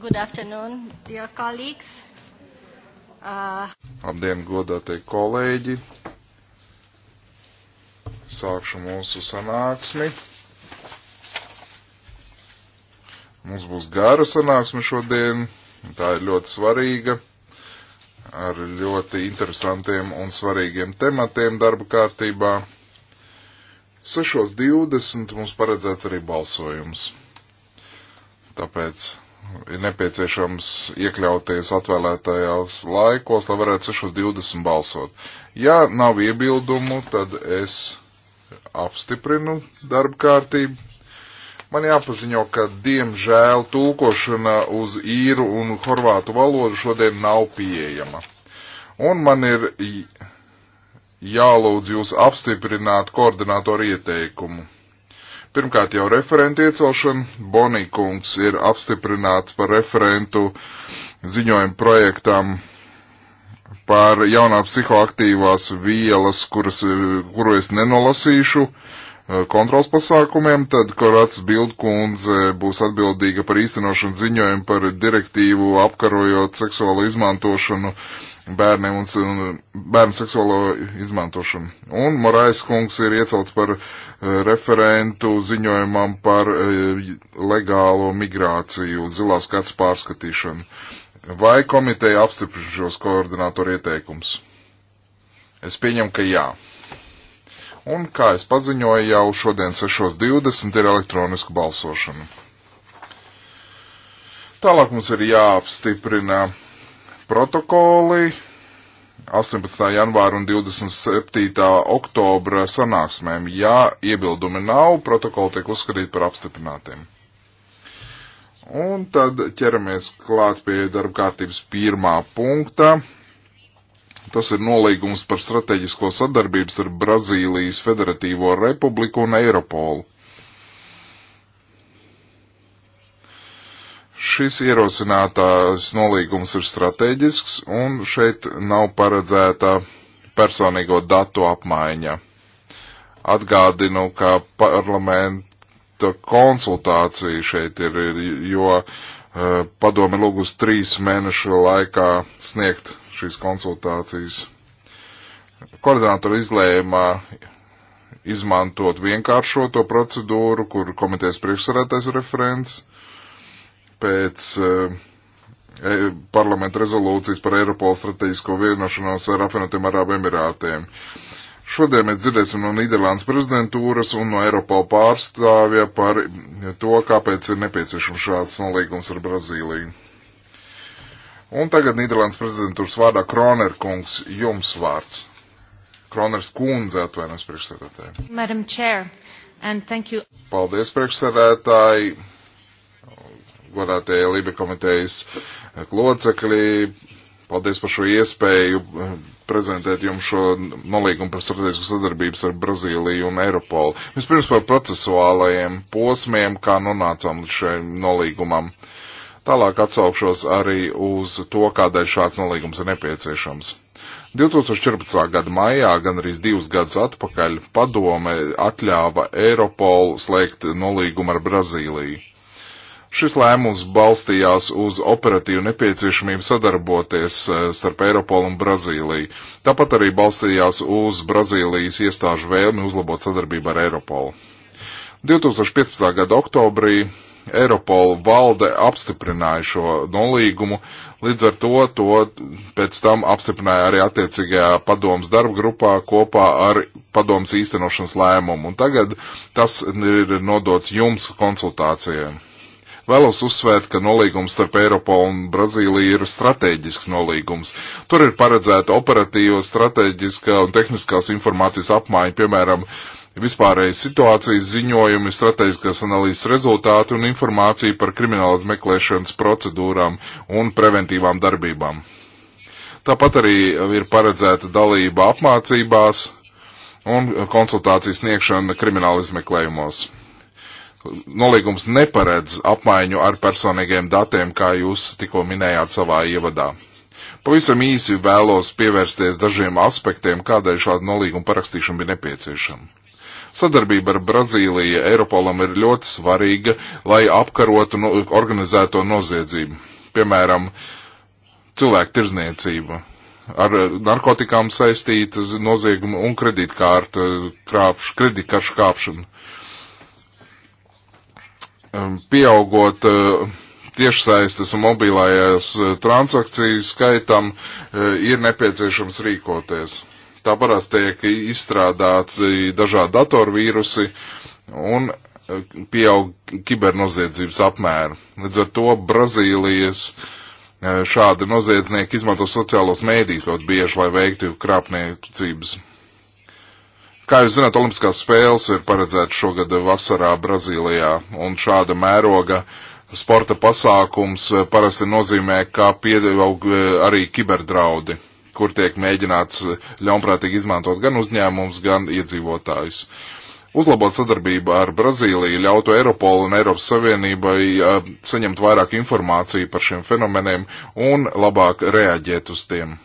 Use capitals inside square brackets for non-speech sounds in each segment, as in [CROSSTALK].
Good afternoon, dear colleagues. Uh... Labdien, godātie kolēģi. Sākšu mūsu sanāksmi. Mums būs gara sanāksme šodien. Tā ir ļoti svarīga. Ar ļoti interesantiem un svarīgiem tematiem darba kārtībā. 6.20 mums paredzēts arī balsojums. Tāpēc ir nepieciešams iekļauties atvēlētajās laikos, lai varētu 6.20 balsot. Ja nav iebildumu, tad es apstiprinu darba kārtību. Man jāpaziņo, ka diemžēl tulkošana uz īru un horvātu valodu šodien nav pieejama. Un man ir jālūdz jūs apstiprināt koordinātoru ieteikumu. Pirmkārt jau referenta iecelšana. Bonīkungs ir apstiprināts par referentu ziņojumu projektam par jaunā psihoaktīvās vielas, kuras, kuru es nenolasīšu, eh, kontrols pasākumiem, tad Korats Bildkundze būs atbildīga par īstenošanu ziņojumu par direktīvu apkarojot seksuālu izmantošanu uh, bērniem un, un bērnu seksuālo izmantošanu. Un Morais kungs ir iecelts par uh, referentu ziņojumam par uh, legālo migrāciju, zilās kartas pārskatīšanu. Vai komiteja apstiprina šos koordinātoru ieteikums? Es pieņemu, ka jā. Un, kā es paziņoju, jau šodien 6.20 ir elektroniska balsošana. Tālāk mums ir jāapstiprina Protokoli 18. janvāra un 27. oktobra sanāksmēm. Ja iebildumi nav, protokoli tiek uzskatīti par apstiprinātiem. Un tad ķeramies klāt pie darba kārtības pirmā punkta. Tas ir nolīgums par strateģisko sadarbības ar Brazīlijas Federatīvo Republiku un Eiropolu. Šis ierosinātās nolīgums ir strateģisks un šeit nav paredzēta personīgo datu apmaiņa. Atgādinu, ka parlamenta konsultācija šeit ir, jo eh, padome lūgus trīs mēnešu laikā sniegt šīs konsultācijas. Koordinātori izlēma izmantot vienkāršoto procedūru, kur komitejas priekšsarētais referents pēc eh, e, parlamenta rezolūcijas par Eiropola strateģisko vienošanos ar apvienotiem Arābu Emirātiem. Šodien mēs dzirdēsim no Nīderlandes prezidentūras un no Eiropola pārstāvja par to, kāpēc ir nepieciešams šāds nolīgums ar Brazīliju. Un tagad Nīderlandes prezidentūras vārdā Kroner kungs, jums vārds. Kroners kundze atvainojas priekšsēdētāji. Madam Chair, and thank you. Paldies priekšsēdētāji godātie Libe komitejas eh, locekļi. Paldies par šo iespēju eh, prezentēt jums šo nolīgumu par strateģisku sadarbības ar Brazīliju un Eiropolu. Vispirms par procesuālajiem posmiem, kā nonācām līdz šiem nolīgumam. Tālāk atsaukšos arī uz to, kādēļ šāds nolīgums ir nepieciešams. 2014. gada maijā, gan arī divus gadus atpakaļ, padome atļāva Eiropolu slēgt nolīgumu ar Brazīliju. Šis lēmums balstījās uz operatīvu nepieciešamību sadarboties eh, starp Eiropolu un Brazīliju. Tāpat arī balstījās uz Brazīlijas iestāžu vēlmi uzlabot sadarbību ar Eiropolu. 2015. gada oktobrī Eiropola valde apstiprināja šo nolīgumu, līdz ar to to pēc tam apstiprināja arī attiecīgajā padomas darba grupā kopā ar padomas īstenošanas lēmumu. Un tagad tas ir nodots jums konsultācijai. Vēlos uzsvērt, ka nolīgums starp Eiropolu un Brazīliju ir strateģisks nolīgums. Tur ir paredzēta operatīva, strateģiskā un tehniskās informācijas apmaiņa, piemēram, vispārējas situācijas ziņojumi, strateģiskās analīzes rezultāti un informācija par kriminālas meklēšanas procedūrām un preventīvām darbībām. Tāpat arī ir paredzēta dalība apmācībās un konsultācijas sniegšana krimināla izmeklējumos nolīgums neparedz apmaiņu ar personīgiem datiem, kā jūs tikko minējāt savā ievadā. Pavisam īsi vēlos pievērsties dažiem aspektiem, kādēļ šāda nolīguma parakstīšana bija nepieciešama. Sadarbība ar Brazīliju Eiropolam ir ļoti svarīga, lai apkarotu no, organizēto noziedzību. Piemēram, cilvēku tirzniecība ar narkotikām saistītas nozieguma un kredītkārta krāpš, kredītkaršu kāpšana. Um, pieaugot uh, tiešsaistes un mobilājās uh, transakciju skaitam, uh, ir nepieciešams rīkoties. Tā parasti tiek izstrādāts dažādi datorvīrusi un pieaug kibernoziedzības apmēru. Līdz ar to Brazīlijas šādi noziedznieki izmanto sociālos mēdīs ļoti bieži, lai veiktu krāpniecības Kā jūs zināt, Olimpiskās spēles ir paredzētas šogad vasarā Brazīlijā, un šāda mēroga sporta pasākums parasti nozīmē, kā pieaug e, arī kiberdraudi, kur tiek mēģināts ļaunprātīgi izmantot gan uzņēmums, gan iedzīvotājus. Uzlabot sadarbību ar Brazīliju ļautu Eiropolu un Eiropas Savienībai e, saņemt vairāk informāciju par šiem fenomeniem un labāk reaģēt uz tiem.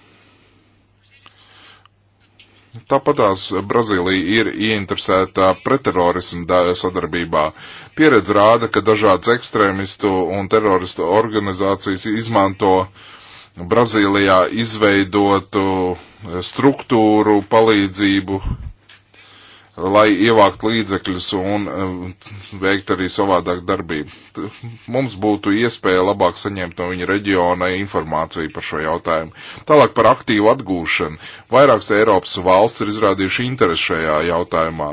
Tāpatās Brazīlija ir ieinteresēta pretterorismu sadarbībā. Pieredze rāda, ka dažādas ekstrēmistu un teroristu organizācijas izmanto Brazīlijā izveidotu struktūru palīdzību lai ievākt līdzekļus un eh, veikt arī savādāk darbību. Mums būtu iespēja labāk saņemt no viņa reģiona informāciju par šo jautājumu. Tālāk par aktīvu atgūšanu. Vairākas Eiropas valsts ir izrādījuši interesi šajā jautājumā.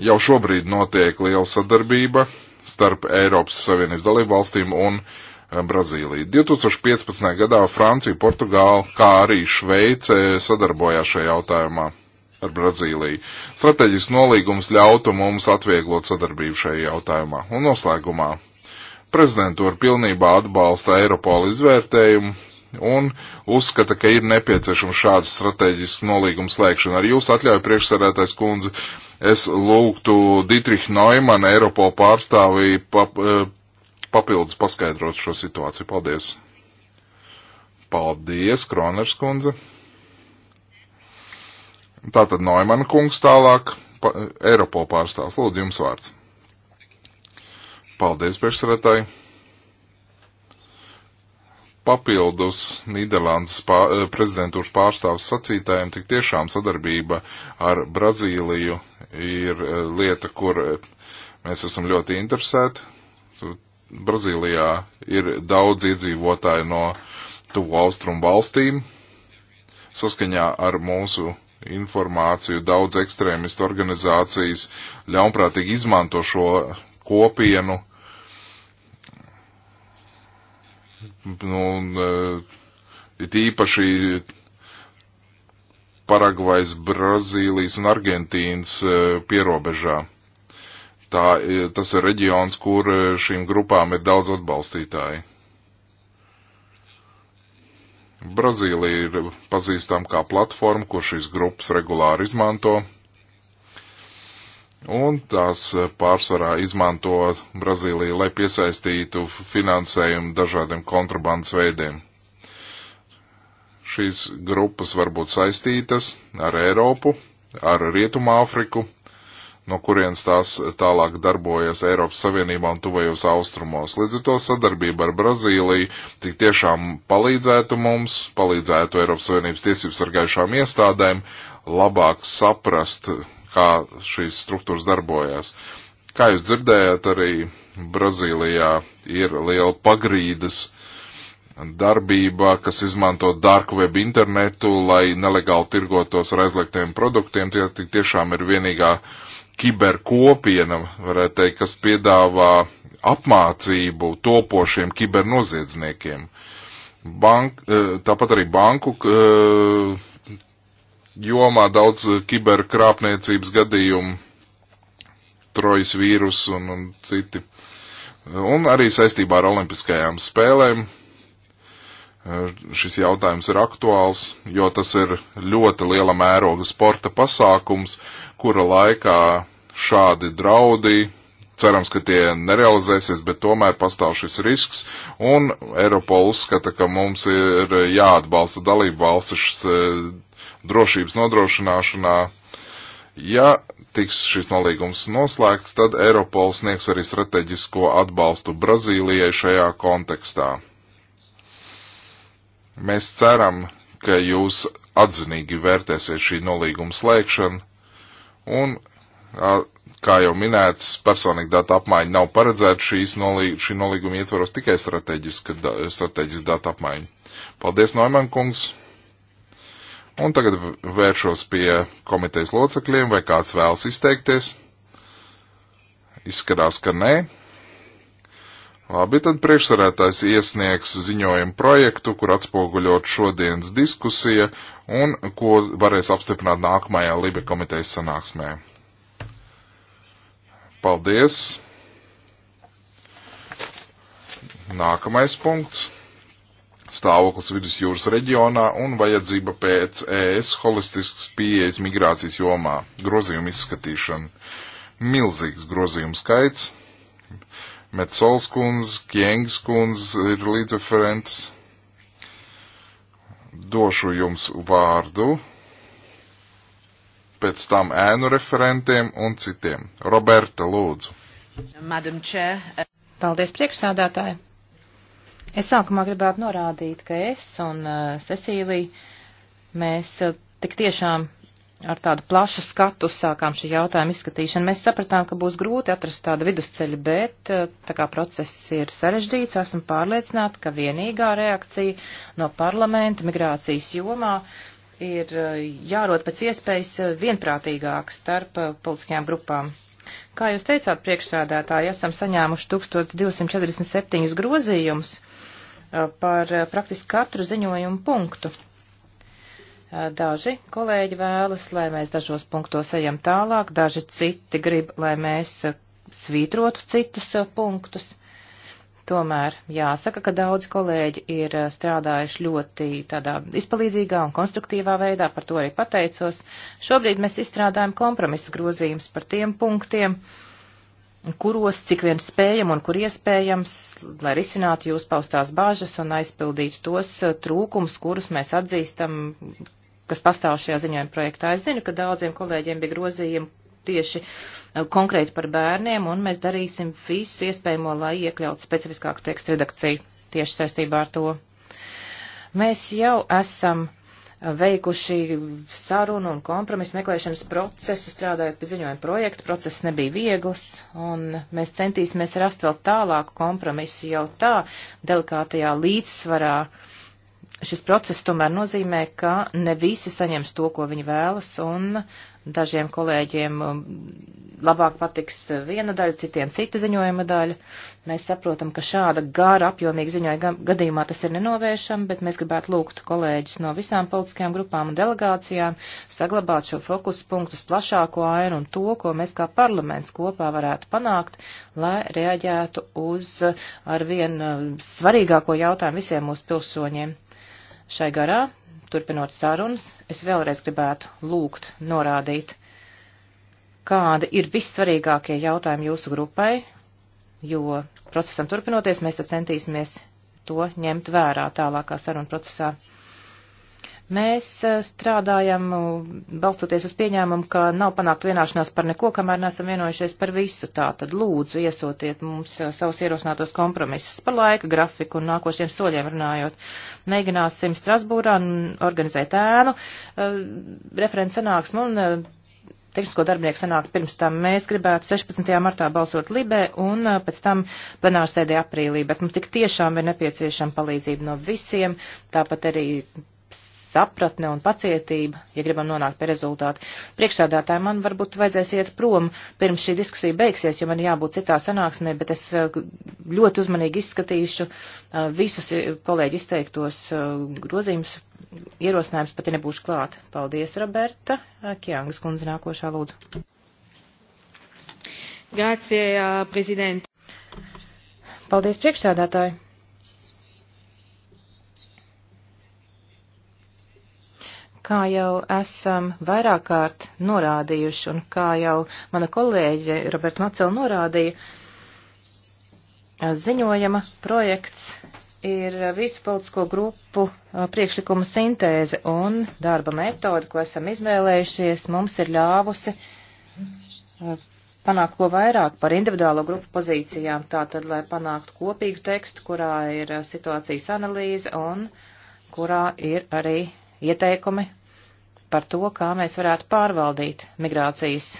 Jau šobrīd notiek liela sadarbība starp Eiropas Savienības dalību valstīm un eh, Brazīliju. 2015. gadā Francija, Portugāla, kā arī Šveice eh, sadarbojās šajā jautājumā ar Brazīliju. Strateģisks nolīgums ļautu mums atvieglot sadarbību šajā jautājumā. Un noslēgumā prezidentūra pilnībā atbalsta Eiropola izvērtējumu un uzskata, ka ir nepieciešams šāds strateģisks nolīgums slēgšana. Ar jūsu atļauju priekšsarētais kundze, es lūgtu Dietrich Neumann, Eiropola pārstāvī, pap, eh, papildus paskaidrot šo situāciju. Paldies! Paldies, Kroners kundze! Tātad Noimana kungs tālāk, pa, Eiropo pārstāvs. Lūdzu, jums vārds. Paldies, priekšsarētāji. Papildus Nīderlandes pā, eh, prezidentūras pārstāvs sacītājiem tik tiešām sadarbība ar Brazīliju ir eh, lieta, kur eh, mēs esam ļoti interesēti. Brazīlijā ir daudz iedzīvotāju no tuvu austrumu valstīm. Saskaņā ar mūsu informāciju, daudz ekstrēmistu organizācijas ļaunprātīgi izmanto šo kopienu. Nu, un, e, it īpaši Paragvajas, Brazīlijas un Argentīnas e, pierobežā. Tā, e, tas ir reģions, kur šīm grupām ir daudz atbalstītāji. Brazīlija ir pazīstama kā platforma, ko šīs grupas regulāri izmanto, un tās pārsvarā izmanto Brazīliju, lai piesaistītu finansējumu dažādiem kontrabandas veidiem. Šīs grupas var būt saistītas ar Eiropu, ar Rietumu Āfriku no kurienes tās tālāk darbojas Eiropas Savienībā un tuvajos austrumos. Līdz ar to sadarbība ar Brazīliju tik tiešām palīdzētu mums, palīdzētu Eiropas Savienības tiesību sargājušām iestādēm labāk saprast, kā šīs struktūras darbojas. Kā jūs dzirdējāt, arī Brazīlijā ir liela pagrīdes darbība, kas izmanto dark web internetu, lai nelegāli tirgotos ar aizliegtiem produktiem. Tie tiešām ir vienīgā uh, kiberkopiena, varētu teikt, kas piedāvā apmācību topošiem kibernoziedzniekiem. Bank, e, tāpat arī banku e, jomā daudz kiberkrāpniecības gadījumu, trojas vīrus un, un citi. Un arī saistībā ar olimpiskajām spēlēm e, šis jautājums ir aktuāls, jo tas ir ļoti liela mēroga sporta pasākums, kura laikā šādi draudi. Cerams, ka tie nerealizēsies, bet tomēr pastāv šis risks, un Eiropola uzskata, ka mums ir jāatbalsta dalību valstis eh, drošības nodrošināšanā. Ja tiks šis nolīgums noslēgts, tad Eiropols sniegs arī strateģisko atbalstu Brazīlijai šajā kontekstā. Mēs ceram, ka jūs atzinīgi vērtēsiet šī nolīguma slēgšanu un Kā jau minēts, personīgi datu apmaiņa nav paredzēta šīs nolī, šī nolīguma ietvaros tikai strateģiska, strateģiska datu apmaiņa. Paldies, Noiman kungs! Un tagad vēršos pie komitejas locekļiem, vai kāds vēlas izteikties. Izskatās, ka nē. Labi, tad priekšsarētājs iesniegs ziņojumu projektu, kur atspoguļot šodienas diskusija un ko varēs apstiprināt nākamajā Libe komitejas sanāksmē. Paldies! Nākamais punkts - stāvoklis vidusjūras reģionā un vajadzība pēc ES holistiskas pieejas migrācijas jomā - grozījuma izskatīšana. Milzīgs grozījuma skaits. Metsols kundze, Kjengs kundze ir līdzreferents. Došu jums vārdu pēc tam ēnu referentiem un citiem. Roberta, lūdzu. Uh, Paldies, priekšsādātāji. Es sākumā gribētu norādīt, ka es un uh, Cecīlija, mēs uh, tik tiešām ar tādu plašu skatu sākām šī jautājuma izskatīšanu. Mēs sapratām, ka būs grūti atrast tādu vidusceļu, bet uh, tā kā process ir sarežģīts, esmu pārliecināta, ka vienīgā reakcija no parlamenta migrācijas jomā ir eh, jārod pēc iespējas eh, vienprātīgāk starp eh, politiskajām grupām. Kā jūs teicāt, priekšsēdētāji, esam saņēmuši 1247 grozījumus par praktiski katru ziņojumu punktu. Daži kolēģi vēlas, lai mēs dažos punktos ejam tālāk, daži citi grib, lai mēs svītrotu citus punktus. Tomēr jāsaka, ka daudz kolēģi ir eh, strādājuši ļoti tādā izpalīdzīgā un konstruktīvā veidā, par to arī pateicos. Šobrīd mēs izstrādājam kompromisu grozījumus par tiem punktiem, kuros cik vien spējam un kur iespējams, lai risinātu jūs paustās bāžas un aizpildītu tos eh, trūkums, kurus mēs atzīstam kas pastāv šajā ziņojuma projektā. Es zinu, ka daudziem kolēģiem bija grozījumi, tieši eh, konkrēti par bērniem, un mēs darīsim visu iespējamo, lai iekļautu specifiskāku tekstu redakciju tieši saistībā ar to. Mēs jau esam eh, veikuši sarunu un kompromisu meklēšanas procesu, strādājot pie ziņojuma projekta. Process nebija viegls, un mēs centīsimies rast vēl tālāku kompromisu jau tā delikātajā līdzsvarā. Šis process tomēr nozīmē, ka ne visi saņems to, ko viņi vēlas, un Dažiem kolēģiem um, labāk patiks viena daļa, citiem cita ziņojuma daļa. Mēs saprotam, ka šāda gara apjomīga ziņojuma gadījumā tas ir nenovēršama, bet mēs gribētu lūgt kolēģis no visām politiskajām grupām un delegācijām saglabāt šo fokusu punktu uz plašāko ainu un to, ko mēs kā parlaments kopā varētu panākt, lai reaģētu uz uh, arvien uh, svarīgāko jautājumu visiem mūsu pilsoņiem. Šai garā turpinot sarunas, es vēlreiz gribētu lūgt norādīt, kāda ir vissvarīgākie jautājumi jūsu grupai, jo procesam turpinoties mēs tad centīsimies to ņemt vērā tālākā saruna procesā. Mēs eh, strādājam, balstoties uz pieņēmumu, ka nav panākt vienāšanās par neko, kamēr neesam vienojušies par visu. Tā tad lūdzu iesūtiet mums eh, savus ierosinātos kompromisus par laika grafiku un nākošiem soļiem runājot. Mēģināsim Strasbūrā organizēt ēnu eh, referents sanāksmu un tehnisko darbinieku sanākt pirms tam. Mēs gribētu 16. martā balsot Libē un pēc tam plenārsēdē aprīlī, bet mums tik tiešām ir nepieciešama palīdzība no visiem, tāpat arī sapratne un pacietība, ja gribam nonākt pie rezultātu. Priekšsādātāji man varbūt vajadzēs iet prom, pirms šī diskusija beigsies, jo man jābūt citā sanāksmē, bet es eh, ļoti uzmanīgi izskatīšu eh, visus eh, kolēģi izteiktos grozījumus, ierosinājums pat ja nebūšu klāt. Paldies, Roberta. Kjāngas kundze nākošā lūdzu. Grācie, prezident. Paldies, priekšsādātāji. Kā jau esam vairāk kārt norādījuši un kā jau mana kolēģe Roberta Macela norādīja, ziņojama projekts ir visu politisko grupu priekšlikumu sintēze un darba metode, ko esam izvēlējušies, mums ir ļāvusi panākt ko vairāk par individuālo grupu pozīcijām, tātad, lai panāktu kopīgu tekstu, kurā ir situācijas analīze un kurā ir arī ieteikumi par to, kā mēs varētu pārvaldīt migrācijas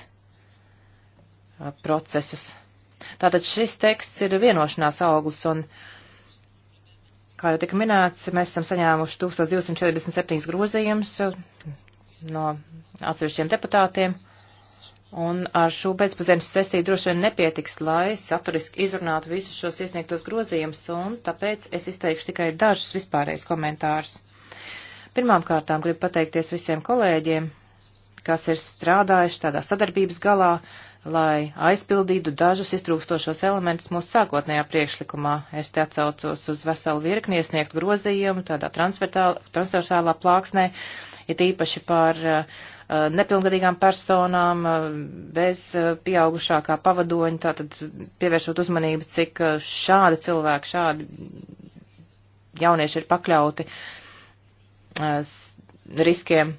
procesus. Tātad šis teksts ir vienošanās auglis un, kā jau tika minēts, mēs esam saņēmuši 1247 grozījumus no atsevišķiem deputātiem. Un ar šo pēcpusdienas sesiju droši vien nepietiks, lai saturiski izrunātu visus šos iesniegtos grozījumus, un tāpēc es izteikšu tikai dažus vispārējus komentārus. Pirmām kārtām gribu pateikties visiem kolēģiem, kas ir strādājuši tādā sadarbības galā, lai aizpildītu dažus iztrūkstošos elementus mūsu sākotnējā priekšlikumā. Es te atcaucos uz veselu virkni iesniegt grozījumu tādā transversālā plāksnē, it īpaši par uh, uh, nepilngadīgām personām uh, bez uh, pieaugušākā pavadoņa, tātad pievēršot uzmanību, cik uh, šādi cilvēki, šādi jaunieši ir pakļauti uh, Eh, riskiem.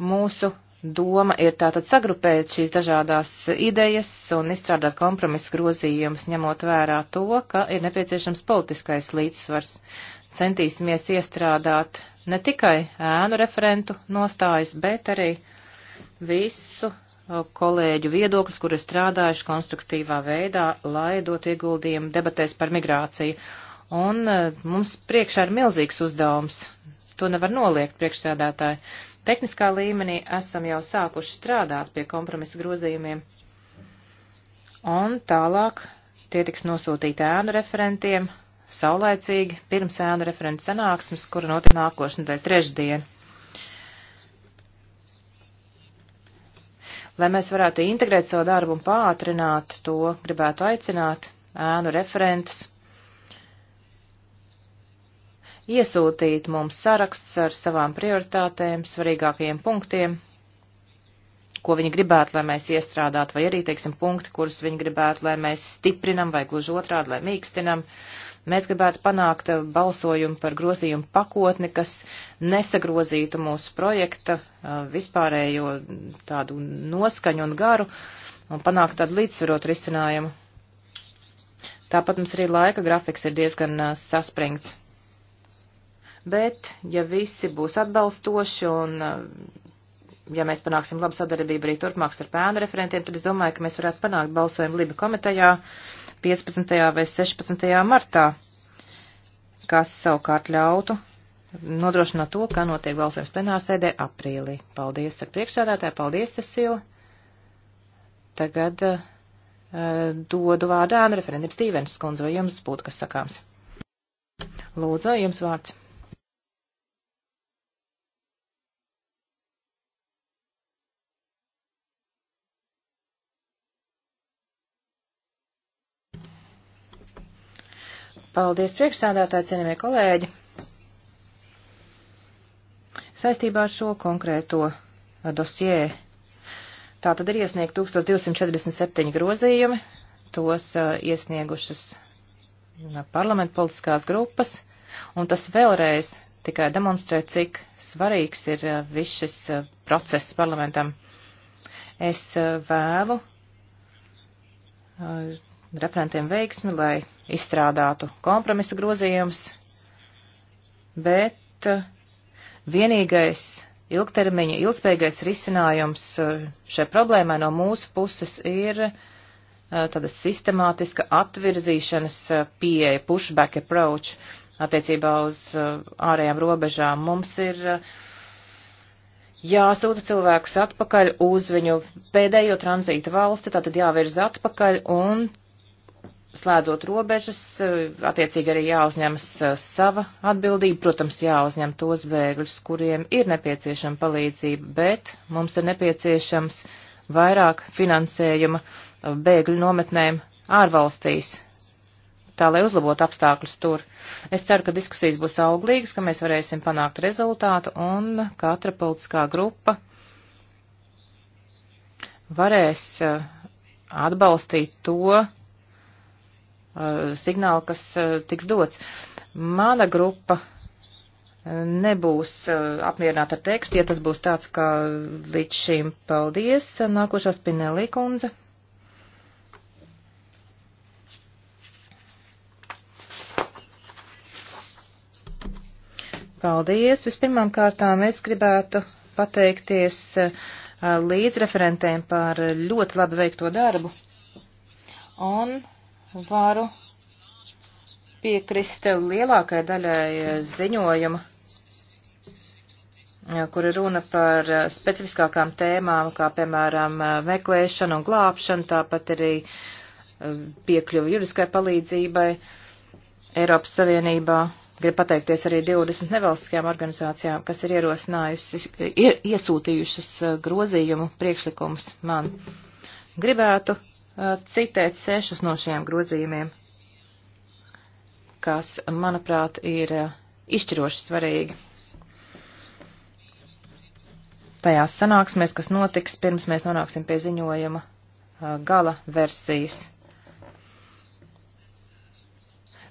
Mūsu doma ir tātad sagrupēt šīs dažādās idejas un izstrādāt kompromisu grozījumus, ņemot vērā to, ka ir nepieciešams politiskais līdzsvars. Centīsimies iestrādāt ne tikai ēnu referentu nostājas, bet arī visu eh, kolēģu viedoklis, kuri strādājuši konstruktīvā veidā, lai dot ieguldījumu debatēs par migrāciju. Un eh, mums priekšā ir milzīgs uzdevums. To nevar noliegt priekšsēdētāji. Tehniskā līmenī esam jau sākuši strādāt pie kompromisa grozījumiem. Un tālāk tie tiks nosūtīti ēnu referentiem saulēcīgi pirms ēnu referentu sanāksmes, kura notiek nākošnedēļ trešdien. Lai mēs varētu integrēt savu darbu un pātrināt to, gribētu aicināt ēnu referentus iesūtīt mums saraksts ar savām prioritātēm, svarīgākajiem punktiem, ko viņi gribētu, lai mēs iestrādātu, vai arī, teiksim, punkti, kurus viņi gribētu, lai mēs stiprinam, vai gluži otrādi, lai mīkstinam. Mēs gribētu panākt balsojumu par grozījumu pakotni, kas nesagrozītu mūsu projekta vispārējo tādu noskaņu un garu un panākt tādu līdzsvarotu risinājumu. Tāpat mums arī laika grafiks ir diezgan saspringts bet ja visi būs atbalstoši un eh, ja mēs panāksim labu sadarbību arī turpmāk starp ēnu referentiem, tad es domāju, ka mēs varētu panākt balsojumu Liba komitejā 15. vai 16. martā, kas savukārt ļautu nodrošināt to, ka notiek balsojums plenārsēdē aprīlī. Paldies, ar priekšsēdētāju, paldies, Cecila. Tagad uh, dodu vārdu ēnu referentiem Stīvens Skundze, vai jums būtu kas sakāms? Lūdzu, jums vārds. Paldies priekšsādātāji, cienījamie kolēģi. Saistībā ar šo konkrēto dosjē. Tā tad ir iesniegt 1247 grozījumi, tos uh, iesniegušas nu, parlamentu politiskās grupas, un tas vēlreiz tikai demonstrē, cik svarīgs ir uh, viss šis uh, process parlamentam. Es vēlu referentiem veiksmi, lai izstrādātu kompromisa grozījums, bet eh, vienīgais ilgtermiņa, ilgspējīgais risinājums eh, šai problēmai no mūsu puses ir eh, tāda sistemātiska atvirzīšanas pieeja, pushback approach attiecībā uz ārējām robežām. Mums ir jāsūta cilvēkus atpakaļ uz viņu pēdējo tranzīta valsti, tātad jāvirza atpakaļ, un slēdzot robežas, eh, attiecīgi arī jāuzņemas eh, sava atbildība, protams, jāuzņem tos bēgļus, kuriem ir nepieciešama palīdzība, bet mums ir nepieciešams vairāk finansējuma eh, bēgļu nometnēm ārvalstīs, tā lai uzlabotu apstākļus tur. Es ceru, ka diskusijas būs auglīgas, ka mēs varēsim panākt rezultātu un katra politiskā grupa varēs atbalstīt to, Eh, signālu, kas eh, tiks dots. Mana grupa eh, nebūs apmierināta ar tekstu, ja tas būs tāds, kā līdz šim paldies. Nākošā Spinelī kundze. Paldies! Vispirmām kārtām es gribētu pateikties līdzreferentēm par ļoti labi veikto darbu. Un varu piekrist lielākai daļai eh, ziņojuma, eh, kur ir runa par eh, specifiskākām tēmām, kā piemēram meklēšana un glābšana, tāpat arī piekļuva juridiskai palīdzībai Eiropas Savienībā. Gribu pateikties arī 20 nevalstiskajām organizācijām, kas ir ierosinājusi, ir iesūtījušas grozījumu priekšlikumus man. Gribētu citēt sešus no šiem grozījumiem, kas, manuprāt, ir eh, izšķiroši svarīgi. Tajās sanāksmēs, kas notiks, pirms mēs nonāksim pie ziņojuma eh, gala versijas.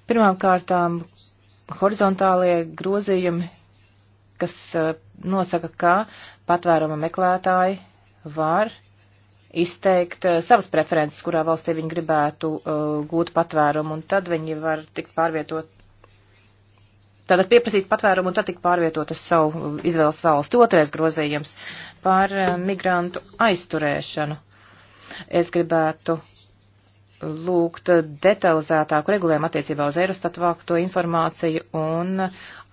Pirmām kārtām horizontālie grozījumi, kas eh, nosaka, ka patvēruma meklētāji var uh, izteikt eh, savas preferences, kurā valstī viņi gribētu uh, gūt patvērumu, un tad viņi var tikt pārvietot. Tātad pieprasīt patvērumu un tad tik pārvietot uz savu eh, izvēles valsti. Otrais grozījums par migrantu aizturēšanu. Es gribētu lūgt detalizētāku regulējumu attiecībā uz Eirostat vākto informāciju un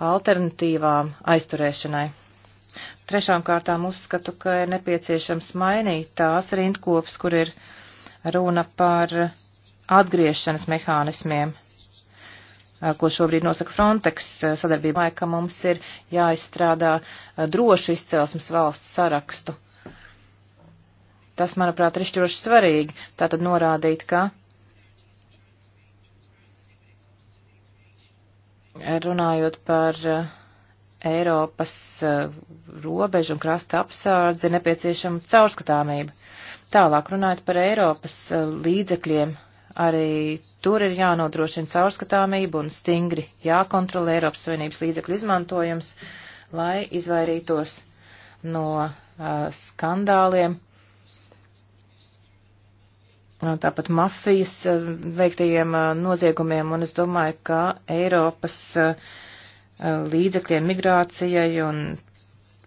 alternatīvām aizturēšanai. Trešām kārtām uzskatu, ka ir nepieciešams mainīt tās rindkops, kur ir runa par atgriešanas mehānismiem, ko šobrīd nosaka Frontex sadarbībā, ka mums ir jāizstrādā droši izcelsmes valstu sarakstu. Tas, manuprāt, ir izšķiroši svarīgi, tātad norādīt, ka runājot par uh, Eiropas eh, robežu un krasta apsārdzi ir nepieciešama caurskatāmība. Tālāk runājot par Eiropas eh, līdzekļiem, arī tur ir jānodrošina caurskatāmība un stingri jākontrolē Eiropas Savienības līdzekļu izmantojums, lai izvairītos no uh, skandāliem, tāpat mafijas uh, veiktajiem uh, noziegumiem, un es domāju, ka Eiropas uh, Uh, līdzekļiem migrācijai un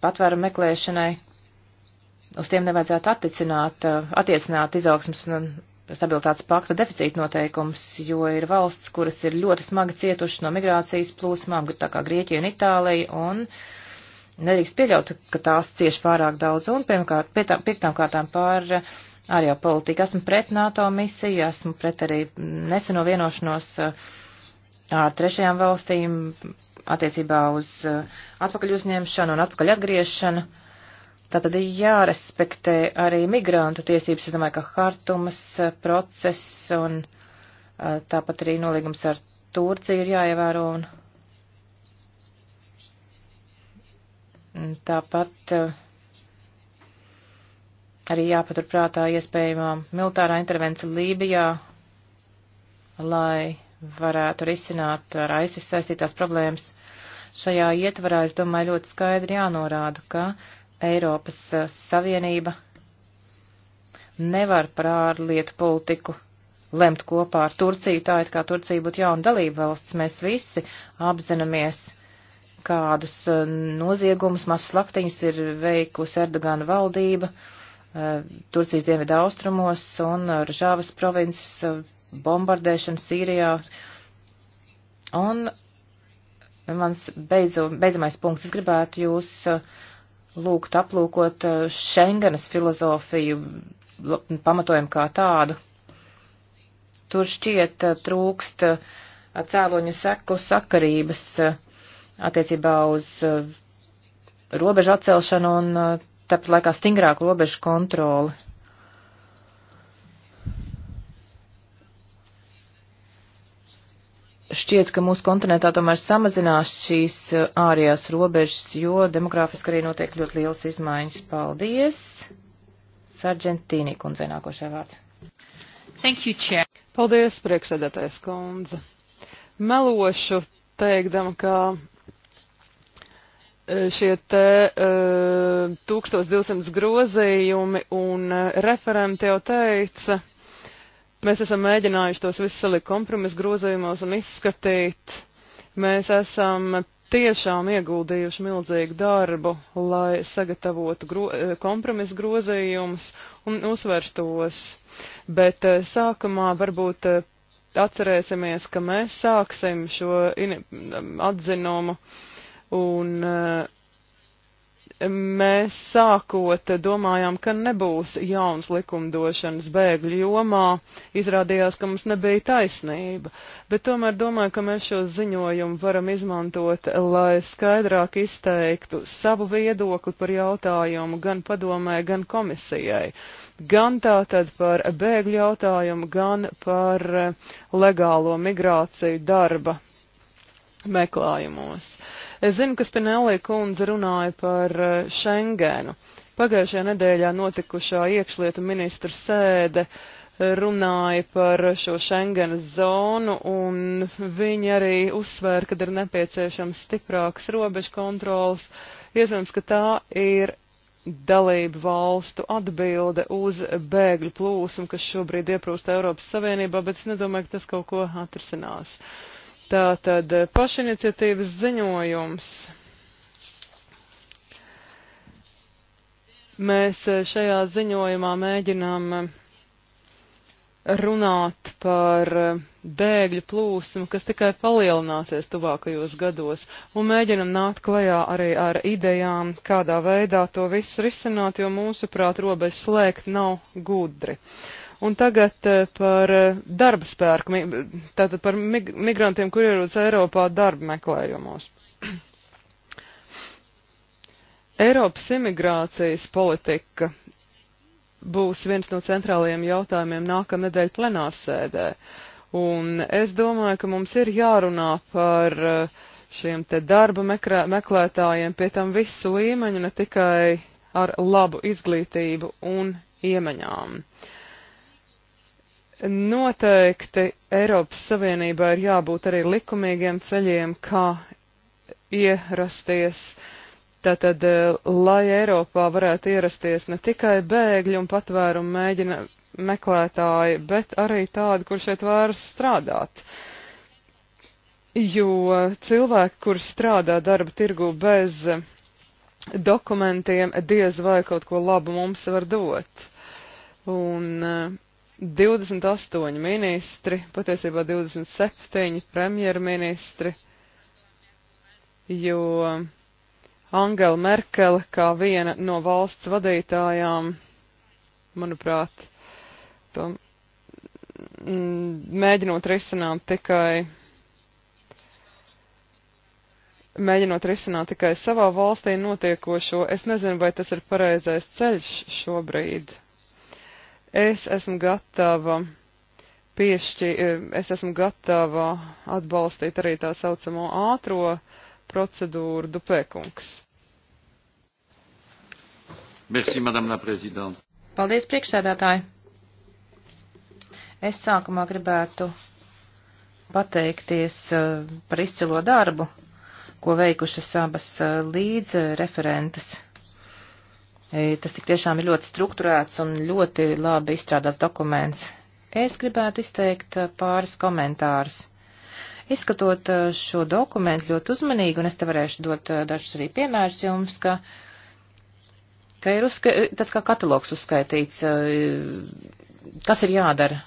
patvēru meklēšanai, uz tiem nevajadzētu attiecināt, uh, attiecināt izaugsmas un stabilitātes pakta deficīta noteikums, jo ir valsts, kuras ir ļoti smagi cietušas no migrācijas plūsmām, tā kā Grieķija un Itālija, un nedrīkst pieļaut, ka tās cieš pārāk daudz, un pirmkārt, piektām, piektām kārtām pār uh, ārējā politika. Esmu pret NATO misiju, esmu pret arī neseno vienošanos uh, ar trešajām valstīm attiecībā uz eh, atpakaļ uzņemšanu un atpakaļ atgriešanu. Tātad ir jārespektē arī migrantu tiesības, es domāju, ka hartumas eh, process un eh, tāpat arī nolīgums ar Turciju ir jāievēro. Un tāpat arī jāpaturprātā iespējamā militārā intervence Lībijā, lai varētu risināt ar ASIS saistītās problēmas. Šajā ietvarā, es domāju, ļoti skaidri jānorāda, ka Eiropas eh, Savienība nevar par ārlietu politiku lemt kopā ar Turciju, tā it kā Turcija būtu jauna dalība valsts. Mēs visi apzināmies, kādus eh, noziegumus, mazus slaktiņus ir veikusi Erdogana valdība eh, Turcijas dienvidu austrumos un Ržāvas provinces bombardēšanu Sīrijā. Un mans beidzu, beidzamais punkts, es gribētu jūs uh, lūgt aplūkot uh, Schengenas filozofiju pamatojumu kā tādu. Tur šķiet uh, trūkst cēloņu seku sakarības attiecībā uz robežu atcelšanu un tāpat laikā stingrāku robežu kontroli. šķiet, ka mūsu kontinentā tomēr samazinās šīs eh, ārējās robežas, jo demografiski arī notiek ļoti lielas izmaiņas. Paldies! Sargentīni kundze nākošajā vārds. Thank you, Chair. Paldies, priekšsēdētājs kundze. Melošu teikdama, ka e, šie te uh, e, 1200 grozījumi un e, referenti jau teica, Mēs esam mēģinājuši tos visus salikt kompromisu grozījumos un izskatīt. Mēs esam tiešām ieguldījuši milzīgu darbu, lai sagatavotu gro e, kompromisu grozījumus un uzvērstos. Bet e, sākumā varbūt e, atcerēsimies, ka mēs sāksim šo atzinumu un mēs sākot domājām, ka nebūs jauns likumdošanas bēgļu jomā, izrādījās, ka mums nebija taisnība, bet tomēr domāju, ka mēs šo ziņojumu varam izmantot, lai skaidrāk izteiktu savu viedokli par jautājumu gan padomē, gan komisijai, gan tātad par bēgļu jautājumu, gan par eh, legālo migrāciju darba meklējumos. Uh, Es zinu, ka Spinelli kundze runāja par eh, Schengenu. Pagājušajā nedēļā notikušā iekšlietu ministra sēde eh, runāja par šo Schengenas zonu, un viņi arī uzsvēra, ka ir nepieciešams stiprāks robežu kontrols. Iespējams, ka tā ir dalību valstu atbilde uz bēgļu plūsmu, kas šobrīd ieprūst Eiropas Savienībā, bet es nedomāju, ka tas kaut ko atrisinās. Uh, Tātad eh, pašiniciatīvas ziņojums. Mēs eh, šajā ziņojumā mēģinām eh, runāt par bēgļu plūsmu, kas tikai palielināsies tuvākajos gados, un mēģinam nākt klajā arī ar idejām, kādā veidā to visu risināt, jo mūsuprāt robežu slēgt nav gudri. Uh, Un tagad eh, par eh, darba spēku, tātad par mig migrantiem, kur ierodas Eiropā darba meklējumos. [CLEARS THROAT] Eiropas imigrācijas politika būs viens no centrālajiem jautājumiem nākamnedēļ plenārsēdē. Un es domāju, ka mums ir jārunā par eh, šiem te darba meklē, meklētājiem pie tam visu līmeņu, ne tikai ar labu izglītību un iemaņām. Uh, Noteikti Eiropas Savienībā ir jābūt arī likumīgiem ceļiem, kā ierasties. Tātad, eh, lai Eiropā varētu ierasties ne tikai bēgļi un patvērumu mēģina meklētāji, bet arī tādi, kur šeit vēras strādāt. Jo cilvēki, kur strādā darba tirgu bez dokumentiem, diez vai kaut ko labu mums var dot. Un eh, 28 ministri, patiesībā 27 premjerministri, jo Angela Merkele kā viena no valsts vadītājām, manuprāt, to mēģinot risināt tikai mēģinot risināt tikai savā valstī notiekošo, es nezinu, vai tas ir pareizais ceļš šobrīd. Es esmu gatava piešķi, e, es esmu gatava atbalstīt arī tā saucamo ātro procedūru dupēkungs. Merci, madame la présidente. Paldies, priekšsēdētāji. Es sākumā gribētu pateikties e, par izcilo darbu, ko veikušas abas e, līdz referentes. E, tas tik tiešām ir ļoti strukturēts un ļoti labi izstrādāts dokuments. Es gribētu izteikt e, pāris komentārus. Izskatot e, šo dokumentu ļoti uzmanīgi, un es te varēšu dot dažus arī piemērus jums, ka, ka ir uzska, tāds kā katalogs uzskaitīts, kas ir jādara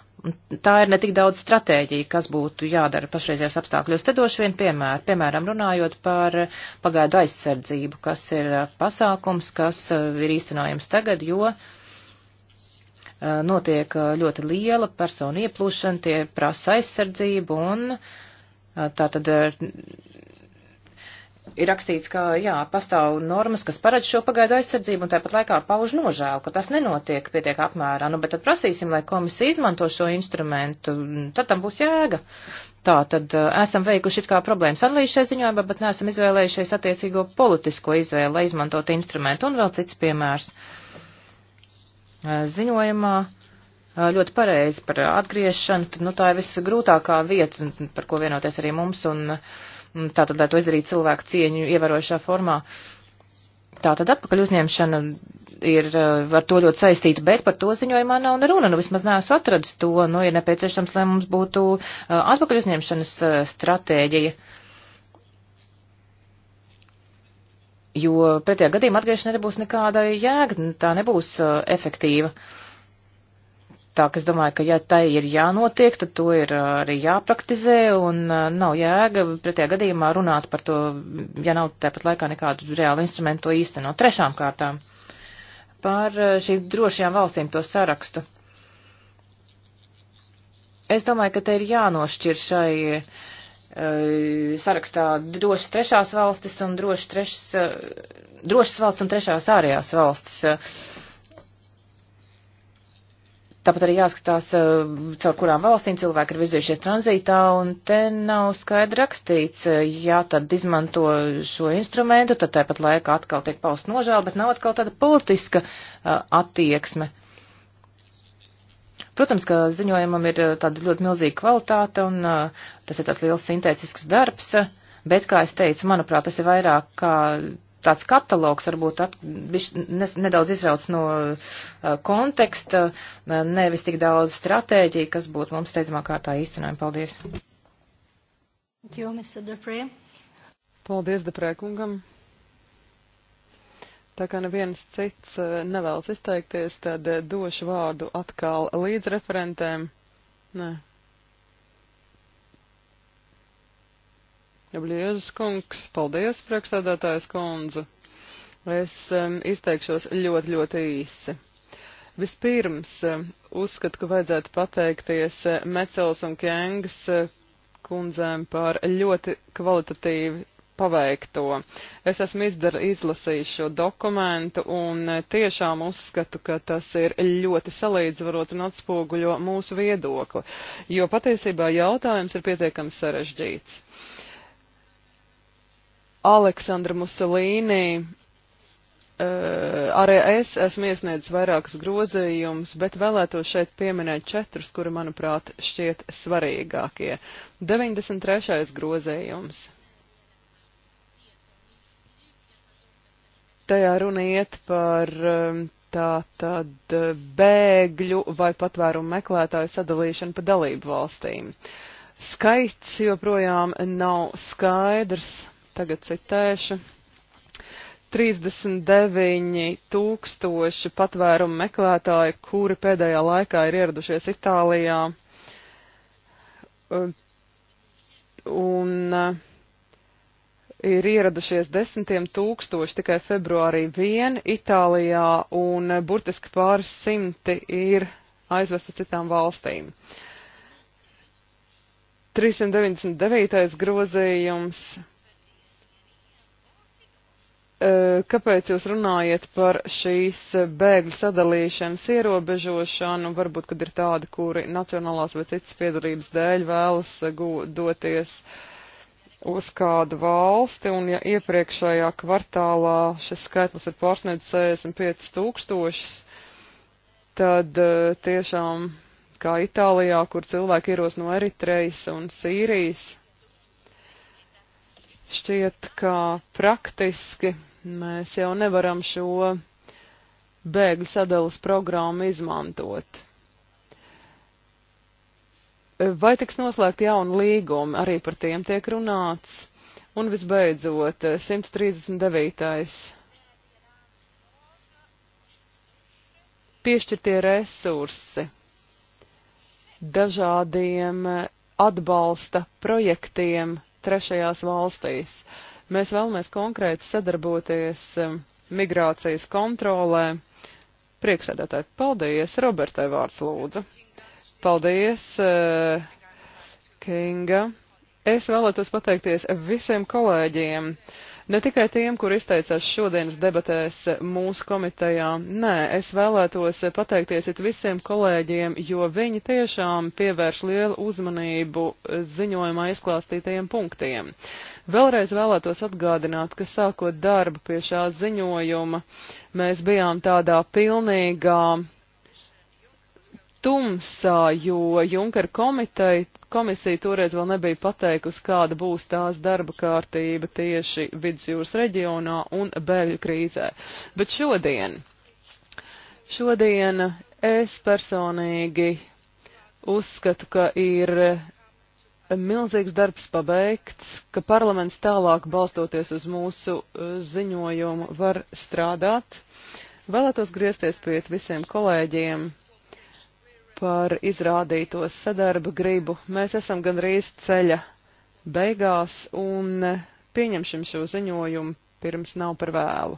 tā ir ne tik daudz stratēģija, kas būtu jādara pašreizējās apstākļos. Te došu vienu piemēru, piemēram, runājot par pagaidu aizsardzību, kas ir uh, pasākums, kas uh, ir īstenojams tagad, jo uh, notiek ļoti liela personu ieplūšana, tie prasa aizsardzību un tā tad ir rakstīts, ka jā, pastāv normas, kas paredz šo pagaidu aizsardzību, un tāpat laikā pauž nožēlu, ka tas nenotiek pietiek apmērā. Nu, bet tad prasīsim, lai komisija izmanto šo instrumentu, tad tam būs jēga. Tā tad eh, esam veikuši it kā problēmas analīzi šai ziņojumā, bet neesam izvēlējušies attiecīgo politisko izvēli, lai izmantotu instrumentu. Un vēl cits piemērs. Eh, ziņojumā eh, ļoti pareizi par atgriešanu, tad, nu, tā ir visgrūtākā vieta, par ko vienoties arī mums. Un, uh, Mm, tātad, lai to izdarītu cilvēku cieņu ievērojušā formā. Tātad atpakaļ uzņemšana ir uh, ar to ļoti saistīta, bet par to ziņojumā nav ne runa. Nu, vismaz neesmu atradis to. Nu, ir nepieciešams, lai mums būtu uh, atpakaļ uzņemšanas uh, stratēģija. Jo pretējā gadījumā atgriešana nebūs nekāda jēga, tā nebūs efektīva. Uh, Tā ka es domāju, ka ja tai ir jānotiek, tad to ir uh, arī jāpraktizē un uh, nav jēga pretējā gadījumā runāt par to, ja nav tāpat laikā nekādu reālu instrumentu to īstenot. Trešām kārtām par uh, šīm drošajām valstīm to sarakstu. Es domāju, ka te ir jānošķir šai uh, sarakstā drošas trešās valstis un drošas, trešas, drošas valsts un trešās ārējās valstis. Uh, Tāpat arī jāskatās, eh, caur kurām valstīm cilvēki ir virzījušies tranzītā, un te nav skaidri rakstīts, eh, jā, tad izmanto šo instrumentu, tad tāpat laikā atkal tiek paust nožēla, bet nav atkal tāda politiska eh, attieksme. Protams, ka ziņojumam ir tāda ļoti milzīga kvalitāte, un tas ir tāds liels sintētisks darbs, bet, kā es teicu, manuprāt, tas ir vairāk kā tāds katalogs varbūt at, biš, nedaudz izrauc no uh, konteksta, uh, nevis tik daudz stratēģija, kas būtu mums steidzamā kārtā īstenojama. Paldies! You, Deprē. Paldies, Deprēkungam! Tā kā neviens cits uh, nevēlas izteikties, tad došu vārdu atkal līdzreferentēm. Nē, Jabliežas kungs, paldies, priekšsēdētājs kundze. Es um, izteikšos ļoti, ļoti īsi. Vispirms um, uzskatu, ka vajadzētu pateikties uh, Mecels un Kengas uh, kundzēm par ļoti kvalitatīvi paveikto. Es esmu izdara, izlasījis šo dokumentu un uh, tiešām uzskatu, ka tas ir ļoti salīdzvarots un atspoguļo mūsu viedokli, jo patiesībā jautājums ir pietiekami sarežģīts. Aleksandra Musolīnī. Uh, eh, arī es esmu iesniedzis vairākus grozījumus, bet vēlētos šeit pieminēt četrus, kuri, manuprāt, šķiet svarīgākie. 93. grozījums. Tajā runa iet par uh, tā tad eh, bēgļu vai patvērumu meklētāju sadalīšanu pa dalību valstīm. Skaits joprojām nav skaidrs tagad citēšu. 39 tūkstoši patvērumu meklētāji, kuri pēdējā laikā ir ieradušies Itālijā. Un ir ieradušies desmitiem tūkstoši tikai februārī vien Itālijā, un burtiski pāris simti ir aizvesti citām valstīm. 399. grozījums kāpēc jūs runājat par šīs bēgļu sadalīšanas ierobežošanu, varbūt, kad ir tādi, kuri nacionālās vai citas piedalības dēļ vēlas doties uz kādu valsti, un ja iepriekšējā kvartālā šis skaitlis ir pārsniedz 65 tūkstošus, tad tiešām kā Itālijā, kur cilvēki ieros no Eritrejas un Sīrijas, šķiet, ka praktiski Mēs jau nevaram šo bēgļu sadalas programmu izmantot. Vai tiks noslēgt jauni līgumi, arī par tiem tiek runāts. Un visbeidzot, 139. Piešķirtie resursi dažādiem atbalsta projektiem trešajās valstīs. Uh, Mēs vēlamies konkrēti sadarboties um, migrācijas kontrolē. Prieksēdētāji, paldies! Robertai vārds lūdzu. Paldies, uh, Kinga! Es vēlētos pateikties visiem kolēģiem. Uh, Ne tikai tiem, kur izteicās šodienas debatēs mūsu komitejā, nē, es vēlētos pateikties visiem kolēģiem, jo viņi tiešām pievērš lielu uzmanību ziņojumā izklāstītajiem punktiem. Vēlreiz vēlētos atgādināt, ka sākot darbu pie šā ziņojuma, mēs bijām tādā pilnīgā tumsā, jo Junker komiteja Komisija toreiz vēl nebija pateikusi, kāda būs tās darba kārtība tieši vidusjūras reģionā un bēļu krīzē. Bet šodien, šodien es personīgi uzskatu, ka ir milzīgs darbs pabeigts, ka parlaments tālāk balstoties uz mūsu uh, ziņojumu var strādāt. Vēlētos griezties pie visiem kolēģiem par izrādīto sadarba gribu. Mēs esam gandrīz ceļa beigās un pieņemsim šo ziņojumu pirms nav par vēlu.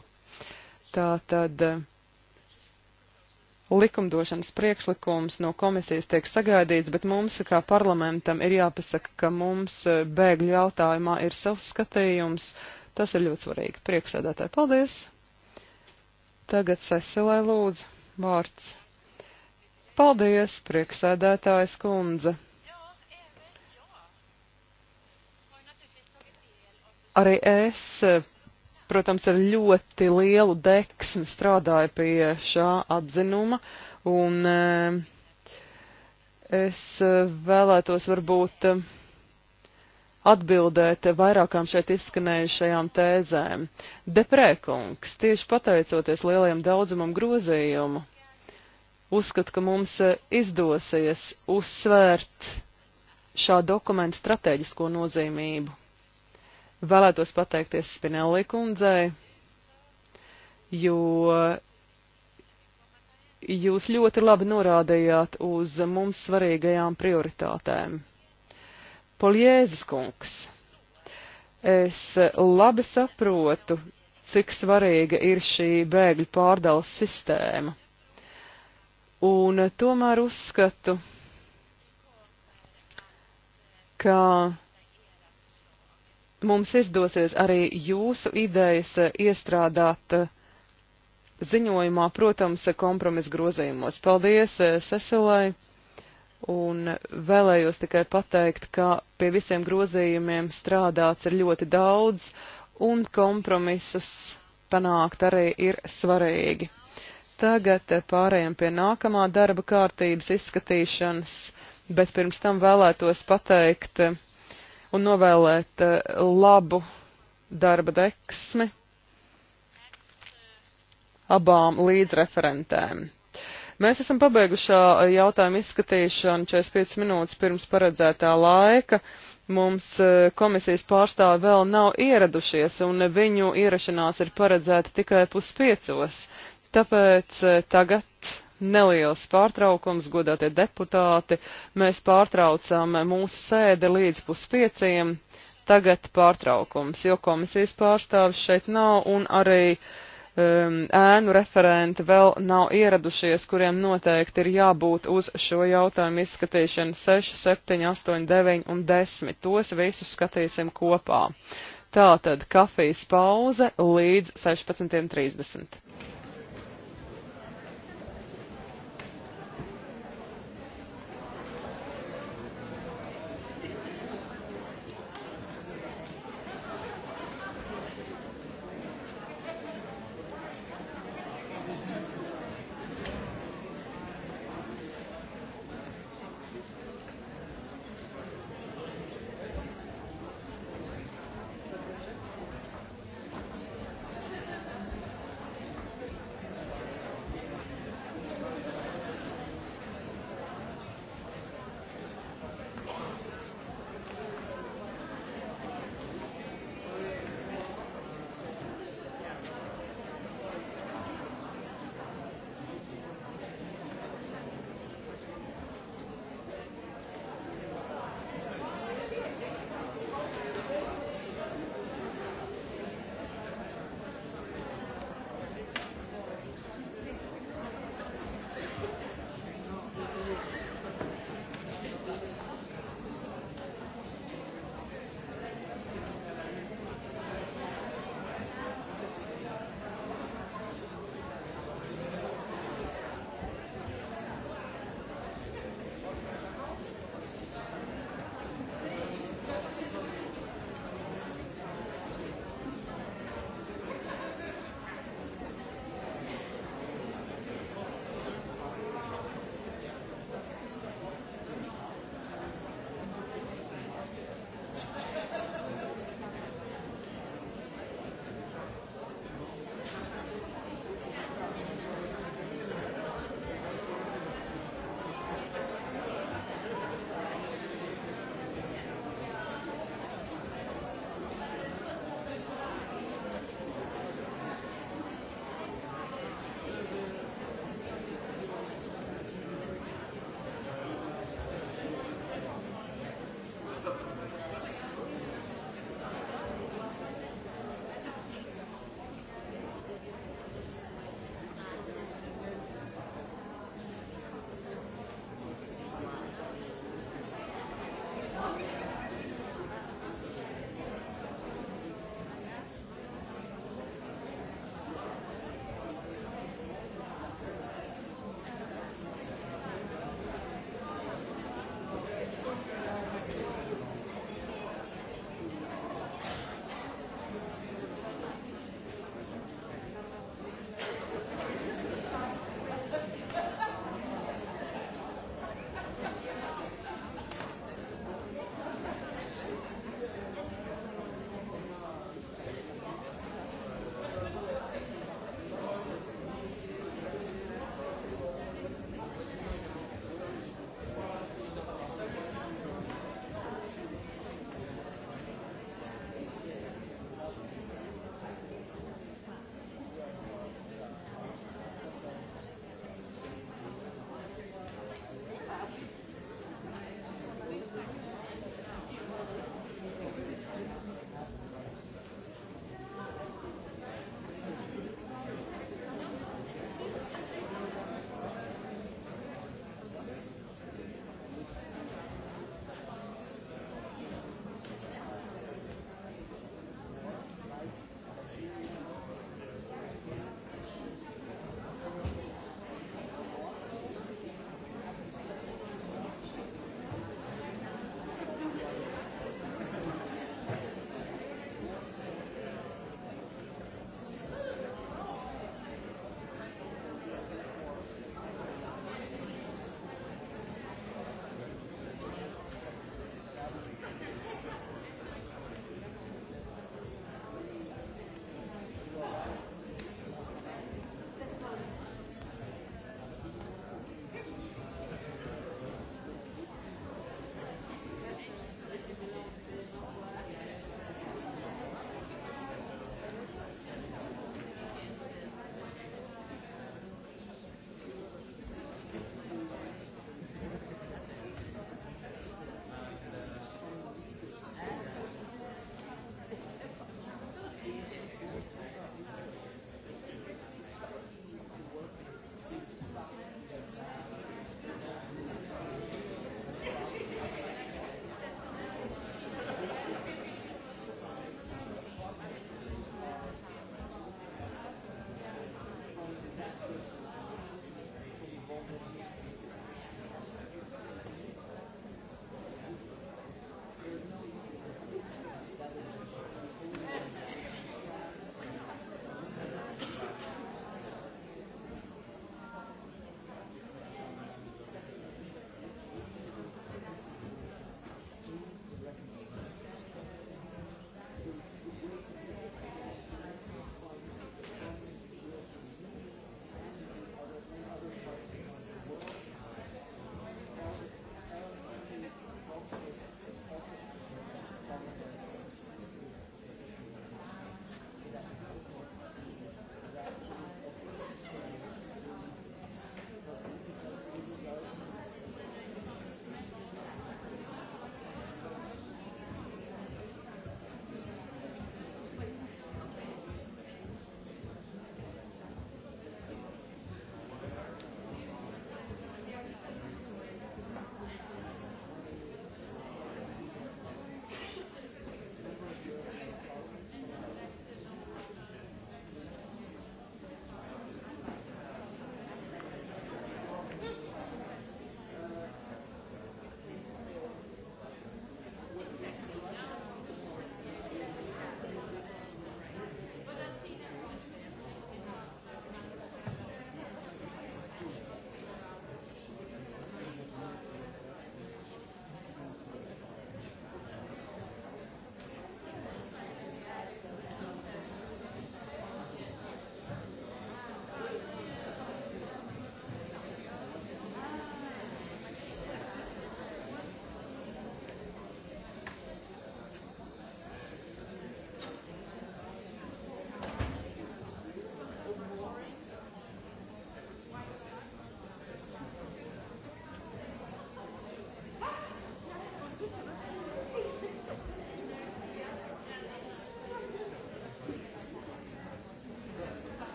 Tā tad eh, likumdošanas priekšlikums no komisijas tiek sagaidīts, bet mums kā parlamentam ir jāpasaka, ka mums eh, bēgļu jautājumā ir savs skatījums. Tas ir ļoti svarīgi. Priekšsēdētāji, paldies! Tagad Sesilai lūdzu vārds. Paldies, prieksēdētājs kundze. Arī es, protams, ar ļoti lielu deksmi strādāju pie šā atzinuma, un eh, es eh, vēlētos varbūt eh, atbildēt vairākām šeit izskanējušajām tēzēm. Deprēkungs, tieši pateicoties lielajam daudzumam grozījumu, Uzskatu, ka mums e, izdosies uzsvērt šā dokumenta strateģisko nozīmību. Vēlētos pateikties Spinelli kundzei, jo jūs ļoti labi norādījāt uz mums svarīgajām prioritātēm. Poljēzes kungs, es labi saprotu, cik svarīga ir šī bēgļu pārdales sistēma. Un tomēr uzskatu, ka mums izdosies arī jūsu idejas iestrādāt ziņojumā, protams, kompromisa grozījumos. Paldies, Sesilai! Un vēlējos tikai pateikt, ka pie visiem grozījumiem strādāts ir ļoti daudz, un kompromisus panākt arī ir svarīgi. Tagad pārējām pie nākamā darba kārtības izskatīšanas, bet pirms tam vēlētos pateikt un novēlēt eh, labu darba deksmi abām līdzreferentēm. Mēs esam pabeigušā jautājuma izskatīšanu 45 minūtes pirms paredzētā laika. Mums eh, komisijas pārstāvi vēl nav ieradušies, un viņu ierašanās ir paredzēta tikai puspiecos. Tāpēc eh, tagad neliels pārtraukums, godātie deputāti. Mēs pārtraucam mūsu sēdi līdz puspieciem. Tagad pārtraukums, jo komisijas pārstāvis šeit nav un arī um, ēnu referenti vēl nav ieradušies, kuriem noteikti ir jābūt uz šo jautājumu izskatīšanu 6, 7, 8, 9 un 10. Tos visus skatīsim kopā. Tātad kafijas pauze līdz 16.30.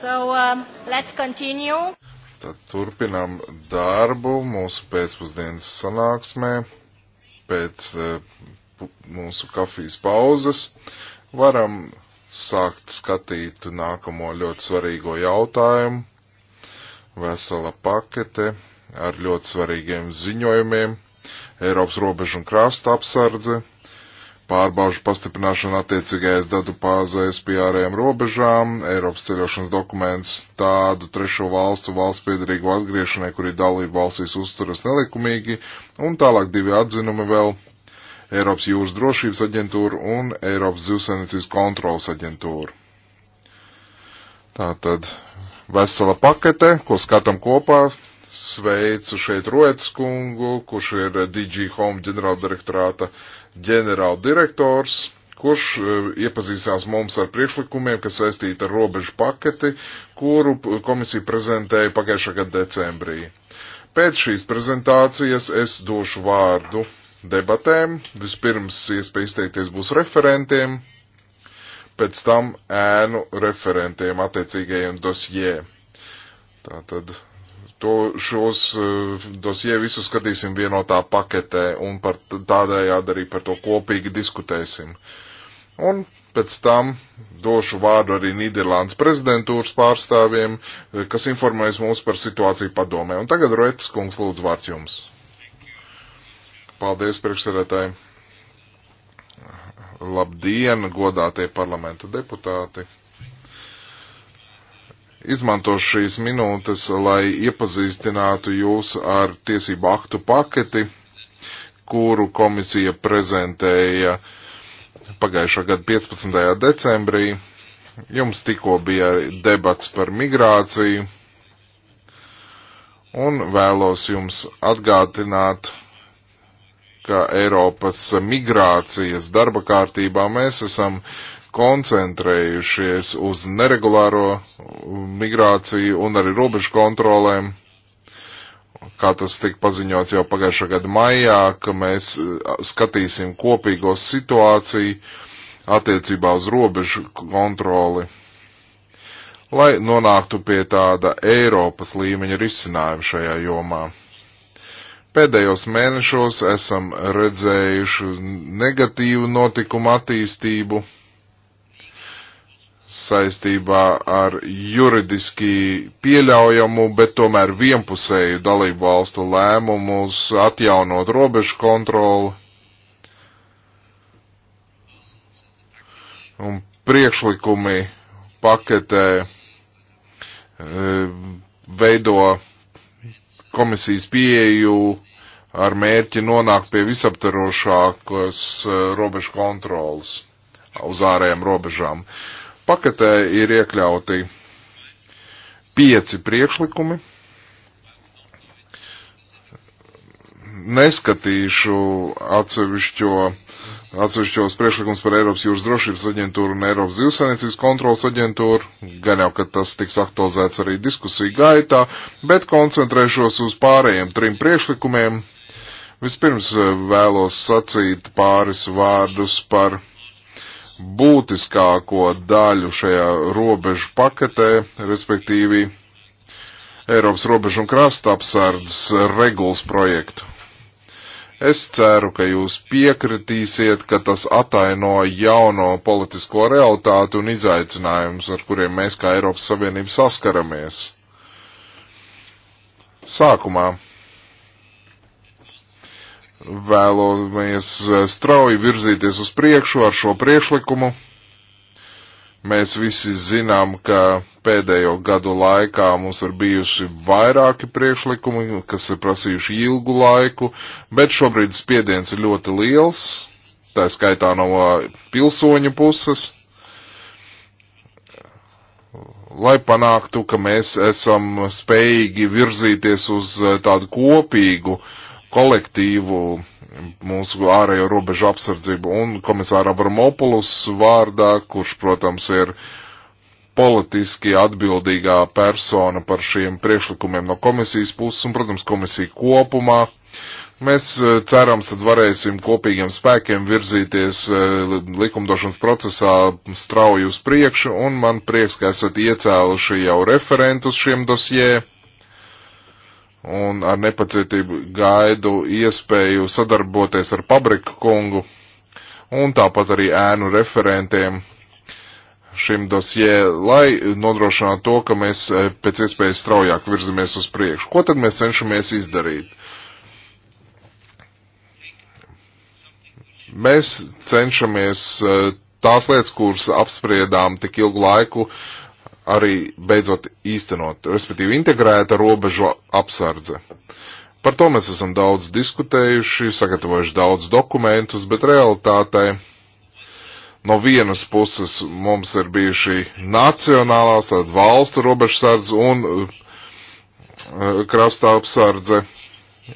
So, um, let's continue. Tad turpinām darbu mūsu pēcpusdienas sanāksmē, pēc uh, mūsu kafijas pauzes. Varam sākt skatīt nākamo ļoti svarīgo jautājumu. Vesela pakete ar ļoti svarīgiem ziņojumiem. Eiropas robežu un krāsta apsardze pārbaužu pastiprināšanu attiecīgajās datu pāzēs pie ārējām robežām, Eiropas ceļošanas dokuments tādu trešo valstu valsts piedarīgu atgriešanai, kuri dalību valstīs uzturas nelikumīgi, un tālāk divi atzinumi vēl Eiropas jūras drošības aģentūra un Eiropas zivsainicijas kontrolas aģentūra. Tātad vesela pakete, ko skatām kopā, sveicu šeit Roetskungu, kurš ir DG Home ģenerāldirektorāta direktorāta ģenerāldirektors, kurš e, iepazīstās mums ar priekšlikumiem, kas saistīti ar robežu paketi, kuru komisija prezentēja pagājušā gada decembrī. Pēc šīs prezentācijas es došu vārdu debatēm. Vispirms iespēja izteikties būs referentiem, pēc tam ēnu referentiem attiecīgajiem dosjē. Tātad to, šos e, dosie visu skatīsim vienotā paketē un par tādējādi arī par to kopīgi diskutēsim. Un pēc tam došu vārdu arī Nīderlandes prezidentūras pārstāvjiem, e, kas informēs mūs par situāciju padomē. Un tagad Roetis kungs lūdzu vārds jums. Paldies priekšsēdētāji. Labdien, godātie parlamenta deputāti! Izmantošu šīs minūtes, lai iepazīstinātu jūs ar tiesību aktu paketi, kuru komisija prezentēja pagājušā gada 15. decembrī. Jums tikko bija debats par migrāciju, un vēlos jums atgādināt, ka Eiropas migrācijas darba kārtībā mēs esam uh, koncentrējušies uz neregulāro um, migrāciju un arī robežu kontrolēm, kā tas tika paziņots jau pagājušā gada maijā, ka mēs uh, skatīsim kopīgo situāciju attiecībā uz robežu kontroli, lai nonāktu pie tāda Eiropas līmeņa risinājuma šajā jomā pēdējos mēnešos esam redzējuši negatīvu notikumu attīstību saistībā ar juridiski pieļaujamu, bet tomēr vienpusēju dalību valstu lēmumus atjaunot robežu kontroli. Un priekšlikumi paketē e, veido komisijas pieeju ar mērķi nonākt pie visaptarošākas e, robežu kontrolas uz ārējām robežām. Uh, Paketē ir iekļauti pieci priekšlikumi. Neskatīšu atsevišķo, atsevišķos priekšlikums par Eiropas jūras drošības aģentūru un Eiropas zivsainiecības kontrolas aģentūru, gan jau, ka tas tiks aktualizēts arī diskusiju gaitā, bet koncentrēšos uz pārējiem trim priekšlikumiem. Vispirms eh, vēlos sacīt pāris vārdus par būtiskāko daļu šajā robežu paketē, respektīvi Eiropas robežu un krasta apsardzes regulas projektu. Es ceru, ka jūs piekritīsiet, ka tas ataino jauno politisko realitāti un izaicinājumus, ar kuriem mēs kā Eiropas Savienība saskaramies. Sākumā vēlamies eh, strauji virzīties uz priekšu ar šo priekšlikumu. Mēs visi zinām, ka pēdējo gadu laikā mums ir bijuši vairāki priekšlikumi, kas ir prasījuši ilgu laiku, bet šobrīd spiediens ir ļoti liels, tā skaitā no eh, pilsoņu puses, lai panāktu, ka mēs esam spējīgi virzīties uz eh, tādu kopīgu uh, kolektīvu mūsu ārējo robežu apsardzību un komisāra Abramopulus vārdā, kurš, protams, ir politiski atbildīgā persona par šiem priekšlikumiem no komisijas puses un, protams, komisija kopumā. Mēs eh, cerams, tad varēsim kopīgiem spēkiem virzīties eh, likumdošanas procesā strauji uz priekšu, un man prieks, ka esat iecēluši jau referentus šiem dosjē un ar nepacietību gaidu iespēju sadarboties ar Pabriku kungu un tāpat arī ēnu referentiem šim dosjē, lai nodrošinātu to, ka mēs eh, pēc iespējas straujāk virzamies uz priekšu. Ko tad mēs cenšamies izdarīt? Mēs cenšamies eh, tās lietas, kuras apspriedām tik ilgu laiku, arī beidzot īstenot, respektīvi integrēta robežu apsardze. Par to mēs esam daudz diskutējuši, sagatavojuši daudz dokumentus, bet realitātei no vienas puses mums ir bijuši nacionālās, tad valstu robežsardze un eh, krasta apsardze.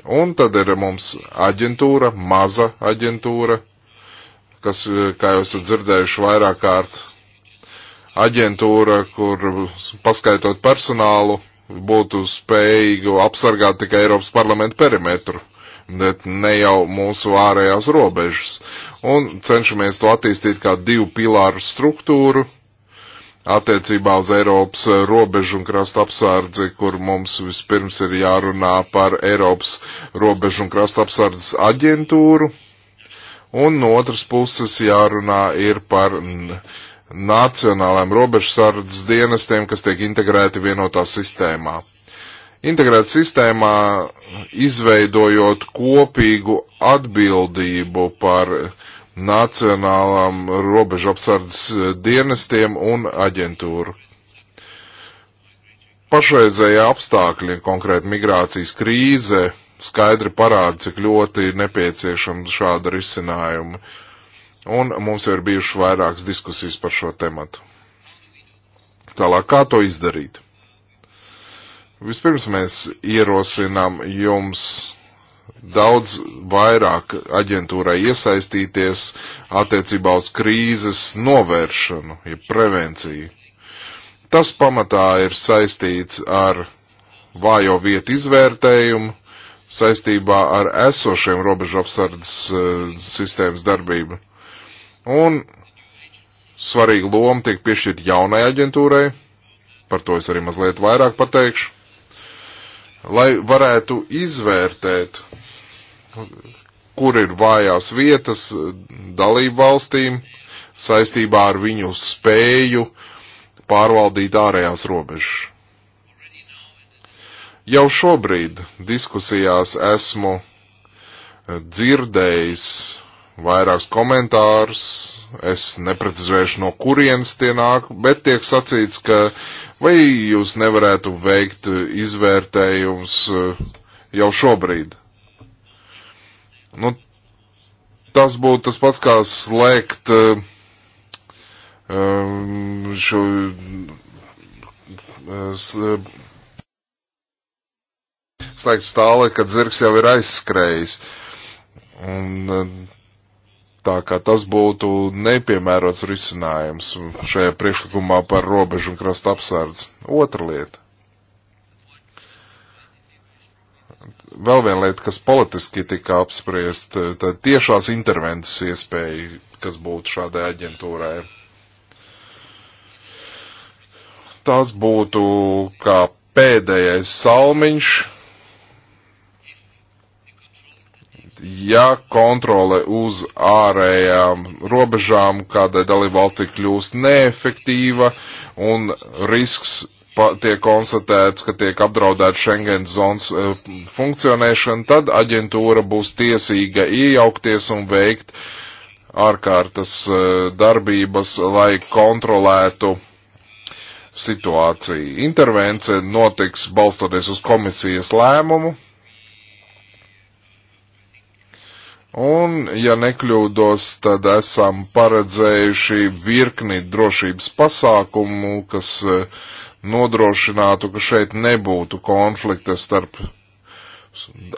Un tad ir mums aģentūra, maza aģentūra, kas, eh, kā jau esat dzirdējuši vairāk kārt, aģentūra, kur paskaitot personālu, būtu spējīga apsargāt tikai Eiropas parlamenta perimetru, bet ne jau mūsu ārējās robežas. Un cenšamies to attīstīt kā divu pilāru struktūru attiecībā uz Eiropas robežu un krasta apsardzi, kur mums vispirms ir jārunā par Eiropas robežu un krasta apsardzes aģentūru, un no otras puses jārunā ir par nacionālajiem robežsardzes dienestiem, kas tiek integrēti vienotā sistēmā. Integrēt sistēmā, izveidojot kopīgu atbildību par nacionālām robežu apsardzes eh, dienestiem un aģentūru. Pašreizējā apstākļi, konkrēti migrācijas krīze, skaidri parāda, cik ļoti nepieciešama šāda risinājuma. Uh, Un mums jau ir bijušas vairākas diskusijas par šo tematu. Tālāk, kā to izdarīt? Vispirms mēs ierosinām jums daudz vairāk aģentūrai iesaistīties attiecībā uz krīzes novēršanu, ja prevenciju. Tas pamatā ir saistīts ar vājo vietu izvērtējumu saistībā ar esošiem robežu apsardzes uh, sistēmas darbību Un svarīga loma tiek piešķirta jaunai aģentūrai, par to es arī mazliet vairāk pateikšu, lai varētu izvērtēt, kur ir vājās vietas dalību valstīm saistībā ar viņu spēju pārvaldīt ārējās robežas. Jau šobrīd diskusijās esmu dzirdējis vairākus komentārus, es neprecizēšu no kurienes tie nāk, bet tiek sacīts, ka vai jūs nevarētu veikt izvērtējums eh, jau šobrīd. Nu, tas būtu tas pats kā slēgt um, šo. Slēgt stāli, kad zirgs jau ir aizskrējis. Un Tā kā tas būtu nepiemērots risinājums šajā priekšlikumā par robežu un krasta apsardz. Otra lieta. Vēl viena lieta, kas politiski tika apspriest, tad tiešās intervences iespēja, kas būtu šādai aģentūrai. Tas būtu kā pēdējais salmiņš, ja kontrole uz ārējām robežām kādai dalībvalstī kļūst neefektīva un risks tiek konstatēts, ka tiek apdraudēta Schengen zonas e, funkcionēšana, tad aģentūra būs tiesīga iejaukties un veikt ārkārtas e, darbības, lai kontrolētu situāciju. Intervence notiks balstoties uz komisijas lēmumu Un, ja nekļūdos, tad esam paredzējuši virkni drošības pasākumu, kas e, nodrošinātu, ka šeit nebūtu konflikta starp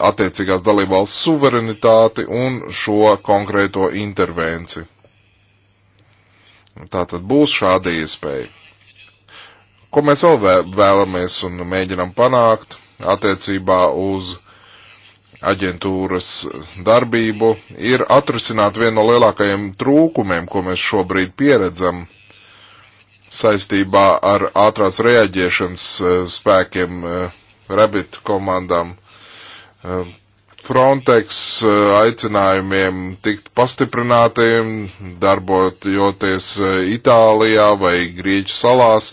attiecīgās dalībvalsts suverenitāti un šo konkrēto intervenci. Tā tad būs šāda iespēja. Ko mēs vēl vēlamies un mēģinam panākt attiecībā uz aģentūras darbību, ir atrisināt vienu no lielākajiem trūkumiem, ko mēs šobrīd pieredzam saistībā ar ātrās reaģēšanas e, spēkiem, e, Rabbit komandām, e, Frontex aicinājumiem tikt pastiprinātiem, darbojoties Itālijā vai Grieķu salās,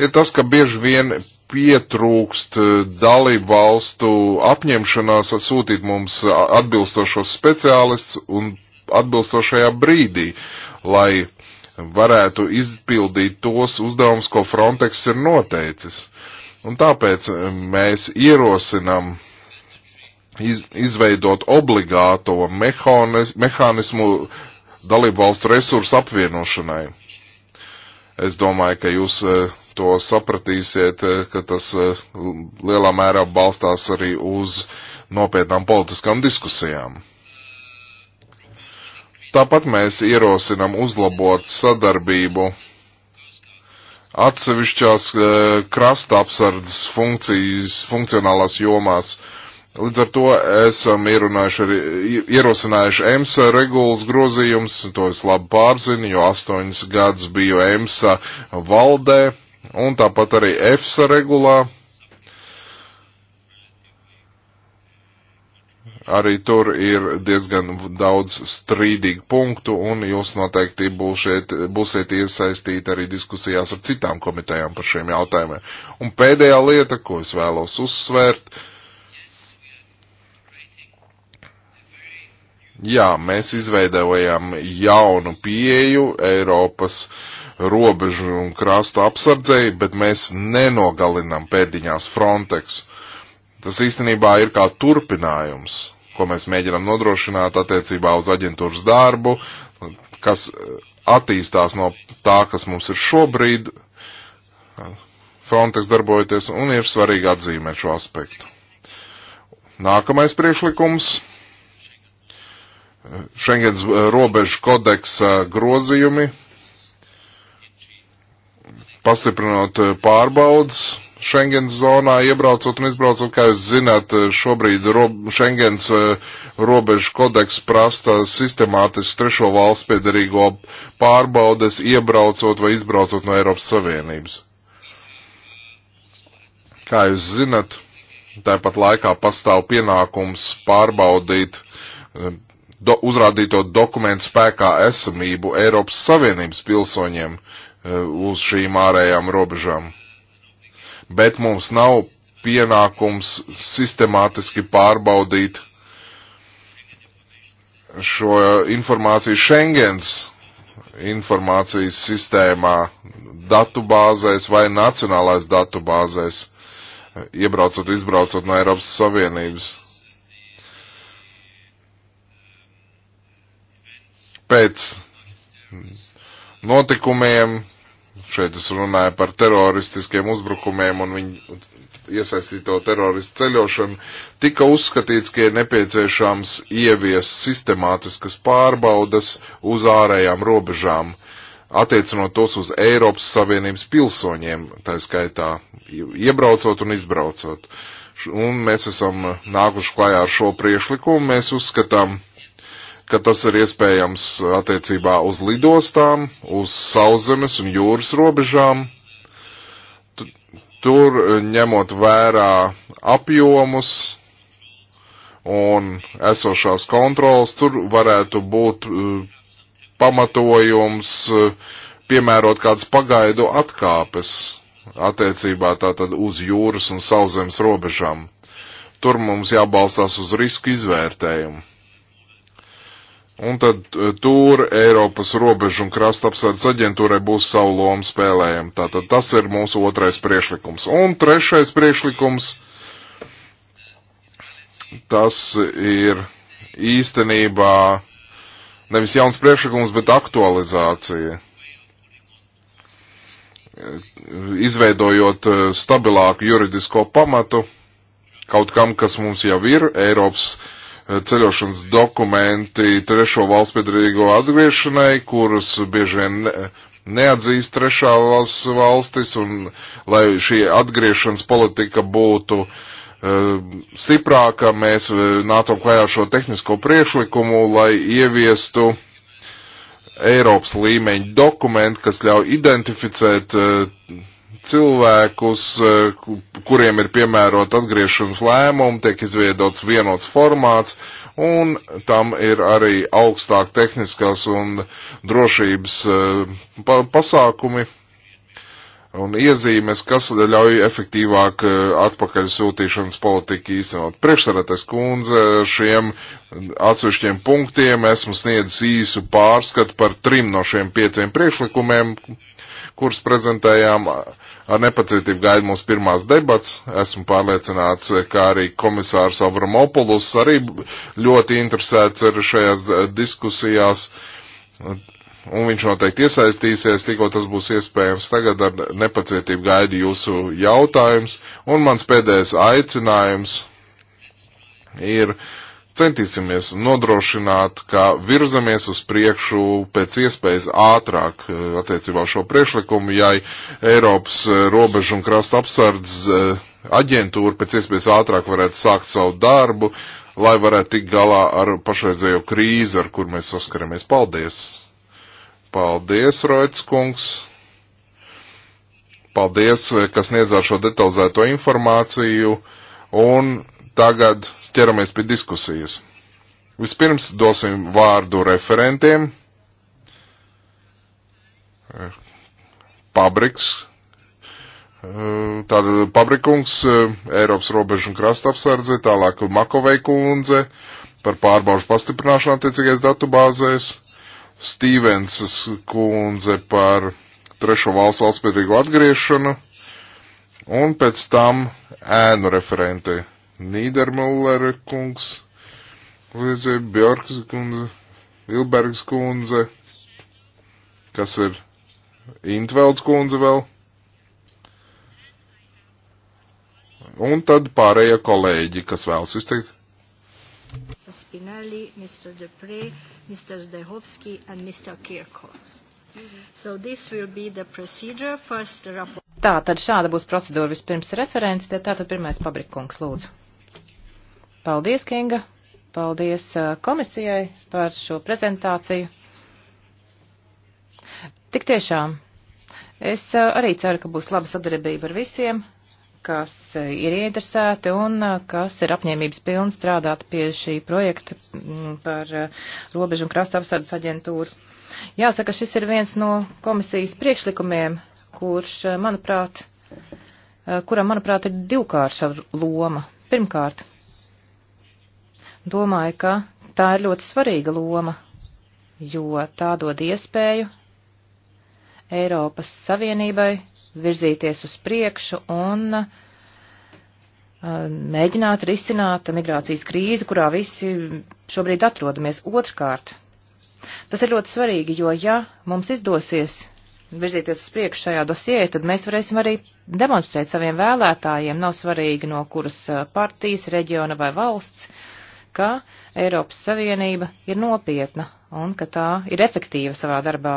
ir tas, ka bieži vien pietrūkst eh, dalību valstu apņemšanās sūtīt mums atbilstošos speciālists un atbilstošajā brīdī, lai varētu izpildīt tos uzdevumus, ko Frontex ir noteicis. Un tāpēc eh, mēs ierosinam iz, izveidot obligāto mehanis, mehānismu dalību valstu resursu apvienošanai. Es domāju, ka jūs eh, to sapratīsiet, eh, ka tas eh, lielā mērā balstās arī uz nopietnām politiskām diskusijām. Tāpat mēs ierosinam uzlabot sadarbību atsevišķās eh, krasta apsardzes funkcijas, funkcionālās jomās. Līdz ar to esam arī, ierosinājuši EMSA regulas grozījums, to es labi pārzinu, jo astoņas gadus biju EMSA valdē un tāpat arī EFSA regulā. Arī tur ir diezgan daudz strīdīgu punktu, un jūs noteikti būsiet, būsiet iesaistīti arī diskusijās ar citām komitejām par šiem jautājumiem. Un pēdējā lieta, ko es vēlos uzsvērt, jā, mēs izveidojam jaunu pieju Eiropas uh, robežu un krasta apsardzei, bet mēs nenogalinam pēdiņās Frontex. Tas īstenībā ir kā turpinājums, ko mēs mēģinam nodrošināt attiecībā uz aģentūras darbu, kas eh, attīstās no tā, kas mums ir šobrīd Frontex darbojoties, un ir svarīgi atzīmēt šo aspektu. Nākamais priekšlikums. Šengens robežu kodeksa grozījumi pastiprinot eh, pārbaudas Schengens zonā iebraucot un izbraucot, kā jūs zināt, eh, šobrīd rob Schengens eh, robežu kodeks prasta sistemātiski trešo valsts piedarīgo pārbaudes iebraucot vai izbraucot no Eiropas Savienības. Kā jūs zinat, tāpat laikā pastāv pienākums pārbaudīt do, uzrādīto dokumentu spēkā esamību Eiropas Savienības pilsoņiem, uh, Eh, uz šīm ārējām robežām. Bet mums nav pienākums sistemātiski pārbaudīt šo informāciju Schengens informācijas sistēmā, datubāzēs vai nacionālais datubāzēs, iebraucot, izbraucot no Eiropas Savienības. Pēc notikumiem Šeit es runāju par teroristiskiem uzbrukumiem un viņu iesaistīto teroristu ceļošanu. Tika uzskatīts, ka ir nepieciešams ievies sistemātiskas pārbaudas uz ārējām robežām, attiecinot tos uz Eiropas Savienības pilsoņiem, tā skaitā iebraucot un izbraucot. Un mēs esam nākuši klajā ar šo priešlikumu. Mēs uzskatām, ka tas ir iespējams attiecībā uz lidostām, uz sauszemes un jūras robežām. Tur eh, ņemot vērā apjomus un esošās kontrolas, tur varētu būt eh, pamatojums eh, piemērot kādas pagaidu atkāpes attiecībā tātad uz jūras un sauszemes robežām. Tur mums jābalstās uz risku izvērtējumu. Un tad eh, tur Eiropas robežu un krasta apsardzes aģentūrai būs savu lomu spēlējama. Tātad tas ir mūsu otrais priekšlikums. Un trešais priekšlikums, tas ir īstenībā nevis jauns priekšlikums, bet aktualizācija. Izveidojot eh, stabilāku juridisko pamatu kaut kam, kas mums jau ir Eiropas ceļošanas dokumenti trešo valsts piedarīgo atgriešanai, kurus bieži vien neatzīst trešā valsts valstis, un lai šī atgriešanas politika būtu uh, stiprāka, mēs e, nācām klējā šo tehnisko priekšlikumu, lai ieviestu Eiropas līmeņa dokumentu, kas ļauj identificēt uh, cilvēkus, eh, kuriem ir piemērot atgriešanas lēmumu, tiek izveidots vienots formāts, un tam ir arī augstāk tehniskās un drošības eh, pasākumi un iezīmes, kas ļauj efektīvāk eh, atpakaļ sūtīšanas politiku īstenot. Priekšsaratais kundze šiem atsevišķiem punktiem esmu sniedzis īsu pārskatu par trim no šiem pieciem priekšlikumiem, kurus prezentējām Ar nepacietību gaidu mūsu pirmās debats. Esmu pārliecināts, ka arī komisārs Avramopoulos arī ļoti interesēts ir šajās eh, diskusijās. Un viņš noteikti iesaistīsies, tikko tas būs iespējams. Tagad ar nepacietību gaidu jūsu jautājums. Un mans pēdējais aicinājums ir uh, centīsimies nodrošināt, ka virzamies uz priekšu pēc iespējas ātrāk eh, attiecībā šo priekšlikumu, ja Eiropas eh, robežu un krasta apsardz eh, aģentūra pēc iespējas ātrāk varētu sākt savu darbu, lai varētu tikt galā ar pašreizējo krīzi, ar kur mēs saskaramies. Paldies! Paldies, Roits kungs! Paldies, kas niedzā šo detalizēto informāciju un Tagad ķeramies pie diskusijas. Vispirms dosim vārdu referentiem. Pabriks. Tātad Pabrikungs, Eiropas robežu un krasta apsardze, tālāk Makovei kundze par pārbaužu pastiprināšanu attiecīgais datubāzēs, Stīvensas kundze par trešo valstu valstspēdīgu atgriešanu un pēc tam ēnu referentei. Nīdermullera kungs, Liedzē Bjorkas kundze, Ilbergs kundze, kas ir Intvelds kundze vēl. Un tad pārējie kolēģi, kas vēlas izteikt. Mr. Spinelli, Mr. Depre, Mr. Zdehovski and Mr. Kirkos. So this will be the procedure. First, the rapport. Tā, tad šāda būs procedūra vispirms referents, tad tātad pirmais pabrikungs, lūdzu. Paldies, Kinga! Paldies uh, komisijai par šo prezentāciju. Tik tiešām, es uh, arī ceru, ka būs laba sadarbība ar visiem, kas uh, ir ieinteresēti un kas ir apņēmības pilni strādāt pie šī projekta mm, par robežu un krasta apsardzes aģentūru. Jāsaka, šis ir viens no komisijas priekšlikumiem, kurš, manuprāt, kuram, manuprāt, ir divkārša loma. Pirmkārt, domāju, ka tā ir ļoti svarīga loma, jo tā dod iespēju Eiropas Savienībai virzīties uz priekšu un uh, mēģināt risināt migrācijas krīzi, kurā visi šobrīd atrodamies. Otrkārt, tas ir ļoti svarīgi, jo ja mums izdosies virzīties uz priekšu šajā dosijē, tad mēs varēsim arī demonstrēt saviem vēlētājiem, nav svarīgi no kuras uh, partijas, reģiona vai valsts, uh, ka Eiropas Savienība ir nopietna un ka tā ir efektīva savā darbā.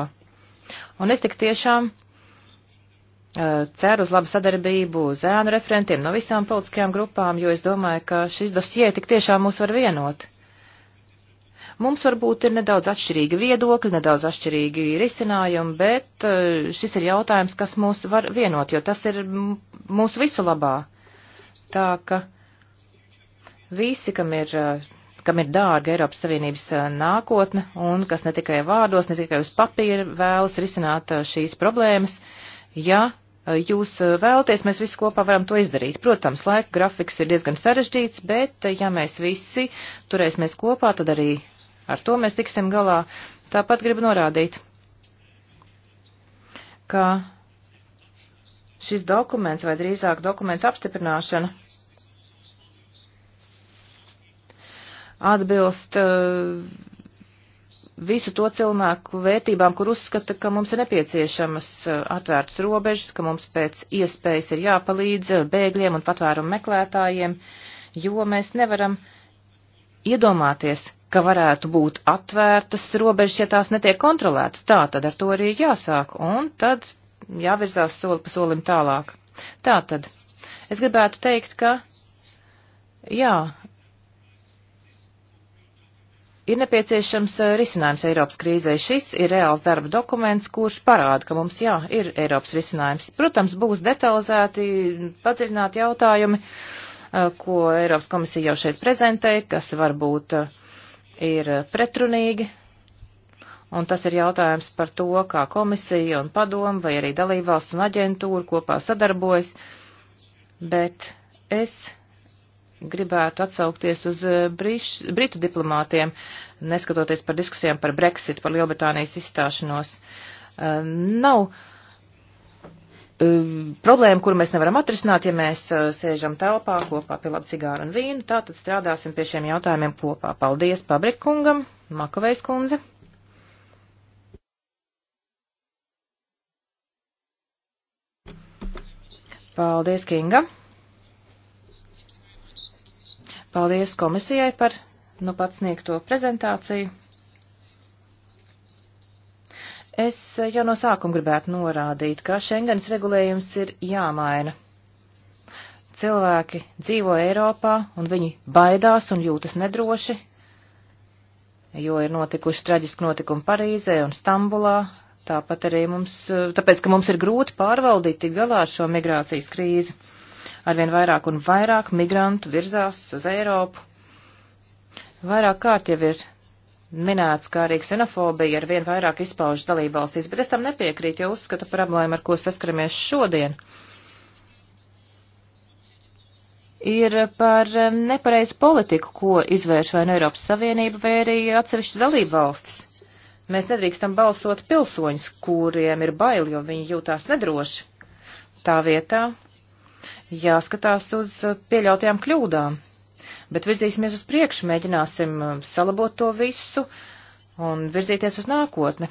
Un es tik tiešām eh, ceru uz labu sadarbību uz ēnu referentiem no visām politiskajām grupām, jo es domāju, ka šis dosie tik tiešām mūs var vienot. Mums varbūt ir nedaudz atšķirīgi viedokļi, nedaudz atšķirīgi risinājumi, bet eh, šis ir jautājums, kas mūs var vienot, jo tas ir mūsu visu labā. Tā ka Visi, kam ir, kam ir dārga Eiropas Savienības nākotne un kas ne tikai vārdos, ne tikai uz papīra vēlas risināt šīs problēmas, ja jūs vēlaties, mēs visi kopā varam to izdarīt. Protams, laika grafiks ir diezgan sarežģīts, bet ja mēs visi turēsimies kopā, tad arī ar to mēs tiksim galā. Tāpat gribu norādīt, ka šis dokuments vai drīzāk dokumentu apstiprināšana atbilst uh, visu to cilvēku vērtībām, kur uzskata, ka mums ir nepieciešamas uh, atvērtas robežas, ka mums pēc iespējas ir jāpalīdz uh, bēgļiem un patvērumu meklētājiem, jo mēs nevaram iedomāties, ka varētu būt atvērtas robežas, ja tās netiek kontrolētas. Tā tad ar to arī ir jāsāk, un tad jāvirzās soli pa solim tālāk. Tā tad es gribētu teikt, ka jā, Ir nepieciešams eh, risinājums Eiropas krīzē. Šis ir reāls darba dokuments, kurš parāda, ka mums jā, ir Eiropas risinājums. Protams, būs detalizēti, padziļināti jautājumi, eh, ko Eiropas komisija jau šeit prezentē, kas varbūt eh, ir pretrunīgi. Un tas ir jautājums par to, kā komisija un padoma vai arī dalībvalsts un aģentūra kopā sadarbojas. Bet es gribētu atsaukties uz eh, briš, britu diplomātiem, neskatoties par diskusijām par Brexit, par Lielbritānijas izstāšanos. Uh, nav eh, problēma, kuru mēs nevaram atrisināt, ja mēs sēžam telpā kopā pie laba cigāru un vīnu, tātad strādāsim pie šiem jautājumiem kopā. Paldies Pabrikungam, Makavejs kundze. Paldies, Kinga. Paldies komisijai par nu pats sniegto prezentāciju. Es jau no sākuma gribētu norādīt, ka Schengens regulējums ir jāmaina. Cilvēki dzīvo Eiropā un viņi baidās un jūtas nedroši, jo ir notikuši traģiski notikumi Parīzē un Stambulā. Tāpat arī mums, tāpēc, ka mums ir grūti pārvaldīt tik galā šo migrācijas krīzi. Arvien vairāk un vairāk migrantu virzās uz Eiropu. Vairāk kārt jau ir minēts, kā arī ksenofobija ar vien vairāk izpaužas dalībvalstīs, bet es tam nepiekrītu, jo uzskatu problēmu, ar ko saskaramies šodien, ir par nepareizu politiku, ko izvērš vai no nu Eiropas Savienība, vai arī atsevišķas dalībvalstis. Mēs nedrīkstam balsot pilsoņus, kuriem ir baili, jo viņi jūtās nedroši. Tā vietā jāskatās uz uh, pieļautajām kļūdām. Bet virzīsimies uz priekšu, mēģināsim uh, salabot to visu un virzīties uz nākotni.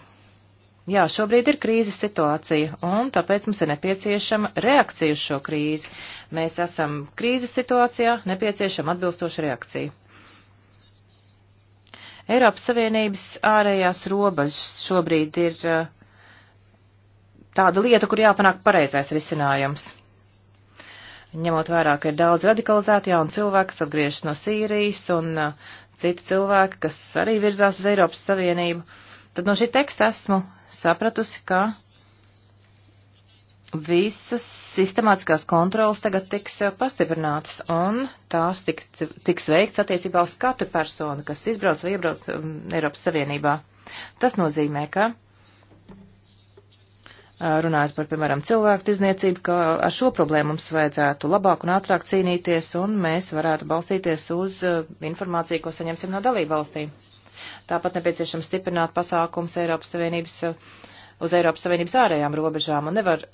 Jā, šobrīd ir krīzes situācija, un tāpēc mums ir nepieciešama reakcija uz šo krīzi. Mēs esam krīzes situācijā, nepieciešama atbilstoša reakcija. Eiropas Savienības ārējās robežas šobrīd ir uh, tāda lieta, kur jāpanāk pareizais risinājums ņemot vērā, ka ir daudz radikalizētu jaunu cilvēku, kas atgriežas no Sīrijas un uh, citi cilvēki, kas arī virzās uz Eiropas Savienību, tad no šī teksta esmu sapratusi, ka visas sistemātiskās kontrolas tagad tiks uh, pastiprinātas un tās tik, tiks veikts attiecībā uz katru personu, kas izbrauc vai iebrauc um, Eiropas Savienībā. Tas nozīmē, ka runājot par, piemēram, cilvēku tirzniecību, ka ar šo problēmu mums vajadzētu labāk un ātrāk cīnīties, un mēs varētu balstīties uz informāciju, ko saņemsim no dalību valstīm. Tāpat nepieciešams stiprināt pasākums Eiropas Savienības, uz Eiropas Savienības ārējām robežām, un nevar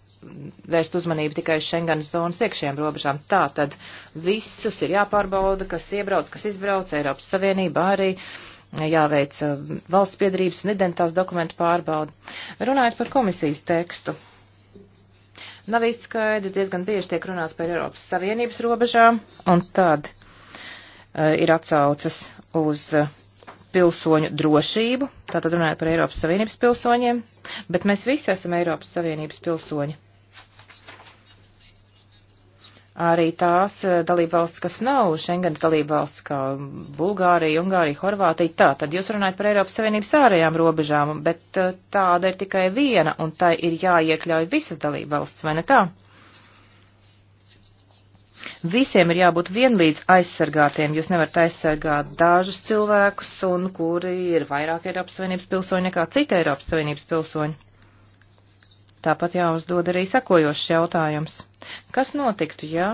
vērst uzmanību tikai uz Schengenas zonas iekšējām robežām. Tā tad visus ir jāpārbauda, kas iebrauc, kas izbrauc, Eiropas Savienība arī. Uh, jāveic uh, valsts piedarības un identitātes dokumentu pārbaudi. Runājot par komisijas tekstu. Nav īsti skaidrs, diezgan bieži tiek runāts par Eiropas Savienības robežām, un tad uh, ir atsaucas uz uh, pilsoņu drošību, tātad runājot par Eiropas Savienības pilsoņiem, bet mēs visi esam Eiropas Savienības pilsoņi arī tās eh, dalībvalsts, kas nav Schengen dalībvalsts, kā Bulgārija, Ungārija, Horvātija, tā, tad jūs runājat par Eiropas Savienības ārējām robežām, bet eh, tāda ir tikai viena, un tai ir jāiekļauj visas dalībvalsts, vai ne tā? Visiem ir jābūt vienlīdz aizsargātiem. Jūs nevarat aizsargāt dažus cilvēkus, un kuri ir vairāk Eiropas Savienības pilsoņi nekā citi Eiropas Savienības pilsoņi. Tāpat jāuzdod arī sekojošs jautājums Kas notiktu, ja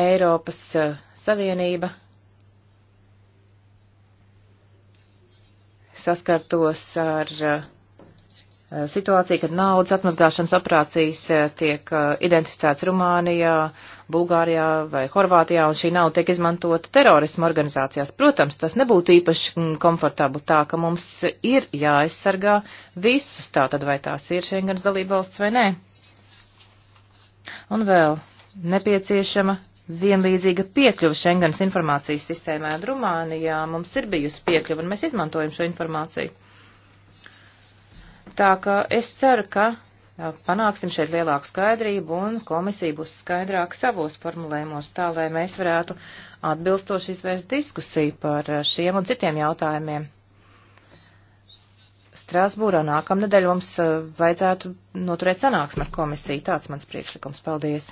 Eiropas eh, Savienība saskartos ar uh, Eh, situācija, kad naudas atmazgāšanas operācijas eh, tiek eh, identificēts Rumānijā, Bulgārijā vai Horvātijā, un šī nauda tiek izmantota terorismu organizācijās. Protams, tas nebūtu īpaši mm, komfortabli tā, ka mums ir jāaizsargā visus, tā tad vai tās ir Schengens dalībvalsts vai nē. Un vēl nepieciešama vienlīdzīga piekļuva Schengens informācijas sistēmē. Rumānijā mums ir bijusi piekļuva, un mēs izmantojam šo informāciju. Tā ka es ceru, ka panāksim šeit lielāku skaidrību un komisija būs skaidrāka savos formulējumos, tā lai mēs varētu atbilstoši izvērst diskusiju par šiem un citiem jautājumiem. Strasbūrā nākamnedēļ mums vajadzētu noturēt sanāksmi ar komisiju. Tāds mans priekšlikums. Paldies.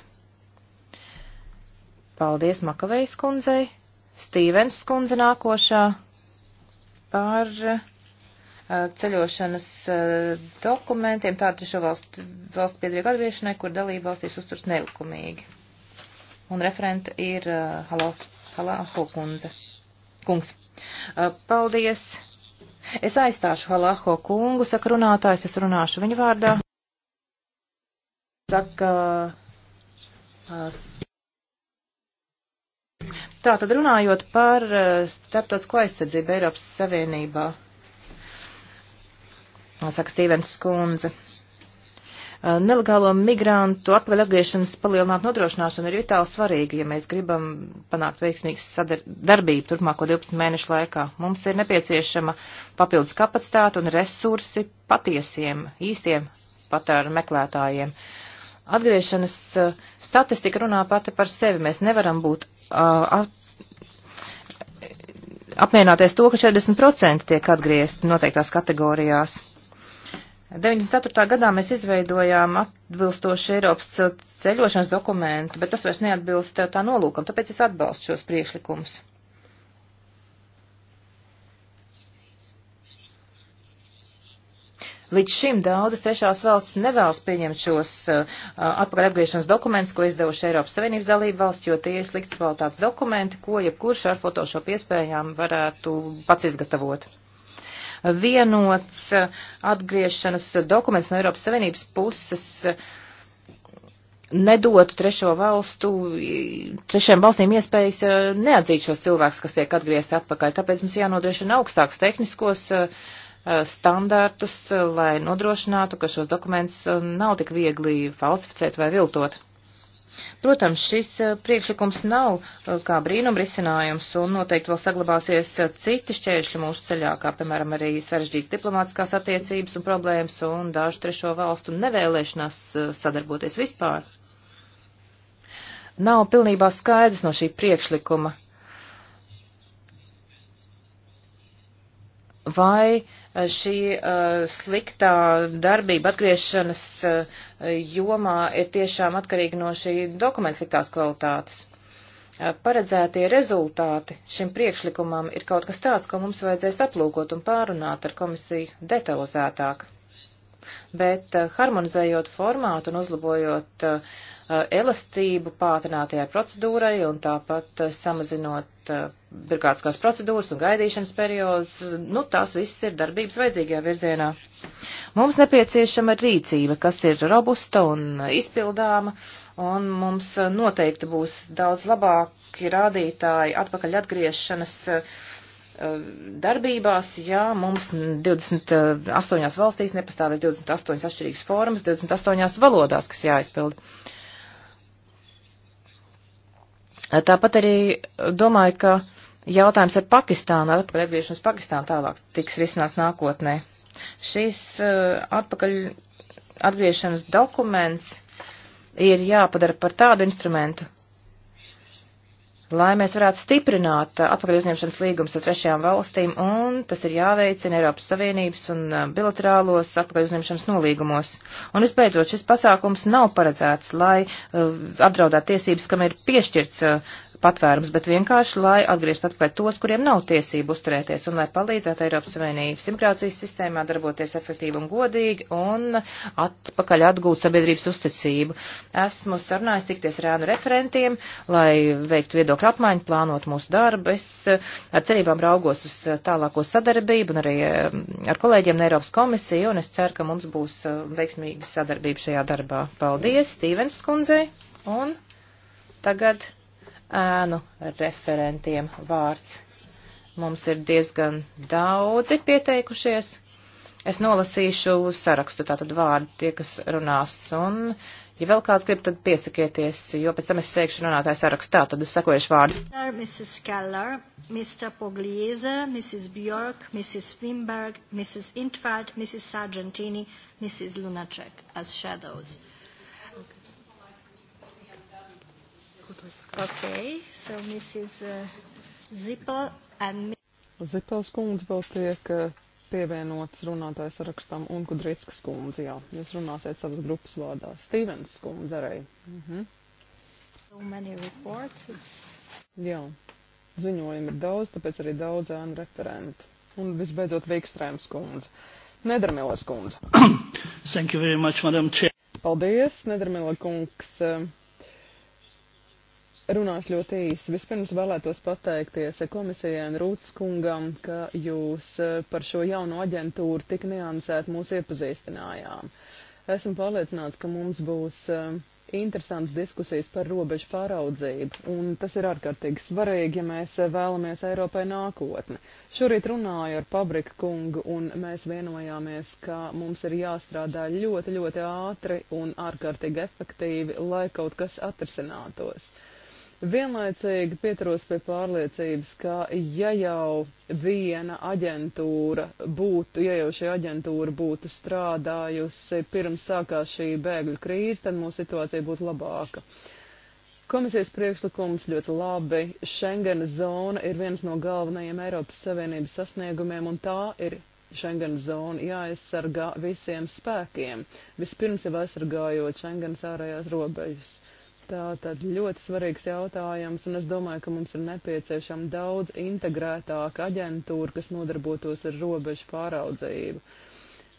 Paldies Makavejas kundzei. Stīvens kundze nākošā par. Uh, Eh, ceļošanas eh, dokumentiem tādu trešo valstu, valstu piedrīgu atgriešanai, kur dalība valstīs uzturs nelikumīgi. Un referenta ir eh, Halo, Halaho kundze. Kungs. Paldies. Es aizstāšu Halaho kungu, saka runātājs, es runāšu viņa vārdā. Saka. Tā tad runājot par starptautisko aizsardzību Eiropas Savienībā saka Stīvens Skundze. Nelegālo migrantu atpakaļ atgriešanas palielināt nodrošināšanu ir vitāli svarīgi, ja mēs gribam panākt veiksmīgu sadarbību turpmāko 12 mēnešu laikā. Mums ir nepieciešama papildus kapacitāte un resursi patiesiem, īstiem patēru meklētājiem. Atgriešanas statistika runā pati par sevi. Mēs nevaram būt uh, apmierināties to, ka 40% tiek atgriezti noteiktās kategorijās. 94. gadā mēs izveidojām atbilstošu Eiropas ceļošanas dokumentu, bet tas vairs neatbilst tā nolūkam, tāpēc es atbalstu šos priekšlikumus. Līdz šim daudzas trešās valsts nevēlas pieņemt šos uh, atpakaļ atgriešanas dokumentus, ko izdevuši Eiropas Savienības dalību valsts, jo tie ir slikts kvalitātes dokumenti, ko jebkurš ar fotošopu iespējām varētu pats izgatavot vienots eh, atgriešanas dokuments no Eiropas Savienības puses eh, nedotu trešo valstu, trešiem valstīm iespējas eh, neatzīt šos cilvēkus, kas tiek atgriezti atpakaļ. Tāpēc mums jānodrošina augstākus tehniskos standārtus, lai nodrošinātu, ka šos dokumentus nav tik viegli falsificēt vai viltot. Protams, šis eh, priekšlikums nav eh, kā brīnum risinājums un noteikti vēl saglabāsies eh, citi šķēršļi mūsu ceļā, kā piemēram arī sarežģītas diplomātiskās attiecības un problēmas un dažu trešo valstu nevēlēšanās sadarboties vispār. Nav pilnībā skaidrs no šī priekšlikuma, vai uh, šī uh, sliktā darbība atgriešanas uh, jomā ir tiešām atkarīga no šī dokumenta sliktās kvalitātes. Uh, paredzētie rezultāti šim priekšlikumam ir kaut kas tāds, ko mums vajadzēs aplūkot un pārunāt ar komisiju detalizētāk. Bet harmonizējot formātu un uzlabojot uh, Uh, elastību pātrinātajai procedūrai un tāpat uh, samazinot uh, birkrātiskās procedūras un gaidīšanas periods. Nu, tās viss ir darbības vajadzīgajā virzienā. Mums nepieciešama rīcība, kas ir robusta un izpildāma, un mums noteikti būs daudz labāki rādītāji atpakaļ atgriešanas darbībās, ja mums 28 valstīs nepastāvēs 28 atšķirīgas formas, 28 valodās, kas jāizpilda. Tāpat arī domāju, ka jautājums ar Pakistānu, atpakaļ atgriešanos Pakistānu tālāk tiks risināts nākotnē. Šīs uh, atpakaļ atgriešanas dokuments ir jāpadara par tādu instrumentu, lai mēs varētu stiprināt atpakaļ uzņemšanas līgumus ar trešajām valstīm, un tas ir jāveicina Eiropas Savienības un uh, bilaterālos atpakaļ uzņemšanas nolīgumos. Un visbeidzot, šis pasākums nav paredzēts, lai uh, apdraudētu tiesības, kam ir piešķirts uh, patvērums, bet vienkārši, lai atgriezt atpakaļ tos, kuriem nav tiesību uzturēties un lai palīdzētu Eiropas Savienības imigrācijas sistēmā darboties efektīvi un godīgi un atpakaļ atgūt sabiedrības uzticību. Esmu sarunājis tikties ar ēnu referentiem, lai veiktu viedokļu apmaiņu, plānot mūsu darbu. Es ar cerībām raugos uz tālāko sadarbību un arī um, ar kolēģiem no Eiropas komisiju un es ceru, ka mums būs um, veiksmīga sadarbība šajā darbā. Paldies, Stīvens kundzei! Un tagad ēnu referentiem vārds. Mums ir diezgan daudzi pieteikušies. Es nolasīšu sarakstu, tātad vārdu tie, kas runās, un, ja vēl kāds grib, tad piesakieties, jo pēc tam es sēkšu runātāju sarakstā, tad es sakojuši vārdu. Mrs. Keller, Mr. Pogliese, Mrs. Bjork, Mrs. Wimberg, Mrs. Intfeld, Mrs. Sargentini, Mrs. Lunacek as shadows. Okay. Okay, so Mrs. Uh, Zippel and... Zipels kundze vēl tiek uh, pievienots runātājs sarakstam un Kudrītskas kundze, jā. Jūs runāsiet savas grupas vārdā. Stīvens kundze arī. Mhm. So many reports, it's... Jā, ziņojumi ir daudz, tāpēc arī daudz ēnu referentu. Un visbeidzot Vīkstrēms kundze. Nedarmilers kundze. Thank you very much, Madam Chair. Paldies, Nedarmila kungs. Uh, Runāšu ļoti īsi. Vispirms vēlētos pateikties komisijai un Rūtas kungam, ka jūs eh, par šo jauno aģentūru tik neansēt mūs iepazīstinājām. Esmu pārliecināts, ka mums būs eh, interesants diskusijas par robežu pāraudzību, un tas ir ārkārtīgi svarīgi, ja mēs eh, vēlamies Eiropai nākotni. Šorīt runāju ar Pabrika kungu, un mēs vienojāmies, ka mums ir jāstrādā ļoti, ļoti ātri un ārkārtīgi efektīvi, lai kaut kas atrisinātos. Vienlaicīgi pieturos pie pārliecības, ka ja jau viena aģentūra būtu, ja jau šī aģentūra būtu strādājusi pirms sākās šī bēgļu krīze, tad mūsu situācija būtu labāka. Komisijas priekšlikums ļoti labi. Schengena zona ir viens no galvenajiem Eiropas Savienības sasniegumiem, un tā ir Schengena zona jāaizsargā visiem spēkiem, vispirms jau aizsargājot Schengenas ārējās robežas. Tā tad ļoti svarīgs jautājums, un es domāju, ka mums ir nepieciešama daudz integrētāka aģentūra, kas nodarbotos ar robežu pāraudzību.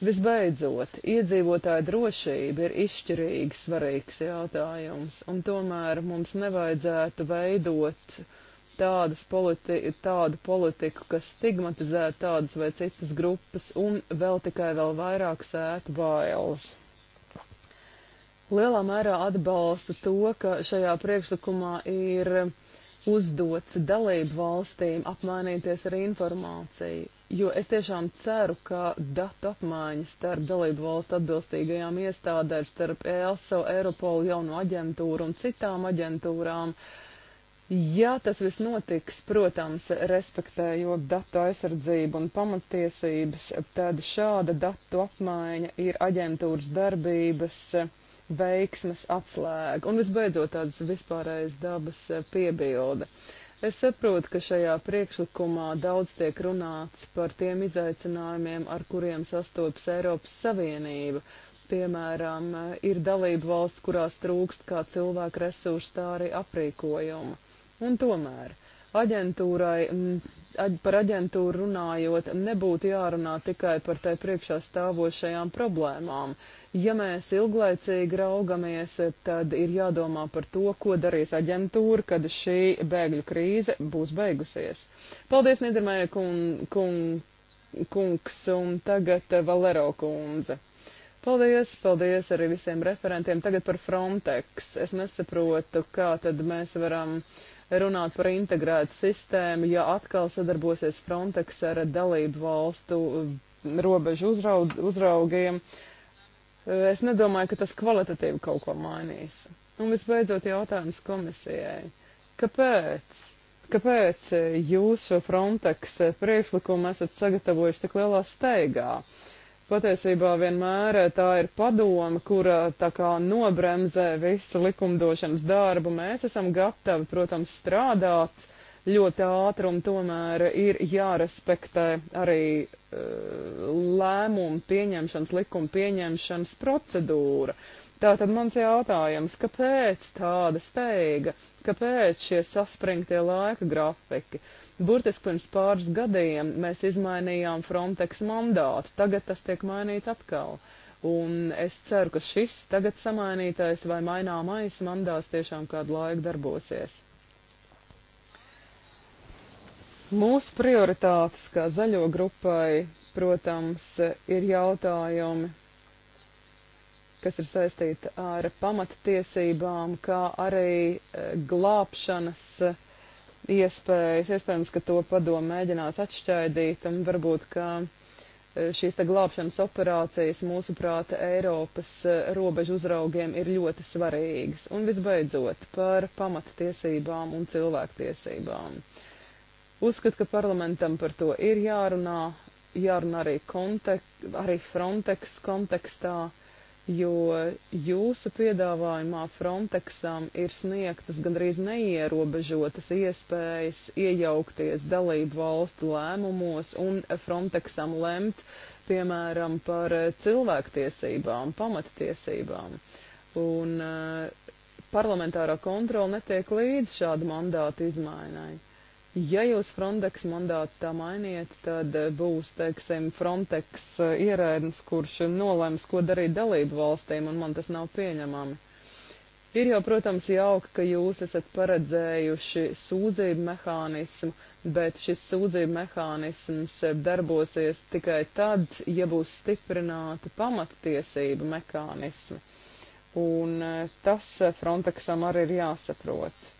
Visbeidzot, iedzīvotāja drošība ir izšķirīgi svarīgs jautājums, un tomēr mums nevajadzētu veidot tādas politi tādu politiku, kas stigmatizē tādas vai citas grupas un vēl tikai vēl vairāk sētu bailes lielā mērā atbalsta to, ka šajā priekšlikumā ir uzdots dalību valstīm apmainīties ar informāciju, jo es tiešām ceru, ka datu apmaiņa starp dalību valstu atbilstīgajām iestādēm, starp ELSO, Eiropolu, jauno aģentūru un citām aģentūrām, ja tas viss notiks, protams, respektējot datu aizsardzību un pamatiesības, tad šāda datu apmaiņa ir aģentūras darbības veiksmes atslēga. Un visbeidzot tāds vispārējais dabas eh, piebilde. Es saprotu, ka šajā priekšlikumā daudz tiek runāts par tiem izaicinājumiem, ar kuriem sastopas Eiropas Savienība. Piemēram, eh, ir dalība valsts, kurās trūkst kā cilvēku resursu, tā arī aprīkojuma. Un tomēr aģentūrai, mm, par aģentūru runājot, nebūtu jārunā tikai par tai priekšā stāvošajām problēmām. Ja mēs ilglaicīgi raugamies, tad ir jādomā par to, ko darīs aģentūra, kad šī bēgļu krīze būs beigusies. Paldies, Niedermēja kun, kun, kungs un tagad Valero kundze. Paldies, paldies arī visiem referentiem. Tagad par Frontex. Es nesaprotu, kā tad mēs varam uh, runāt par integrētu sistēmu, ja atkal sadarbosies Frontex ar dalību valstu um, robežu uzraud, uzraugiem. Uh, es nedomāju, ka tas kvalitatīvi kaut ko mainīs. Un visbeidzot jautājums komisijai. Kāpēc? Kāpēc uh, jūs šo Frontex uh, priekšlikumu esat sagatavojuši tik lielā steigā? Uh, Patiesībā vienmēr eh, tā ir padoma, kura eh, tā kā nobremzē visu likumdošanas darbu. Mēs esam gatavi, protams, strādāt ļoti ātri un tomēr ir jārespektē arī uh, lēmumu pieņemšanas, likuma pieņemšanas procedūra. Tātad mans jautājums, kāpēc tāda steiga, kāpēc šie saspringtie laika grafiki? Uh, Burtiski pirms pāris gadiem mēs izmainījām Frontex mandātu, tagad tas tiek mainīts atkal. Un es ceru, ka šis tagad samainītais vai maināmais mandāts tiešām kādu laiku darbosies. Mūsu prioritātes kā zaļo grupai, protams, ir jautājumi, kas ir saistīti ar pamattiesībām, kā arī eh, glābšanas iespējas. Iespējams, ka to padomu mēģinās atšķaidīt un varbūt, ka e, šīs te glābšanas operācijas mūsuprāt Eiropas e, robežu uzraugiem ir ļoti svarīgas. Un visbeidzot par pamattiesībām un cilvēktiesībām. Uzskat, ka parlamentam par to ir jārunā, jārunā arī, kontek, arī Frontex kontekstā. Uh, jo jūsu piedāvājumā Frontexam ir sniegtas gandrīz neierobežotas iespējas iejaukties dalību valstu lēmumos un Frontexam lemt, piemēram, par cilvēktiesībām, pamattiesībām. Un eh, parlamentārā kontrola netiek līdz šāda mandāta izmainai. Ja jūs Frontex mandātu tā mainiet, tad eh, būs, teiksim, Frontex eh, ierēdnis, kurš nolēms, ko darīt dalību valstīm, un man tas nav pieņemami. Ir jau, protams, jauka, ka jūs esat paredzējuši sūdzību mehānismu, bet šis sūdzību mehānisms darbosies tikai tad, ja būs stiprināta pamattiesība mehānismu. Un eh, tas Frontexam arī ir jāsaprot.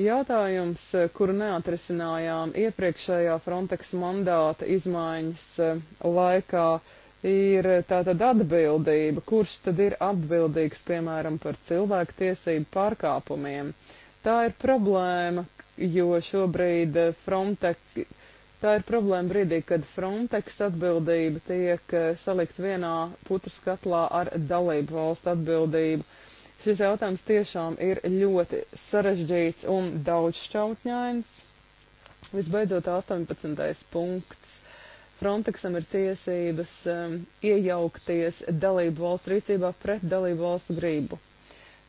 Jautājums, eh, kuru neatrisinājām iepriekšējā Frontex mandāta izmaiņas eh, laikā, ir tātad atbildība, kurš tad ir atbildīgs, piemēram, par cilvēktiesību pārkāpumiem. Tā ir problēma, jo šobrīd eh, Frontex, tā ir problēma brīdī, kad Frontex atbildība tiek salikt vienā putras katlā ar dalību valstu atbildību. Šis jautājums tiešām ir ļoti sarežģīts un daudzšķautņains. Visbeidzot, 18. punkts. Frontexam ir tiesības um, iejaukties dalību valstu rīcībā pret dalību valstu gribu.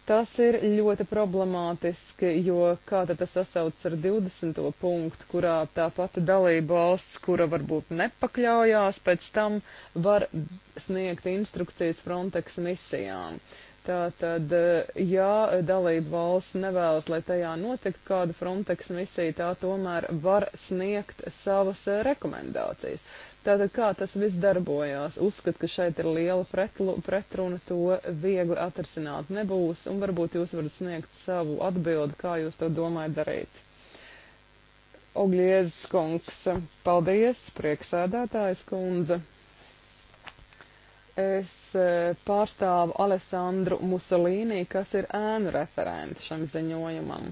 Tas ir ļoti problemātiski, jo kā tad tas sasaucas ar 20. punktu, kurā tā pati dalība valsts, kura varbūt nepakļaujās, pēc tam var sniegt instrukcijas Frontex misijām. Tātad, eh, ja dalība valsts nevēlas, lai tajā notiktu kāda Frontex misija, tā tomēr var sniegt savas eh, rekomendācijas. Tātad, kā tas viss darbojās? Uzskat, ka šeit ir liela pretlu, pretruna, to viegli atrasināt nebūs, un varbūt jūs varat sniegt savu atbildi, kā jūs to domājat darīt. Ogliezs kungs, paldies, prieksēdētājs kundze es e, pārstāvu Alessandru Musolīnī, kas ir ēnu referents šam ziņojumam.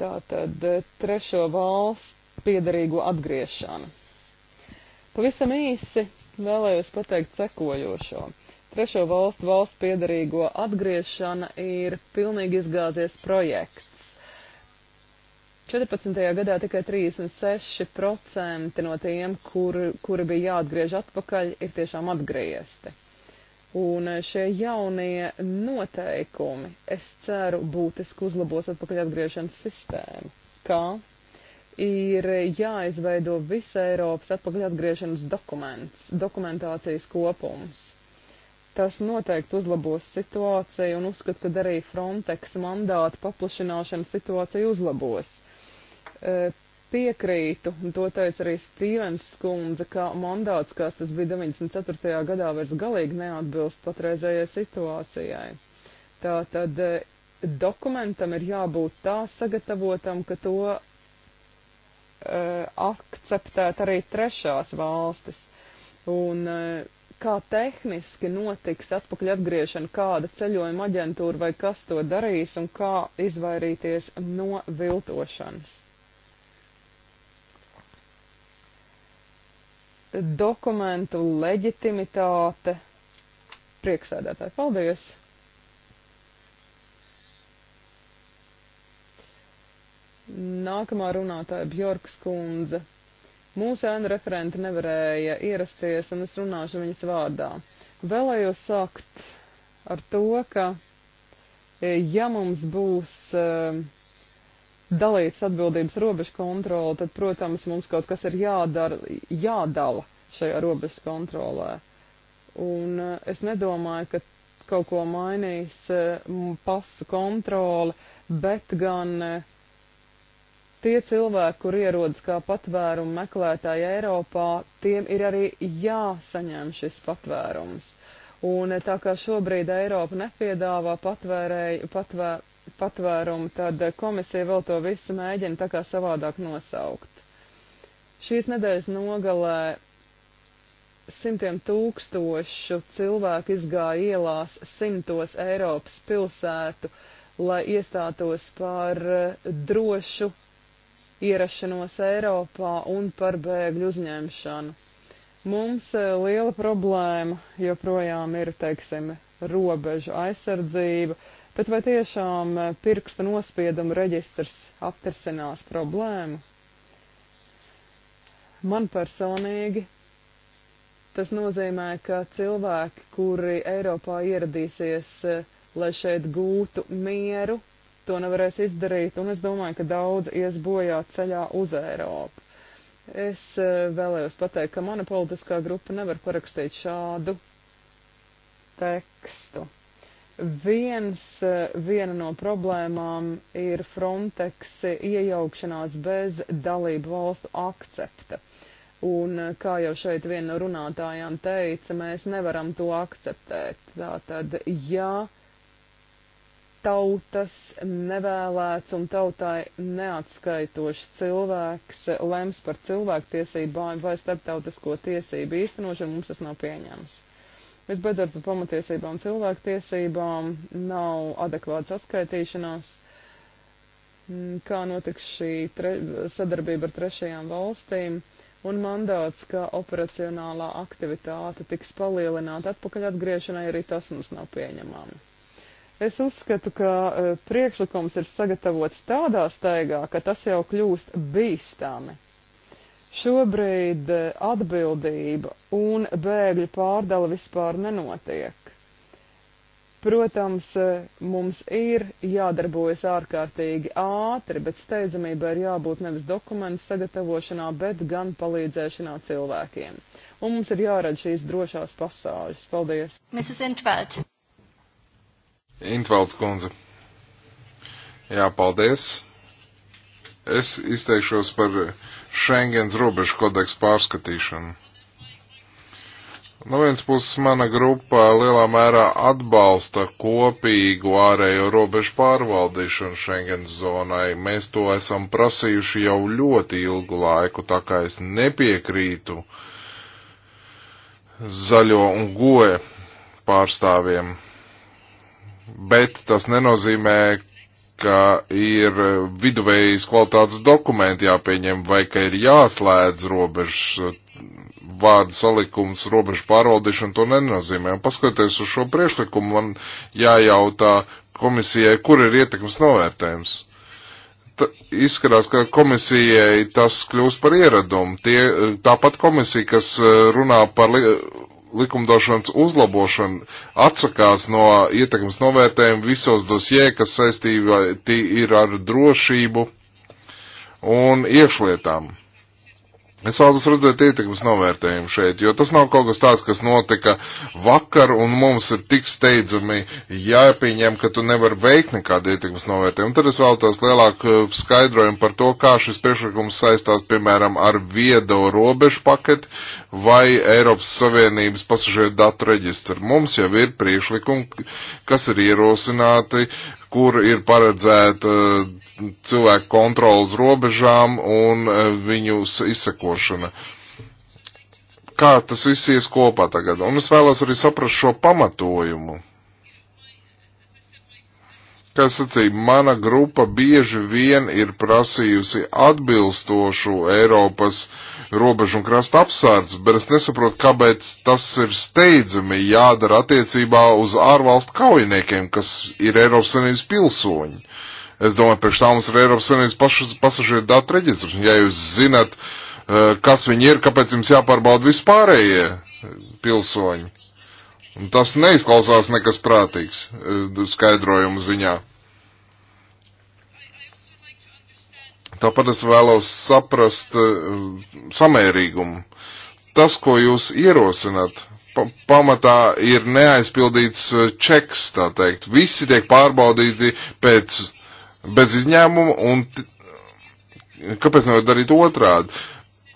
Tātad e, trešo valstu piedarīgo atgriešana. Pavisam īsi vēlējos pateikt sekojošo. Trešo valstu valstu piedarīgo atgriešana ir pilnīgi izgāzies projekts. 14. gadā tikai 36% no tiem, kur, kuri bija jāatgriež atpakaļ, ir tiešām atgriezti. Un šie jaunie noteikumi, es ceru, būtiski uzlabos atpakaļ atgriešanas sistēmu. Kā? ir jāizveido visa Eiropas atpakaļ atgriešanas dokuments, dokumentācijas kopums. Tas noteikti uzlabos situāciju un uzskat, ka arī Frontex mandāta paplašināšana situāciju uzlabos. E, piekrītu, un to teica arī Stīvens skundze, ka mandāts, kas tas bija 94. gadā, vairs galīgi neatbilst patreizējai situācijai. Tā tad e, dokumentam ir jābūt tā sagatavotam, ka to uh, akceptēt arī trešās valstis. Un uh, kā tehniski notiks atpakaļ atgriešana, kāda ceļojuma aģentūra vai kas to darīs un kā izvairīties no viltošanas. dokumentu leģitimitāte. Prieksēdētāji, paldies! Nākamā runātāja Bjorkas kundze. Mūsu ēnu referenti nevarēja ierasties, un es runāšu viņas vārdā. Vēlējos sākt ar to, ka ja mums būs uh, dalīts atbildības robežu kontroli, tad, protams, mums kaut kas ir jādara, jādala šajā robežu kontrolē. Un eh, es nedomāju, ka kaut ko mainīs eh, pasu kontrole, bet gan eh, tie cilvēki, kur ierodas kā patvērumu meklētāji Eiropā, tiem ir arī jāsaņem šis patvērums. Un tā kā šobrīd Eiropa nepiedāvā patvērēju, patvēr, patvērumu, tad eh, komisija vēl to visu mēģina tā kā savādāk nosaukt. Šīs nedēļas nogalē simtiem tūkstošu cilvēku izgāja ielās simtos Eiropas pilsētu, lai iestātos par eh, drošu ierašanos Eiropā un par bēgļu uzņemšanu. Mums eh, liela problēma joprojām ir, teiksim, robežu aizsardzība, Bet vai tiešām eh, pirksta nospiedumu reģistrs atrisinās problēmu? Man personīgi tas nozīmē, ka cilvēki, kuri Eiropā ieradīsies, eh, lai šeit gūtu mieru, to nevarēs izdarīt, un es domāju, ka daudz ies bojā ceļā uz Eiropu. Es eh, vēlējos pateikt, ka mana politiskā grupa nevar parakstīt šādu tekstu. Viens, eh, viena no problēmām ir Frontex iejaukšanās bez dalību valstu akcepta. Un, eh, kā jau šeit viena no runātājām teica, mēs nevaram to akceptēt. Tātad, ja tautas nevēlēts un tautai neatskaitošs cilvēks lems par cilvēktiesībām vai starptautisko tiesību īstenošanu, mums tas nav pieņems bez bezdarba pamatiesībām cilvēktiesībām nav adekvāts atskaitīšanās, mm, kā notiks šī tre, sadarbība ar trešajām valstīm un mandāts, ka operacionālā aktivitāte tiks palielināta atpakaļ atgriešanai, arī tas mums nav pieņemami. Es uzskatu, ka eh, priekšlikums ir sagatavots tādā staigā, ka tas jau kļūst bīstami. Šobrīd eh, atbildība un bēgļu pārdala vispār nenotiek. Protams, eh, mums ir jādarbojas ārkārtīgi ātri, bet steidzamībai ir jābūt nevis dokumentu sagatavošanā, bet gan palīdzēšanā cilvēkiem. Un mums ir jārada šīs drošās pasāžas. Paldies! Mrs. Intveld. Intvelds kundze. Jā, paldies. Es izteikšos par Schengens robežu kodeksu pārskatīšanu. No vienas puses mana grupa lielā mērā atbalsta kopīgu ārējo robežu pārvaldīšanu Schengens zonai. Mēs to esam prasījuši jau ļoti ilgu laiku, tā kā es nepiekrītu zaļo un goe pārstāvjiem. Bet tas nenozīmē, ka ir viduvējas kvalitātes dokumenti jāpieņem vai ka ir jāslēdz robežas vārdu salikums, robežu pārvaldīšana to nenozīmē. Un paskatoties uz šo priekšlikumu, man jājautā komisijai, kur ir ietekmes novērtējums. Ta, izskatās, ka komisijai tas kļūst par ieradumu. Tie, tāpat komisija, kas eh, runā par li likumdošanas uzlabošana atsakās no ietekmes novērtējuma visos dosjē, kas saistībā ir ar drošību un iekšlietām. Es vēlos redzēt ietekmes novērtējumu šeit, jo tas nav kaut kas tāds, kas notika vakar, un mums ir tik steidzami jāpieņem, ka tu nevari veikt nekādu ietekmes novērtējumu. Un tad es vēlos lielāku eh, skaidrojumu par to, kā šis priekšlikums saistās, piemēram, ar viedo robežu paketi, vai Eiropas Savienības pasažieru datu reģistru. Mums jau ir priekšlikumi, kas ir ierosināti, kur ir paredzēta cilvēku kontrola uz robežām un e, viņu izsekošana. Kā tas viss ies kopā tagad? Un es vēlos arī saprast šo pamatojumu. Kā sacīja, mana grupa bieži vien ir prasījusi atbilstošu Eiropas uh, robežu un krasta apsardz, bet es nesaprotu, kāpēc tas ir steidzami jādara attiecībā uz ārvalstu kaujiniekiem, kas ir Eiropas Savienības pilsoņi. Es domāju, priekš tā mums ir Eiropas Savienības pasažieru datu reģistrs. Ja jūs zinat, eh, kas viņi ir, kāpēc jums jāpārbauda vispārējie eh, pilsoņi? Un tas neizklausās nekas prātīgs eh, skaidrojumu ziņā. Tāpat es vēlos saprast eh, samērīgumu. Tas, ko jūs ierosināt, pa pamatā ir neaizpildīts eh, čeks, tā teikt. Visi tiek pārbaudīti pēc bez izņēmuma un kāpēc nevar darīt otrādi?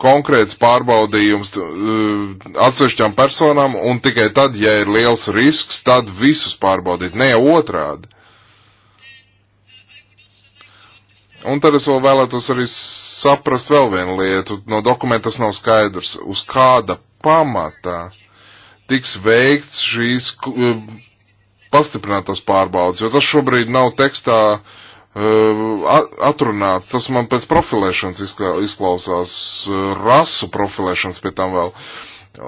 Konkrēts pārbaudījums eh, atsevišķām personām un tikai tad, ja ir liels risks, tad visus pārbaudīt, ne otrādi. Un tad es vēl vēlētos arī saprast vēl vienu lietu. No dokumenta tas nav skaidrs. Uz kāda pamatā tiks veikts šīs eh, pastiprinātās pārbaudas, jo tas šobrīd nav tekstā eh, atrunāts. Tas man pēc profilēšanas izklausās, eh, rasu profilēšanas pie tam vēl.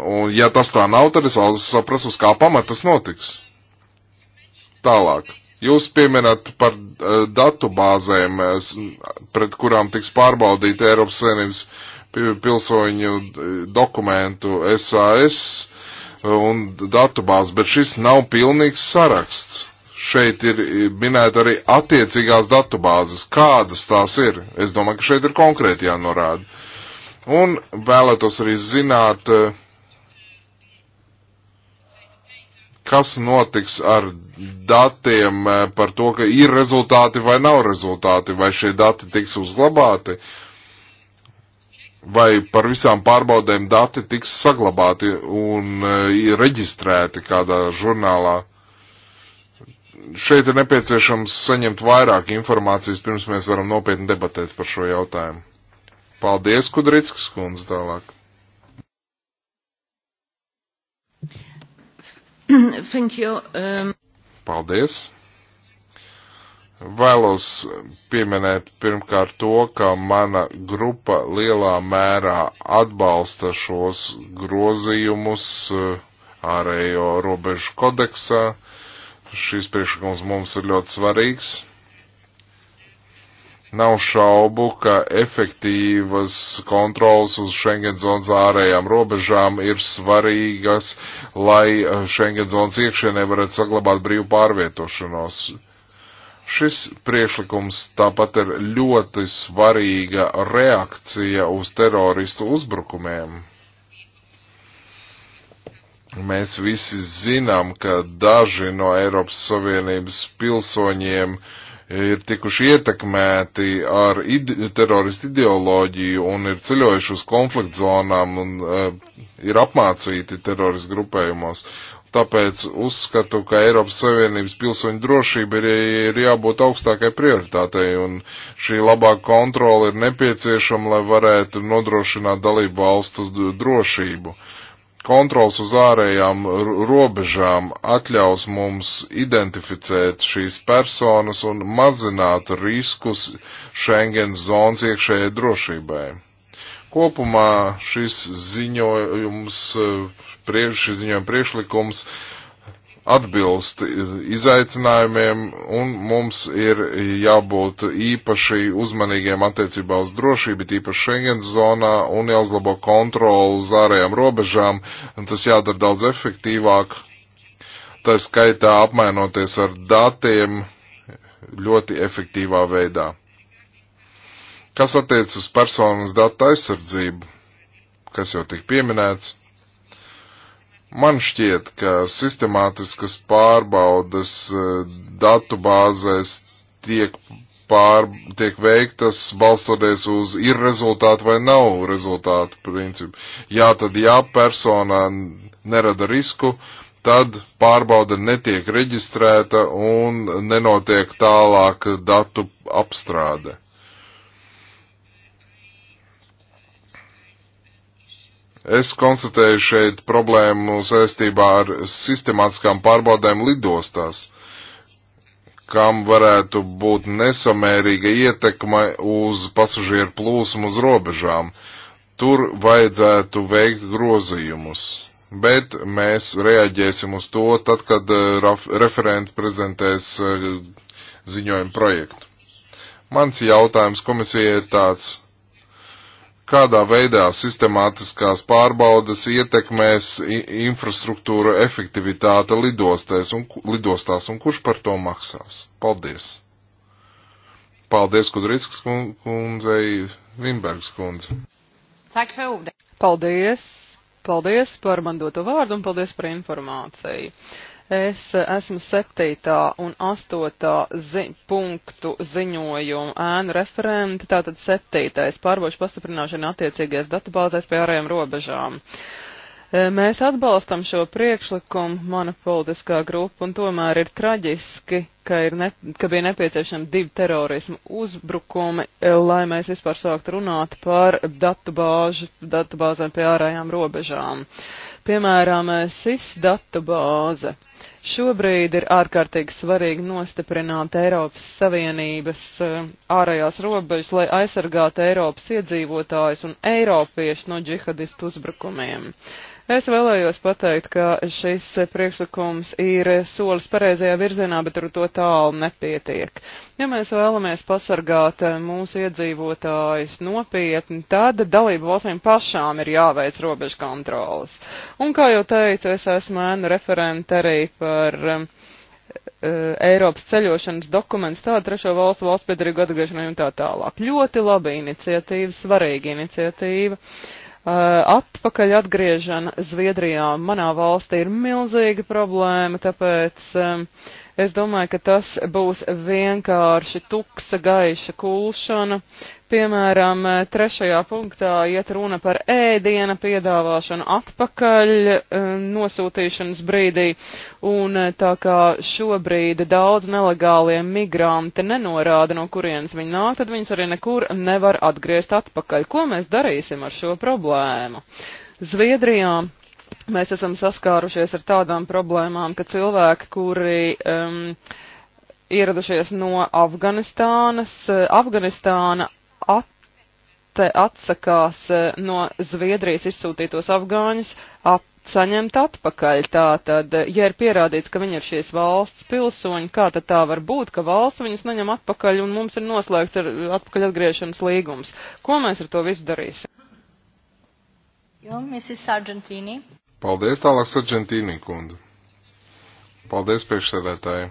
Un ja tas tā nav, tad es vēl saprast, uz kā pamata tas notiks. Tālāk Jūs pieminat par uh, eh, datu bāzēm, eh, pret kurām tiks pārbaudīta Eiropas Savienības pilsoņu dokumentu SAS un datu bāzes, bet šis nav pilnīgs saraksts. Šeit ir minēta arī attiecīgās datu bāzes. Kādas tās ir? Es domāju, ka šeit ir konkrēti jānorāda. Un vēlētos arī zināt, uh, kas notiks ar datiem e, par to, ka ir rezultāti vai nav rezultāti, vai šie dati tiks uzglabāti, vai par visām pārbaudēm dati tiks saglabāti un e, reģistrēti kādā žurnālā. Šeit ir nepieciešams saņemt vairāk informācijas, pirms mēs varam nopietni debatēt par šo jautājumu. Paldies, Kudrickas kundze, tālāk. [CLEARS THROAT] Thank you. Um... Paldies. Vēlos pieminēt pirmkārt to, ka mana grupa lielā mērā atbalsta šos grozījumus uh, ārējo robežu kodeksā. Šis priekšlikums mums ir ļoti svarīgs Nav šaubu, ka efektīvas kontrols uz Schengen zonas ārējām robežām ir svarīgas, lai eh, Schengen zonas iekšienē varētu saglabāt brīvu pārvietošanos. Šis priekšlikums tāpat ir ļoti svarīga reakcija uz teroristu uzbrukumiem. Mēs visi zinām, ka daži no Eiropas Savienības pilsoņiem uh, ir tikuši ietekmēti ar ide teroristu ideoloģiju un ir ceļojuši uz konflikt zonām un uh, ir apmācīti teroristu grupējumos. Tāpēc uzskatu, ka Eiropas Savienības pilsoņu drošība ir, ir jābūt augstākai prioritātei, un šī labā kontrola ir nepieciešama, lai varētu nodrošināt dalību valstu drošību. Uh, kontrols uz ārējām robežām atļaus mums identificēt šīs personas un mazināt riskus Schengen zonas iekšējai drošībai. Kopumā šis ziņojums, eh, šis ziņojuma priekšlikums uh, atbilst izaicinājumiem, un mums ir jābūt īpaši uzmanīgiem attiecībā uz drošību, īpaši Schengen zonā, un jāuzlabo kontroli uz ārējām robežām, un tas jādara daudz efektīvāk, tā skaitā apmainoties ar datiem ļoti efektīvā veidā. Kas attiec uz personas datu aizsardzību, kas jau tik pieminēts, Man šķiet, ka sistemātiskas pārbaudas e, datu bāzēs tiek, pār, tiek veiktas balstoties uz ir rezultāti vai nav rezultāti principu. Jā, tad jā, persona nerada risku, tad pārbauda netiek reģistrēta un nenotiek tālāk datu apstrāde. Es konstatēju šeit problēmu saistībā ar sistemātiskām pārbaudēm lidostās, kam varētu būt nesamērīga ietekme uz pasažieru plūsmu uz robežām. Tur vajadzētu veikt grozījumus, bet mēs reaģēsim uz to tad, kad eh, referenti prezentēs eh, ziņojumu projektu. Mans jautājums komisijai ir tāds kādā veidā sistemātiskās pārbaudas ietekmēs infrastruktūru efektivitāte lidostēs un, lidostās un kurš par to maksās. Paldies! Paldies, Kudrītskas kundzei, Vimbergs kundze. Paldies! Paldies par man doto vārdu un paldies par informāciju. Es esmu septītā un astotā zi punktu ziņojumu ēnu referenti, tātad septītais pārbošu pastiprināšana attiecīgajās datubāzēs pie ārējām robežām. E, mēs atbalstam šo priekšlikumu, mana politiskā grupa, un tomēr ir traģiski, ka, ir ne, ka bija nepieciešami divi terorismu uzbrukumi, e, lai mēs vispār sāktu runāt par datubāžu, datubāzēm pie ārējām robežām. Piemēram, e, SIS datubāze. Šobrīd ir ārkārtīgi svarīgi nostiprināt Eiropas Savienības eh, ārējās robežas, lai aizsargātu Eiropas iedzīvotājus un eiropiešus no džihadistu uzbrukumiem. Es vēlējos pateikt, ka šis priekšlikums ir solis pareizajā virzienā, bet ar to tālu nepietiek. Ja mēs vēlamies pasargāt mūsu iedzīvotājus nopietni, tad dalību valstīm pašām ir jāveic robežu kontrolas. Un, kā jau teicu, es esmu ēnu referenta arī par um, e, Eiropas ceļošanas dokuments, tādu trešo valstu valsts piedarīgu atgriešanai un tā tālāk. Ļoti laba iniciatīva, svarīga iniciatīva. Eh, atpakaļ atgriežana Zviedrijā manā valstī ir milzīga problēma, tāpēc Es domāju, ka tas būs vienkārši tuksa gaiša kūšana. Piemēram, trešajā punktā iet runa par ēdiena piedāvāšanu atpakaļ eh, nosūtīšanas brīdī, un eh, tā kā šobrīd daudz nelegālie migranti nenorāda, no kurienes viņi nāk, tad viņus arī nekur nevar atgriezt atpakaļ. Ko mēs darīsim ar šo problēmu? Zviedrijā mēs esam saskārušies ar tādām problēmām, ka cilvēki, kuri um, ieradušies no Afganistānas, eh, Afganistāna at atsakās eh, no Zviedrijas izsūtītos afgāņus at saņemt atpakaļ. Tātad, eh, ja ir pierādīts, ka viņi ir šīs valsts pilsoņi, kā tad tā var būt, ka valsts viņus neņem atpakaļ un mums ir noslēgts ar atpakaļ atgriešanas līgums? Ko mēs ar to visu darīsim? Jo, Mrs. Sargentini. Paldies tālāk Sargentīnī kundu. Paldies priekšsēdētāji.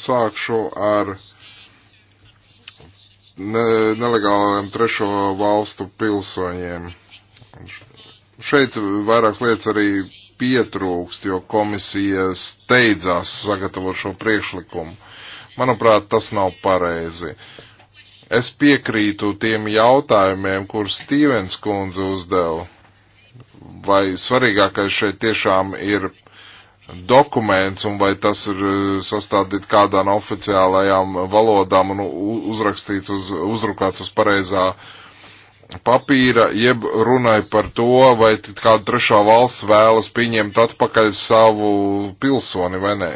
Sākšu ar ne, nelegāliem trešo valstu pilsoņiem. Šeit vairākas lietas arī pietrūkst, jo komisija steidzās sagatavot šo priekšlikumu. Manuprāt, tas nav pareizi. Uh, Es piekrītu tiem jautājumiem, kurus Stīvens kundze uzdeva. Vai svarīgākais šeit tiešām ir dokuments un vai tas ir e, sastādīt kādā no oficiālajām valodām un uzrakstīts uz, uzrukāts uz pareizā uh, papīra, jeb runai par to, vai kāda trešā valsts vēlas pieņemt atpakaļ savu pilsoni vai nē.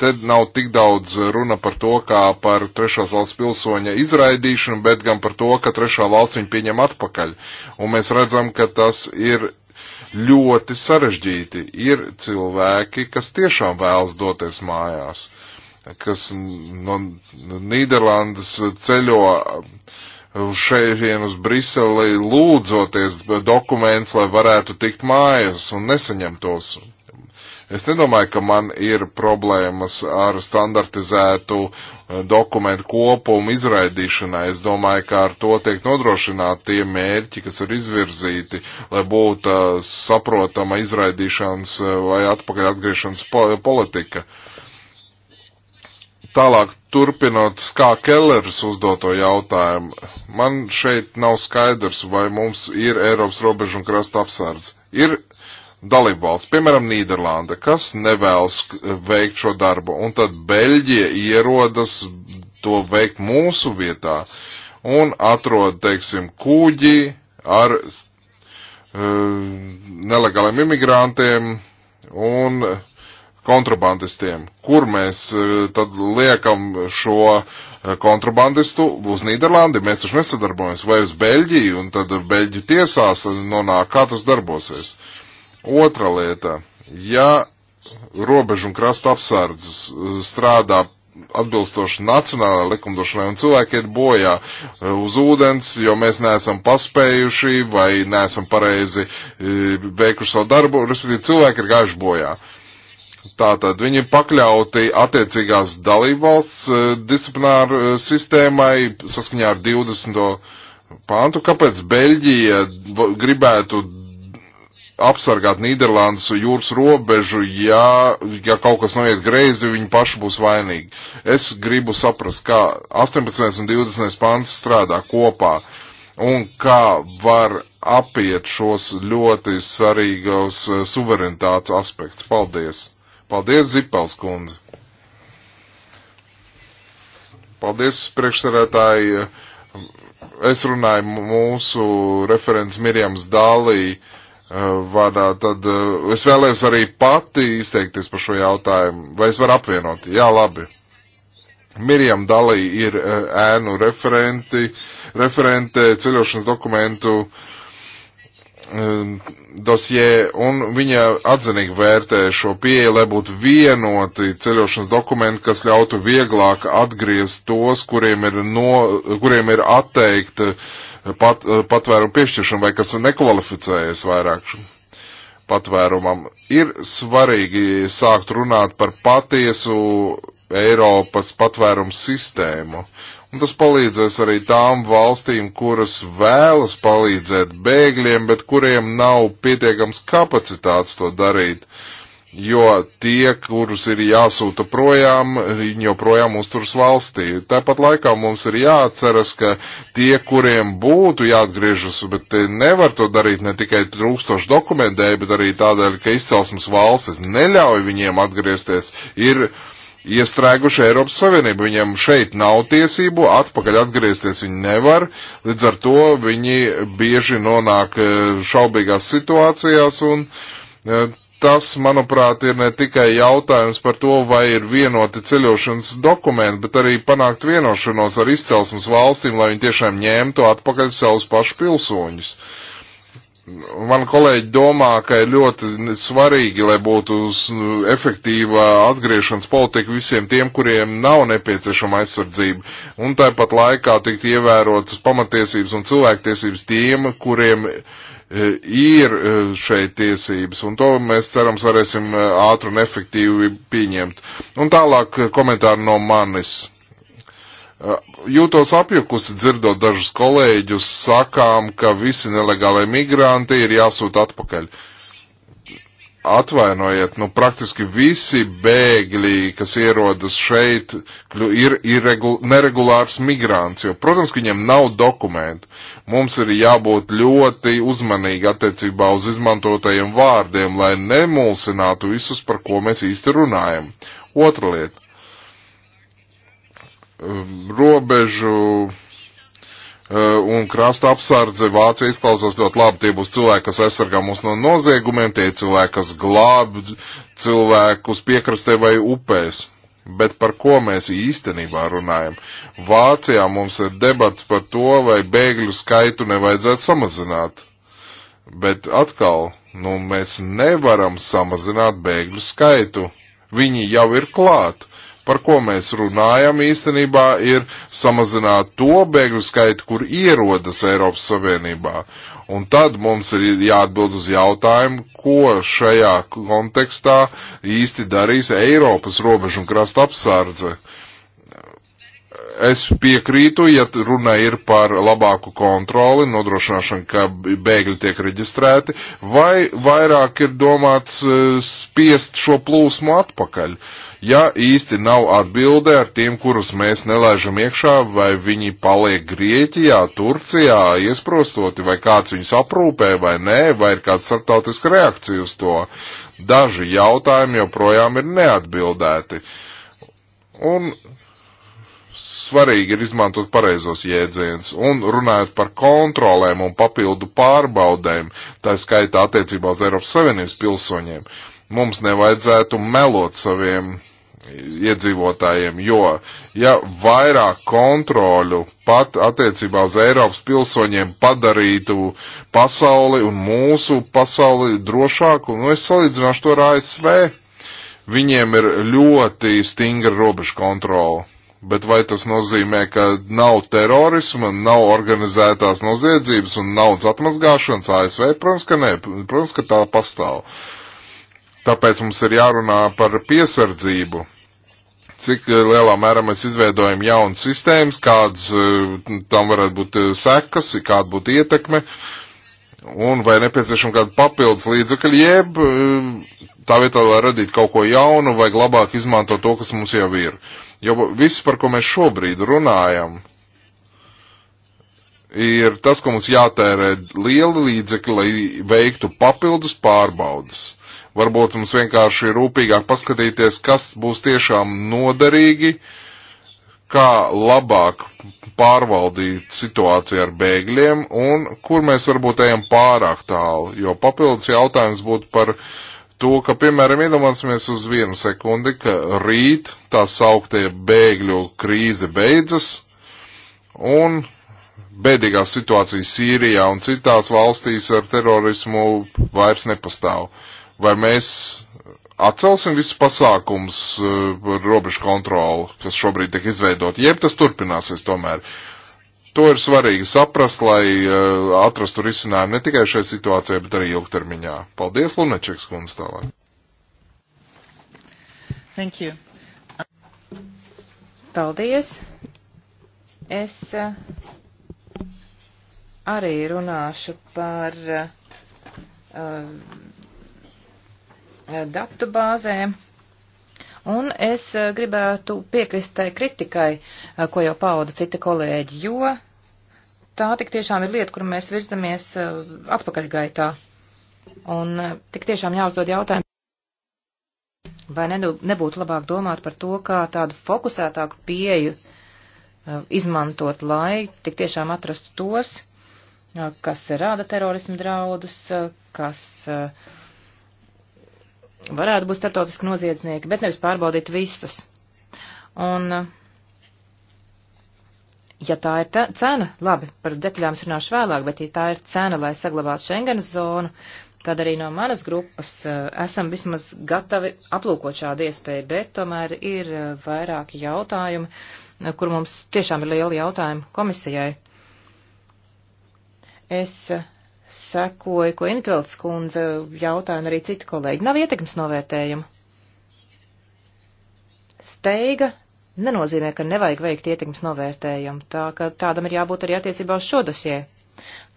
Te nav tik daudz runa par to, kā par trešās valsts pilsoņa izraidīšanu, bet gan par to, ka trešā valsts viņu pieņem atpakaļ. Un mēs redzam, ka tas ir ļoti sarežģīti. Ir cilvēki, kas tiešām vēlas doties mājās, kas no Nīderlandes ceļo šeit uz Briseli lūdzoties dokuments, lai varētu tikt mājas un nesaņem tos. Es nedomāju, ka man ir problēmas ar standartizētu eh, dokumentu kopumu izraidīšanai. Es domāju, ka ar to tiek nodrošināti tie mērķi, kas ir izvirzīti, lai būtu eh, saprotama izraidīšanas eh, vai atpakaļ atgriešanas politika. Uh, Tālāk turpinot Skā Kellers uzdoto jautājumu, man šeit nav skaidrs, vai mums ir Eiropas robežu un krasta apsardz. Ir dalībvalsts, piemēram, Nīderlanda, kas nevēlas veikt šo darbu, un tad Beļģija ierodas to veikt mūsu vietā un atrod, teiksim, kūģi ar uh, nelegāliem imigrantiem un uh, kontrabandistiem. Kur mēs eh, tad liekam šo eh, kontrabandistu? Uz Nīderlandi mēs taču nesadarbojamies, vai uz Beļģiju, un tad Beļģiju tiesās nonāk, kā tas darbosies. Otra lieta, ja robežu un krasta apsardzes eh, strādā atbilstoši nacionālajai likumdošanai, un cilvēki iet bojā uz ūdens, jo mēs neesam paspējuši vai neesam pareizi veikuši savu darbu, respektīvi cilvēki ir gājuši bojā. Uh, Tātad viņi ir pakļauti attiecīgās dalībvalsts eh, disciplināru eh, sistēmai saskaņā ar 20. pāntu. Kāpēc Beļģija gribētu apsargāt Nīderlandes jūras robežu, ja, ja kaut kas noiet greizi, viņi paši būs vainīgi? Es gribu saprast, kā 18. un 20. pāns strādā kopā un kā var apiet šos ļoti svarīgos eh, suverenitātes aspektus. Paldies! Paldies, Zipels kundze. Paldies, priekšsarētāji. Es runāju mūsu referents Mirjams Dālī uh, vārdā, tad uh, es vēlējos arī pati izteikties par šo jautājumu. Vai es varu apvienot? Jā, labi. Mirjam Dalī ir uh, ēnu referenti, referente ceļošanas dokumentu uh, Um, dosie, un viņa atzinīgi vērtē šo pieeju, lai būtu vienoti ceļošanas dokumenti, kas ļautu vieglāk atgriezt tos, kuriem ir, no, kuriem ir atteikta pat, patvērumu piešķiršana vai kas nekvalificējas vairāk patvērumam. Ir svarīgi sākt runāt par patiesu Eiropas patvērumu sistēmu Un tas palīdzēs arī tām valstīm, kuras vēlas palīdzēt bēgļiem, bet kuriem nav pietiekams kapacitāts to darīt. Jo tie, kurus ir jāsūta projām, viņi joprojām uzturs valstī. Tāpat laikā mums ir jāatceras, ka tie, kuriem būtu jāatgriežas, bet nevar to darīt ne tikai trūkstoši dokumentēji, bet arī tādēļ, ka izcelsmes valstis neļauj viņiem atgriezties, ir uh, iestrēguši Eiropas Savienību. Viņiem šeit nav tiesību, atpakaļ atgriezties viņi nevar, līdz ar to viņi bieži nonāk e, šaubīgās situācijās un e, tas, manuprāt, ir ne tikai jautājums par to, vai ir vienoti ceļošanas dokumenti, bet arī panākt vienošanos ar izcelsmes valstīm, lai viņi tiešām ņemtu atpakaļ savus pašu pilsoņus. Uh, Man kolēģi domā, ka ir ļoti svarīgi, lai būtu nu, efektīva atgriešanas politika visiem tiem, kuriem nav nepieciešama aizsardzība, un tāpat laikā tikt ievērotas pamatiesības un cilvēktiesības tiem, kuriem e, ir e, šeit tiesības, un to mēs cerams varēsim e, ātri un efektīvi pieņemt. Un tālāk komentāri no manis Eh, jūtos apjukusi dzirdot dažus kolēģus sakām, ka visi nelegālie migranti ir jāsūta atpakaļ. Atvainojiet, nu praktiski visi bēgļi, kas ierodas šeit, ir, ir regu, neregulārs migrants, jo, protams, ka viņiem nav dokumentu. Mums ir jābūt ļoti uzmanīgi attiecībā uz izmantotajiem vārdiem, lai nemulsinātu visus, par ko mēs īsti runājam. Otra lieta robežu eh, un krasta apsardze Vācija izklausās ļoti labi. Tie būs cilvēki, kas aizsargā mūs no noziegumiem, tie cilvēki, kas glāb cilvēkus piekrastē vai upēs. Bet par ko mēs īstenībā runājam? Vācijā mums ir debats par to, vai bēgļu skaitu nevajadzētu samazināt. Bet atkal, nu mēs nevaram samazināt bēgļu skaitu. Viņi jau ir klāt. Par ko mēs runājam īstenībā ir samazināt to bēgļu skaitu, kur ierodas Eiropas Savienībā. Un tad mums ir jāatbild uz jautājumu, ko šajā kontekstā īsti darīs Eiropas robežu un krasta apsārdze es piekrītu, ja runa ir par labāku kontroli, nodrošināšanu, ka bēgļi tiek reģistrēti, vai vairāk ir domāts eh, spiest šo plūsmu atpakaļ. Uh, Ja īsti nav atbilde ar tiem, kurus mēs nelaižam iekšā, vai viņi paliek Grieķijā, Turcijā, iesprostoti, vai kāds viņus aprūpē vai nē, vai ir kāds starptautiska reakcija uz to, daži jautājumi joprojām ir neatbildēti. Un svarīgi ir izmantot pareizos jēdzienus. Un runājot par kontrolēm un papildu pārbaudēm, tā skaitā attiecībā uz Eiropas Savienības pilsoņiem, mums nevajadzētu melot saviem iedzīvotājiem, jo ja vairāk kontroļu pat attiecībā uz Eiropas pilsoņiem padarītu pasauli un mūsu pasauli drošāku, nu es salīdzināšu to ar ASV, viņiem ir ļoti stingra robežu kontrola. Bet vai tas nozīmē, ka nav terorisma, nav organizētās noziedzības un naudas atmazgāšanas ASV? Protams, ka nē, protams, ka tā pastāv. Uh, Tāpēc mums ir jārunā par piesardzību, cik eh, lielā mērā mēs izveidojam jaunas sistēmas, kādas eh, tam varētu būt eh, sekas, kāda būtu ietekme, un vai nepieciešama kāda papildus līdzekļa, jeb tā vietā, lai radītu kaut ko jaunu, vajag labāk izmantot to, kas mums jau ir. Jo viss, par ko mēs šobrīd runājam, ir tas, ka mums jātērē lieli līdzekļi, lai veiktu papildus pārbaudas Varbūt mums vienkārši rūpīgāk paskatīties, kas būs tiešām noderīgi, kā labāk pārvaldīt situāciju ar bēgļiem un kur mēs varbūt ejam pārāk tālu. Jo papildus jautājums būtu par to, ka, piemēram, iedomāsimies uz vienu sekundi, ka rīt tā sauktie bēgļu krīze beidzas un bēdīgā situācija Sīrijā un citās valstīs ar terorismu vairs nepastāv. Vai mēs atcelsim visus pasākums eh, par robežu kontroli, kas šobrīd tiek izveidot, jeb tas turpināsies tomēr? To ir svarīgi saprast, lai eh, atrastu risinājumu ne tikai šai situācijai, bet arī ilgtermiņā. Paldies, Lunečiks, kundze tālāk. Thank you. Paldies. Es eh, arī runāšu par uh, Eh, datu bāzēm. Un es eh, gribētu piekrist tai kritikai, eh, ko jau pauda citi kolēģi, jo tā tik tiešām ir lieta, kur mēs virzamies atpakaļgaitā. Un tik tiešām jāuzdod jautājumu, vai nebūtu labāk domāt par to, kā tādu fokusētāku pieju izmantot, lai tik tiešām atrastu tos, kas rāda terorismu draudus, kas uh, varētu būt startautiski noziedznieki, bet nevis pārbaudīt visus. Un, ja tā ir tā cena, labi, par detaļām runāšu vēlāk, bet ja tā ir cena, lai saglabātu Schengenas zonu, tad arī no manas grupas eh, esam vismaz gatavi aplūkot šādu iespēju, bet tomēr ir eh, vairāki jautājumi, eh, kur mums tiešām ir lieli jautājumi komisijai. Es sekoja, ko Intvelds kundze jautāja un arī citi kolēģi. Nav ietekmes novērtējuma. Steiga nenozīmē, ka nevajag veikt ietekmes novērtējumu, tā ka tādam ir jābūt arī attiecībā uz šo dosie.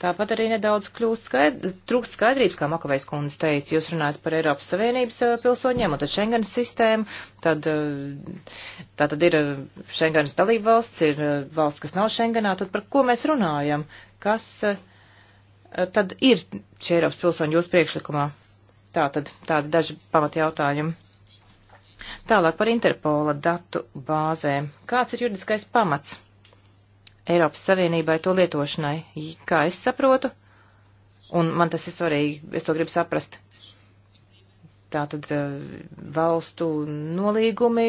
Tāpat arī nedaudz kļūst skaidr, trūkst skaidrības, kā Makavejs kundze teica, jūs runājat par Eiropas Savienības pilsoņiem un tad Schengenas sistēmu, tad tā tad ir Schengenas dalība valsts, ir valsts, kas nav Schengenā, tad par ko mēs runājam, kas uh, tad ir šie Eiropas pilsoņi jūsu priekšlikumā? Tātad tādi daži pamatjautājumi. Tālāk par Interpola datu bāzēm. Kāds ir juridiskais pamats Eiropas Savienībai to lietošanai? Kā es saprotu, un man tas ir svarīgi, es to gribu saprast, tātad eh, valstu nolīgumi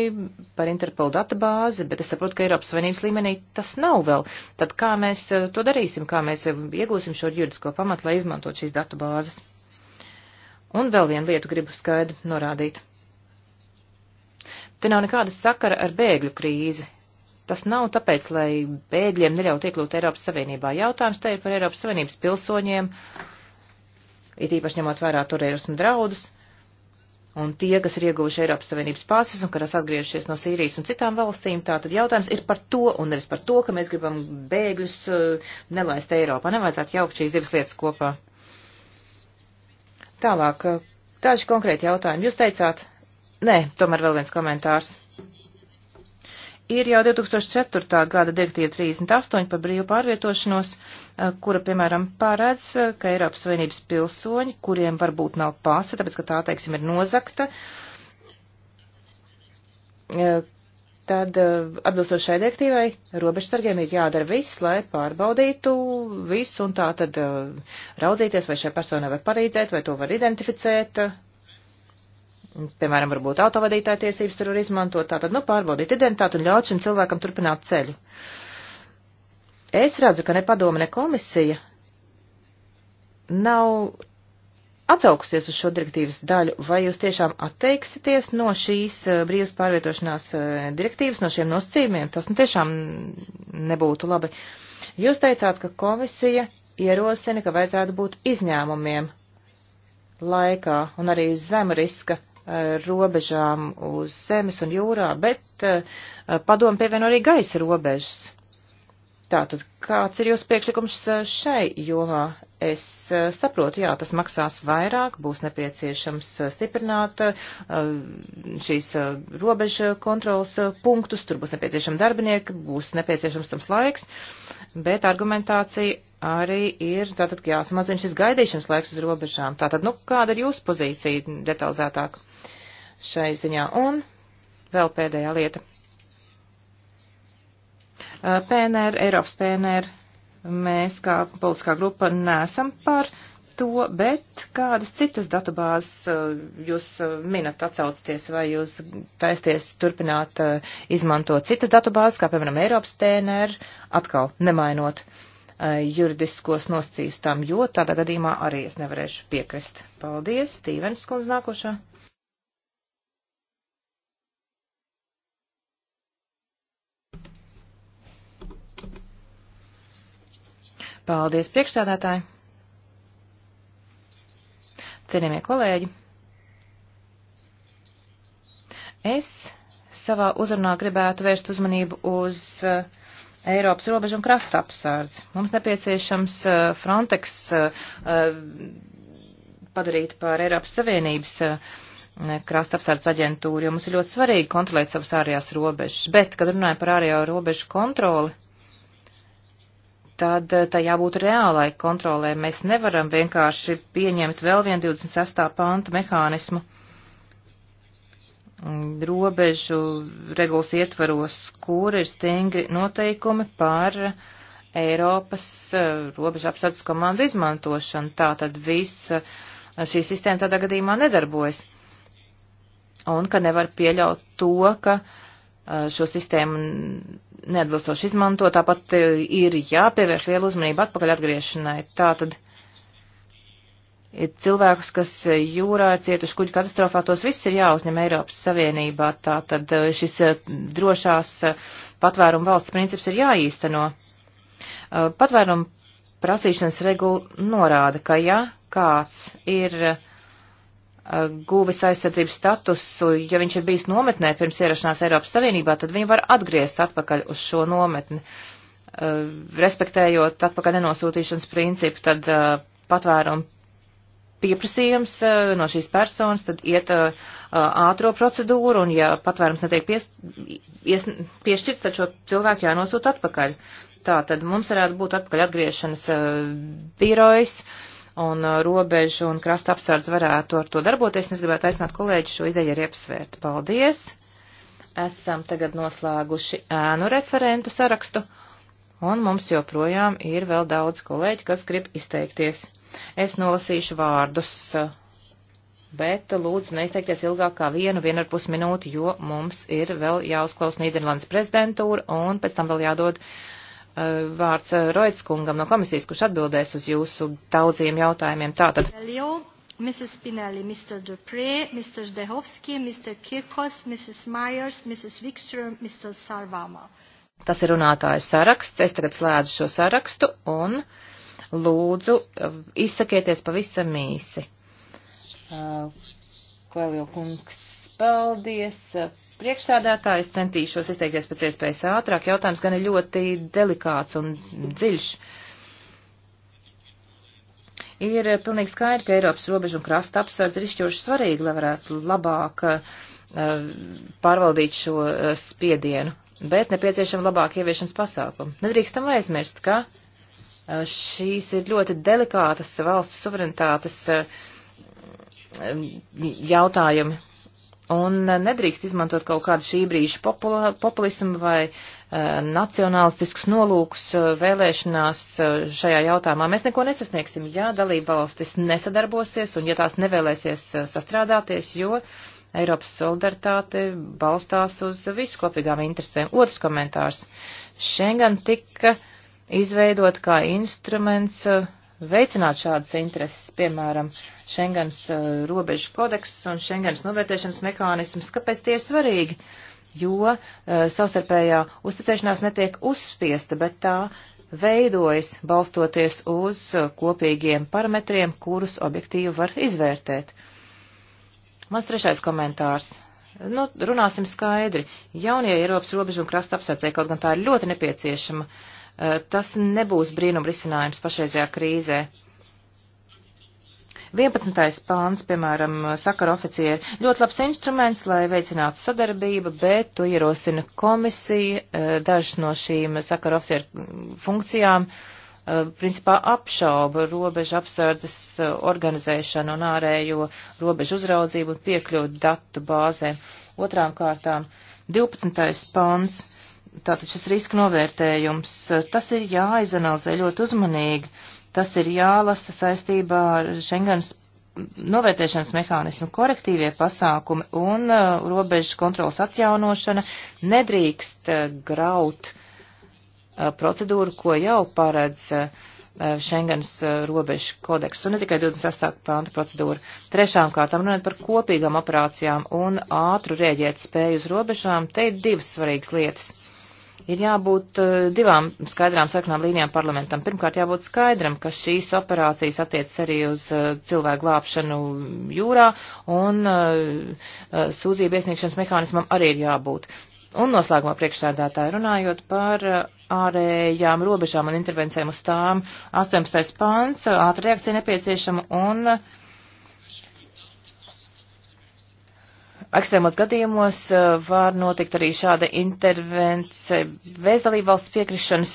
par Interpolu databāzi, bet es saprotu, ka Eiropas Savienības līmenī tas nav vēl. Tad kā mēs eh, to darīsim, kā mēs eh, iegūsim šo juridisko pamatu, lai izmantot šīs databāzes? Un vēl vienu lietu gribu skaidri norādīt. Te nav nekāda sakara ar bēgļu krīzi. Tas nav tāpēc, lai bēgļiem neļautu iekļūt Eiropas Savienībā. Jautājums te ir par Eiropas Savienības pilsoņiem, it īpaši ņemot vērā turismu draudus un tie, kas ir ieguvuši Eiropas Savienības pāses un kas atgriežas no Sīrijas un citām valstīm, tā tad jautājums ir par to, un nevis par to, ka mēs gribam bēgļus uh, nelaist Eiropā. Nevajadzētu jaukt šīs divas lietas kopā. Tālāk, eh, daži konkrēti jautājumi. Jūs teicāt, nē, tomēr vēl viens komentārs. Ir jau 2004. gada direktīva 38 par brīvu pārvietošanos, eh, kura, piemēram, paredz, eh, ka Eiropas Savienības pilsoņi, kuriem varbūt nav pasa, tāpēc, ka tā, teiksim, ir nozakta, eh, tad atbilstošai direktīvai robežsargiem ir jādara viss, lai pārbaudītu visu un tā tad raudzīties, vai šai personai var palīdzēt, vai to var identificēt, Piemēram, varbūt autovadītāja tiesības tur var izmantot, tātad, nu, pārbaudīt identitāti un ļaut šim cilvēkam turpināt ceļu. Es redzu, ka ne padoma, ne komisija nav atsaukusies uz šo direktīvas daļu, vai jūs tiešām atteiksieties no šīs eh, brīvas pārvietošanās eh, direktīvas, no šiem nosacījumiem? Tas nu tiešām nebūtu labi. Jūs teicāt, ka komisija ierosina, ka vajadzētu būt izņēmumiem laikā un arī zem riska robežām uz zemes un jūrā, bet eh, padomu pievieno arī gaisa robežas. Tātad, kāds ir jūsu priekšlikums eh, šai jomā? Es eh, saprotu, jā, tas maksās vairāk, būs nepieciešams stiprināt šīs robeža kontrolas punktus, tur būs nepieciešami darbinieki, būs nepieciešams tams laiks, bet argumentācija arī ir, tātad jāsamazina šis gaidīšanas laiks uz robežām. Tātad, nu, kāda ir jūsu pozīcija detalizētāk? Uh, šai ziņā. Un vēl pēdējā lieta. PNR, Eiropas PNR, mēs kā politiskā grupa nesam par to, bet kādas citas datubāzes jūs minat atsaucties vai jūs taisties turpināt izmantot citas datubāzes, kā piemēram Eiropas PNR, atkal nemainot juridiskos nosacījus tam, jo tādā gadījumā arī es nevarēšu piekrist. Paldies, Stīvens Skundz nākošā. Paldies, priekšstādātāji! Cienījamie kolēģi! Es savā uzrunā gribētu vērst uzmanību uz uh, Eiropas robežu un krasta apsārdzi. Mums nepieciešams uh, Frontex uh, uh padarīt par Eiropas Savienības uh, krasta apsardzes aģentūru, jo mums ir ļoti svarīgi kontrolēt savas ārējās robežas. Bet, kad runājam par ārējo robežu kontroli, tad eh, tajā būtu reālai kontrolē. Mēs nevaram vienkārši pieņemt vēl vienu 26. pantu mehānismu mm, robežu regulas ietvaros, kur ir stingri noteikumi par Eiropas eh, robežu apsardzes komandu izmantošanu. Tā tad viss eh, šī sistēma tādā gadījumā nedarbojas. Un ka nevar pieļaut to, ka uh, Uh, šo sistēmu neatbilstoši izmanto, tāpat uh, ir jāpievērš liela uzmanība atpakaļ atgriešanai. Tātad ir cilvēkus, kas uh, jūrā ir cietuši kuģu katastrofā, tos viss ir jāuzņem Eiropas Savienībā, tātad šis drošās patvērumu valsts princips ir jāīsteno. Patvērumu prasīšanas regula norāda, ka ja kāds ir uh, guvis aizsardzības statusu, ja viņš ir bijis nometnē pirms ierašanās Eiropas Savienībā, tad viņu var atgriezt atpakaļ uz šo nometni, eh, respektējot atpakaļ nenosūtīšanas principu, tad eh, patvērumu pieprasījums eh, no šīs personas, tad iet ātro procedūru, un ja patvērums netiek pies, ies, piešķirts, tad šo cilvēku jānosūt atpakaļ. Tā tad mums varētu būt atpakaļ atgriešanas birojs. Uh, un uh, robežu un krasta apsardz varētu ar to darboties. Es gribētu aicināt kolēģi šo ideju arī apsvērt. Paldies! Esam tagad noslēguši ēnu referentu sarakstu, un mums joprojām ir vēl daudz kolēģi, kas grib izteikties. Es nolasīšu vārdus, bet lūdzu neizteikties ilgāk kā vienu, vienu ar pus minūti, jo mums ir vēl jāuzklaus Nīderlandes prezidentūra, un pēc tam vēl jādod uh, Eh, vārds eh, Roitskungam no komisijas, kurš atbildēs uz jūsu daudziem jautājumiem. Tātad. Mrs. Spinelli, Mr. Dupré, Mr. Zdehovski, Mr. Kirkos, Mrs. Myers, Mrs. Wikström, Mr. Sarvama. Tas ir runātājs saraksts. Es tagad slēdzu šo sarakstu un lūdzu eh, izsakieties pavisam īsi. Koelio kungs Paldies. Priekšsādātājs centīšos izteikties pēc iespējas ātrāk. Jautājums gan ir ļoti delikāts un dziļš. Ir pilnīgi skaidri, ka Eiropas robežu un krasta apsardz ir izšķirši svarīgi, lai varētu labāk eh, pārvaldīt šo eh, spiedienu, bet nepieciešama labāk ieviešanas pasākumu. Nedrīkstam aizmirst, ka eh, šīs ir ļoti delikātas valsts suverenitātes jautājumi. Un eh, nedrīkst izmantot kaut kādu šī brīža popula, populismu vai uh, nacionālistiskus nolūkus uh, vēlēšanās uh, šajā jautājumā. Mēs neko nesasniegsim, ja dalība valstis nesadarbosies un ja tās nevēlēsies uh, sastrādāties, jo Eiropas solidaritāte balstās uz visu kopīgām interesēm. Otrs komentārs. Šengen tika izveidot kā instruments. Uh, veicināt šādas intereses, piemēram, Schengens uh, robežu kodeks un Schengens novērtēšanas mehānisms, kāpēc tie ir svarīgi, jo uh, savstarpējā uzticēšanās netiek uzspiesta, bet tā veidojas balstoties uz uh, kopīgiem parametriem, kurus objektīvi var izvērtēt. Mans trešais komentārs. Nu, runāsim skaidri. Jaunie Eiropas robežu un krasta apsardzē, kaut gan tā ir ļoti nepieciešama uh, Eh, tas nebūs brīnum risinājums pašreizajā krīzē. 11. pāns, piemēram, sakara oficieri, ļoti labs instruments, lai veicinātu sadarbību, bet to ierosina komisija, eh, dažas no šīm sakara oficieru funkcijām eh, principā apšauba robežu apsardzes organizēšanu un ārējo robežu uzraudzību un piekļūt datu bāzēm. Otrām kārtām 12. pants Tātad šis riska novērtējums, tas ir jāizanalizē ļoti uzmanīgi, tas ir jālasa saistībā ar Schengens novērtēšanas mehānismu, korektīvie pasākumi un uh, robežas kontrolas atjaunošana nedrīkst uh, graut uh, procedūru, ko jau paredz uh, Schengens uh, robežu kodeks un ne tikai 28. pānta procedūra. Trešām kārtām runājot par kopīgām operācijām un ātru rēģēt spēju uz robežām, te ir divas svarīgas lietas ir jābūt eh, divām skaidrām sarkanām līnijām parlamentam. Pirmkārt, jābūt skaidram, ka šīs operācijas attiecas arī uz eh, cilvēku glābšanu jūrā, un eh, sūdzību iesniegšanas mehānismam arī ir jābūt. Un noslēgumā priekšsēdētāji runājot par ārējām robežām un intervencijām uz tām, 18. pāns, ātra reakcija nepieciešama un uh, ekstrēmos gadījumos eh, var notikt arī šāda intervence bez dalībvalsts piekrišanas.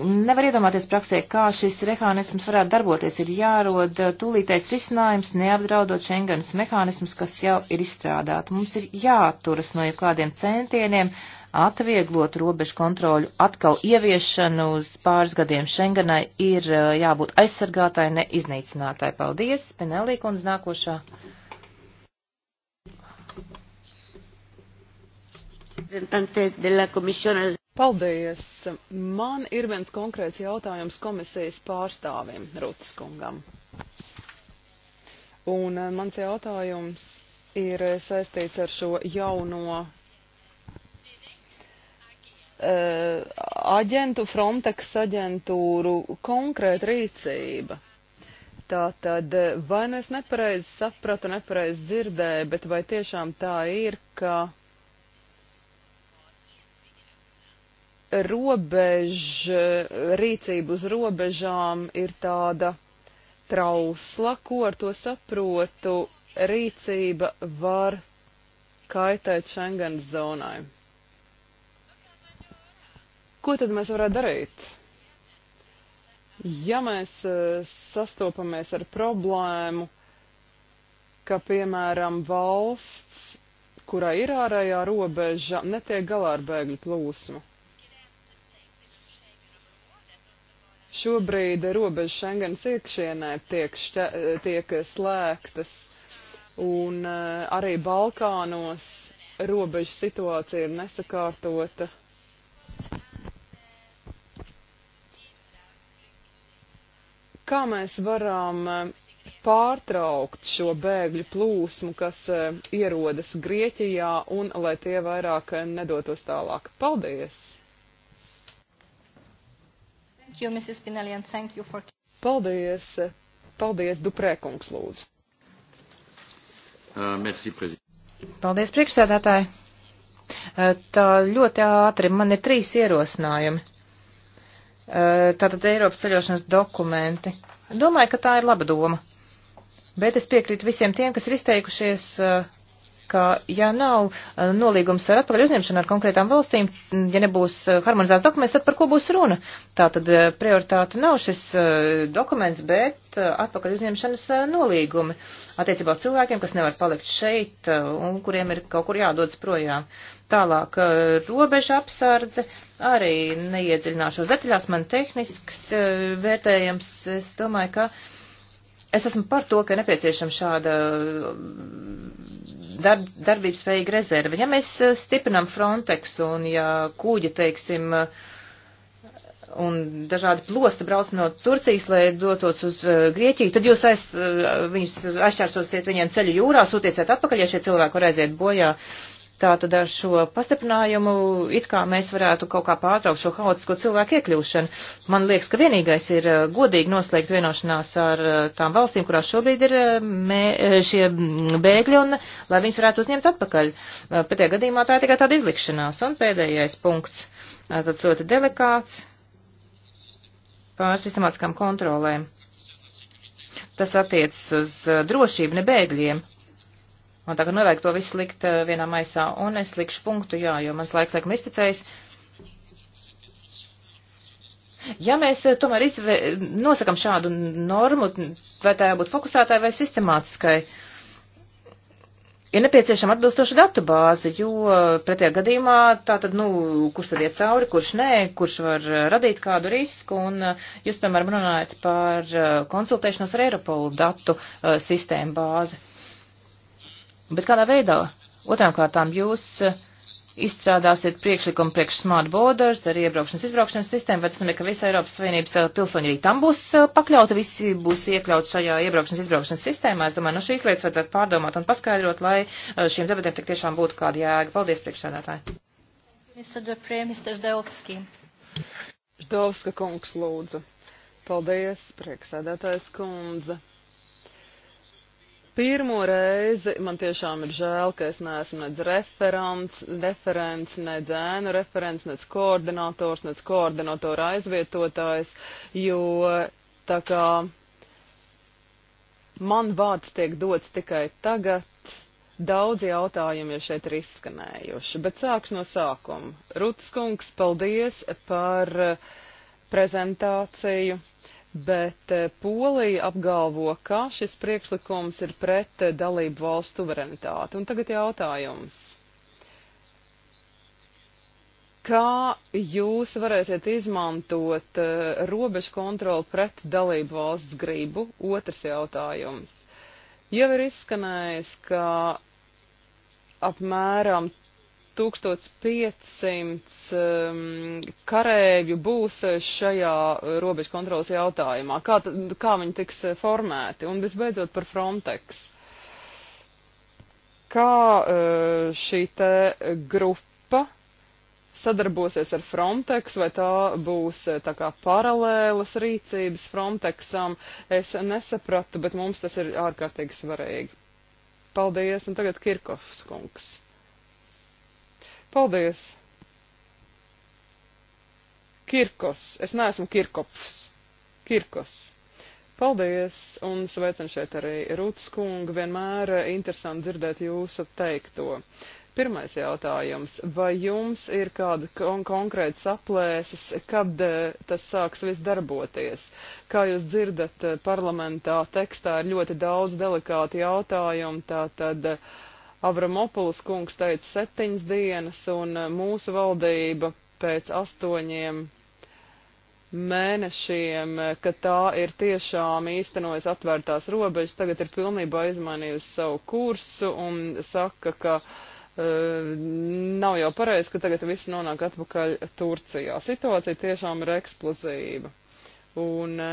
Nevar iedomāties praksē, kā šis mehānisms varētu darboties. Ir jārod tūlītais risinājums, neapdraudot Schengenas mehānismus, kas jau ir izstrādāti. Mums ir jāturas no jebkādiem centieniem uh, atvieglot robežu kontroļu atkal ieviešanu uz pāris gadiem Šengenai ir uh, jābūt aizsargātai, ne iznīcinātai. Paldies, Penelī kundze nākošā. Paldies! Man ir viens konkrēts jautājums komisijas pārstāvim, Rūtas kungam. Un uh, mans jautājums ir saistīts ar šo jauno Uh, aģentu, Frontex aģentūru konkrēta rīcība. Tā tad, uh, vai nu es nepareizi sapratu, nepareizi dzirdēju, bet vai tiešām tā ir, ka robeža, rīcība uz robežām ir tāda trausla, ko ar to saprotu, rīcība var kaitēt Schengen zonai. Ko tad mēs varētu darīt? Ja mēs eh, sastopamies ar problēmu, ka, piemēram, valsts, kurā ir ārējā robeža, netiek galā ar bēgļu plūsmu. Šobrīd robeža Schengens iekšienē tiek, šķē, eh, tiek slēgtas, un eh, arī Balkānos robeža situācija ir nesakārtota kā mēs varam eh, pārtraukt šo bēgļu plūsmu, kas eh, ierodas Grieķijā, un lai tie vairāk eh, nedotos tālāk. Paldies! Thank you, Mrs. Spinelli, and thank you for... Paldies! Paldies, Duprēkungs, lūdzu! Uh, merci, Paldies, priekšsēdētāji! Uh, tā ļoti ātri man ir trīs ierosinājumi. Eh, tātad Eiropas ceļošanas dokumenti. Domāju, ka tā ir laba doma. Bet es piekrītu visiem tiem, kas ir izteikušies eh, ka ja nav eh, nolīgums ar atpakaļ uzņemšanu ar konkrētām valstīm, ja nebūs eh, harmonizēts dokuments, tad par ko būs runa? Tā tad eh, prioritāte nav šis dokuments, bet atpakaļ uzņemšanas nolīgumi attiecībā uz cilvēkiem, kas nevar palikt šeit un kuriem ir kaut kur jādodas projām. Tālāk, robeža apsardze, arī neiedziļināšos detaļās, man tehnisks vērtējums, es domāju, ka Es esmu par to, ka nepieciešama šāda um, darb, darbības spējīga rezerve. Ja mēs uh, stiprinam Frontex un ja kūģi, teiksim, uh, un dažādi plosti brauc no Turcijas, lai dotos uz uh, Grieķiju, tad jūs aiz, viņus aizķērsosiet viņiem ceļu jūrā, sūtiesiet atpakaļ, ja šie cilvēki var aiziet bojā. Tātad ar šo pastiprinājumu it kā mēs varētu kaut kā pārtraukt šo haotisko cilvēku iekļūšanu. Man liekas, ka vienīgais ir eh, godīgi noslēgt vienošanās ar eh, tām valstīm, kurās šobrīd ir eh, mē, šie mm, bēgļi, un lai viņus varētu uzņemt atpakaļ. Pēdējā gadījumā tā ir tikai tāda izlikšanās. Un pēdējais punkts, tāds ļoti delikāts, pār sistemātiskām kontrolēm. Tas attiecas uz drošību, ne bēgļiem. Un tā kā nevajag to visu likt eh, vienā maisā, un es likšu punktu, jā, jo mans laiks laikam izticējis. Ja mēs eh, tomēr izve... nosakam šādu normu, vai tā jābūt fokusētāji vai sistemātiskai, ir nepieciešama atbilstoša datu bāze, jo pretējā gadījumā tā tad, nu, kurš tad iet cauri, kurš nē, kurš var eh, radīt kādu risku, un jūs, piemēram, runājat par konsultēšanos ar Eiropolu datu sistēmu bāzi. Bet kādā veidā? Otrām kārtām jūs eh, izstrādāsiet priekšlikumu priekš smart borders ar iebraukšanas izbraukšanas sistēmu, vai tas nozīmē, ka visa Eiropas Savienības eh, pilsoņi arī tam būs eh, pakļauti, visi būs iekļauti šajā iebraukšanas izbraukšanas sistēmā. Es domāju, nu šīs lietas vajadzētu pārdomāt un paskaidrot, lai šiem debatēm tik tiešām būtu kāda jēga. Paldies, priekšsēdētāji. Mr. Duprē, Mr. Ždevski. Ždevska kungs lūdzu. Paldies, priekšsēdētājs kundze pirmo reizi man tiešām ir žēl, ka es neesmu nec referents, referents nec ēnu referents, nec koordinators, nec koordinatora aizvietotājs, jo tā kā man vārds tiek dots tikai tagad, daudz jautājumu jau šeit ir izskanējuši, bet sāks no sākuma. Rutskungs, paldies par eh, prezentāciju bet eh, Polija apgalvo, ka šis priekšlikums ir pret eh, dalību valstu suverenitāti. Un tagad jautājums. Kā jūs varēsiet izmantot eh, robežu kontroli pret dalību valsts gribu? Otrs jautājums. Jau ir izskanējis, ka apmēram 1500 um, karēju būs šajā robežu kontrolas jautājumā? Kā, kā viņi tiks formēti? Un visbeidzot par Frontex. Kā uh, šī te grupa sadarbosies ar Frontex, vai tā būs uh, tā kā paralēlas rīcības Frontexam, es nesapratu, bet mums tas ir ārkārtīgi svarīgi. Paldies, un tagad Kirkovs kungs. Paldies! Kirkos. Es neesmu Kirkops. Kirkos. Paldies un sveicam šeit arī Rūtas kungu. Vienmēr eh, interesanti dzirdēt jūsu teikto. Pirmais jautājums. Vai jums ir kāda kon konkrēta saplēses, kad eh, tas sāks viss darboties? Kā jūs dzirdat, eh, parlamentā tekstā ir ļoti daudz delikāti jautājumi, tātad. Uh, Avramopulas kungs teica septiņas dienas, un eh, mūsu valdība pēc astoņiem mēnešiem, eh, ka tā ir tiešām īstenojas atvērtās robežas, tagad ir pilnībā izmainījusi savu kursu un saka, ka e, nav jau pareizi, ka tagad viss nonāk atpakaļ Turcijā. Situācija tiešām ir eksplozīva. Un e,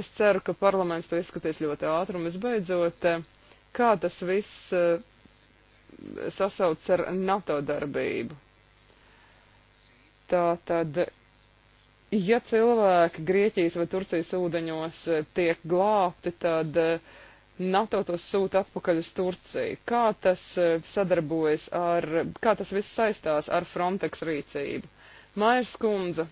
es ceru, ka parlaments to izskatīs ļoti ātri un visbeidzot. E, kā tas viss eh, sasauc ar NATO darbību. Tā tad, ja cilvēki Grieķijas vai Turcijas ūdeņos eh, tiek glābti, tad eh, NATO tos sūta atpakaļ uz Turciju. Kā tas sadarbojas ar, kā tas viss saistās ar Frontex rīcību? Mairs Kundze.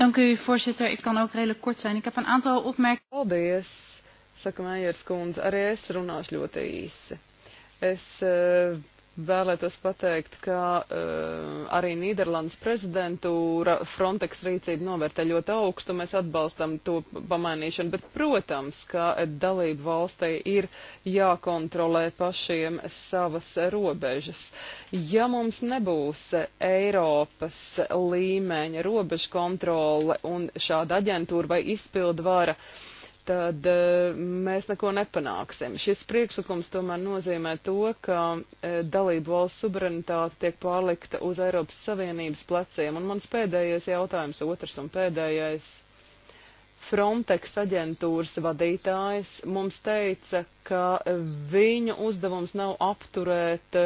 Dank u, voorzitter. Ik kan ook redelijk kort zijn. Ik heb een aantal opmerkingen. Paldies Saka Mējers kundze, arī es runāšu ļoti īsi. Es eh, vēlētos pateikt, ka eh, arī Nīderlandes prezidentūra Frontex rīcību novērtē ļoti augstu, mēs atbalstam to pamainīšanu, bet, protams, ka dalību valstī ir jākontrolē pašiem savas robežas. Ja mums nebūs Eiropas līmeņa robežu kontrole un šāda aģentūra vai izpildvara, vara, tad e, mēs neko nepanāksim. Šis priekšlikums tomēr nozīmē to, ka e, dalību valsts suverenitāte tiek pārlikta uz Eiropas Savienības pleciem. Un mans pēdējais jautājums, otrs un pēdējais. Frontex aģentūras vadītājs mums teica, ka viņu uzdevums nav apturēt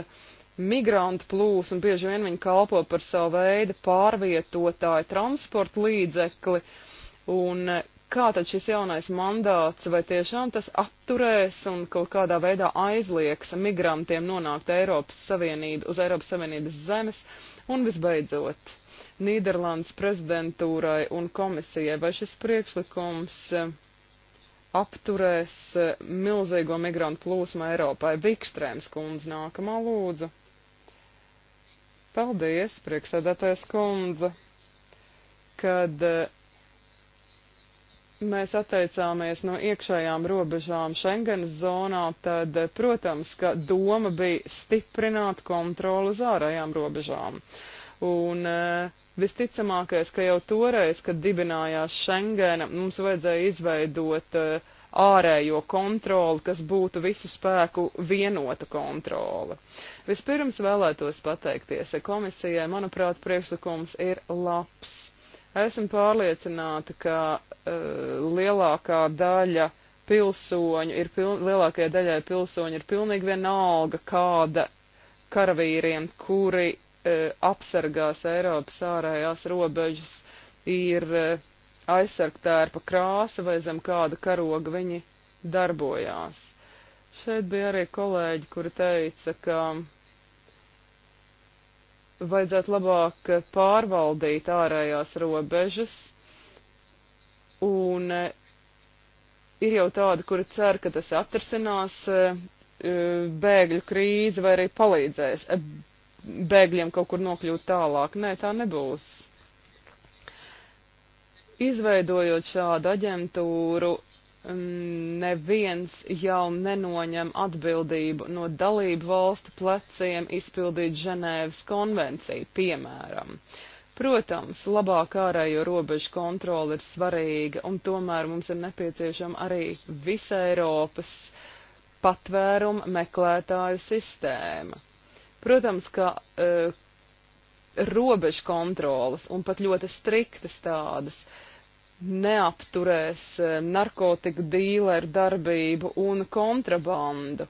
migrantu plūsmu, bieži vien viņi kalpo par savu veidu pārvietotāju transporta līdzekli, un kā tad šis jaunais mandāts vai tiešām tas atturēs un kaut kādā veidā aizliegs migrantiem nonākt Eiropas Savienību uz Eiropas Savienības zemes un visbeidzot Nīderlandes prezidentūrai un komisijai, vai šis priekšlikums eh, apturēs eh, milzīgo migrantu plūsmu Eiropai. Vikstrēms kundze nākamā lūdzu. Paldies, prieksēdētais kundze, kad eh, mēs atteicāmies no iekšējām robežām Schengenas zonā, tad, protams, ka doma bija stiprināt kontroli uz ārējām robežām. Un eh, visticamākais, ka jau toreiz, kad dibinājās Schengena, mums vajadzēja izveidot eh, ārējo kontroli, kas būtu visu spēku vienota kontrole. Vispirms vēlētos pateikties komisijai, manuprāt, priekšlikums ir labs Esmu pārliecināta, ka uh, lielākā daļa pilsoņu ir, piln, lielākajai daļai pilsoņu ir pilnīgi vienalga, kāda karavīriem, kuri uh, apsargās Eiropas ārējās robežas, ir uh, aizsargtērpa krāsa vai zem kāda karoga viņi darbojās. Šeit bija arī kolēģi, kuri teica, ka vajadzētu labāk pārvaldīt ārējās robežas, un eh, ir jau tādi, kuri cer, ka tas atrasinās eh, bēgļu krīzi vai arī palīdzēs eh, bēgļiem kaut kur nokļūt tālāk. Nē, tā nebūs. Izveidojot šādu aģentūru, Mm, neviens jau nenoņem atbildību no dalību valstu pleciem izpildīt Ženēvas konvenciju, piemēram. Protams, labāk ārējo robežu kontroli ir svarīga, un tomēr mums ir nepieciešama arī visa Eiropas patvēruma meklētāju sistēma. Protams, ka uh, robežu kontrolas un pat ļoti striktas tādas uh, neapturēs eh, narkotiku dīleru darbību un kontrabandu.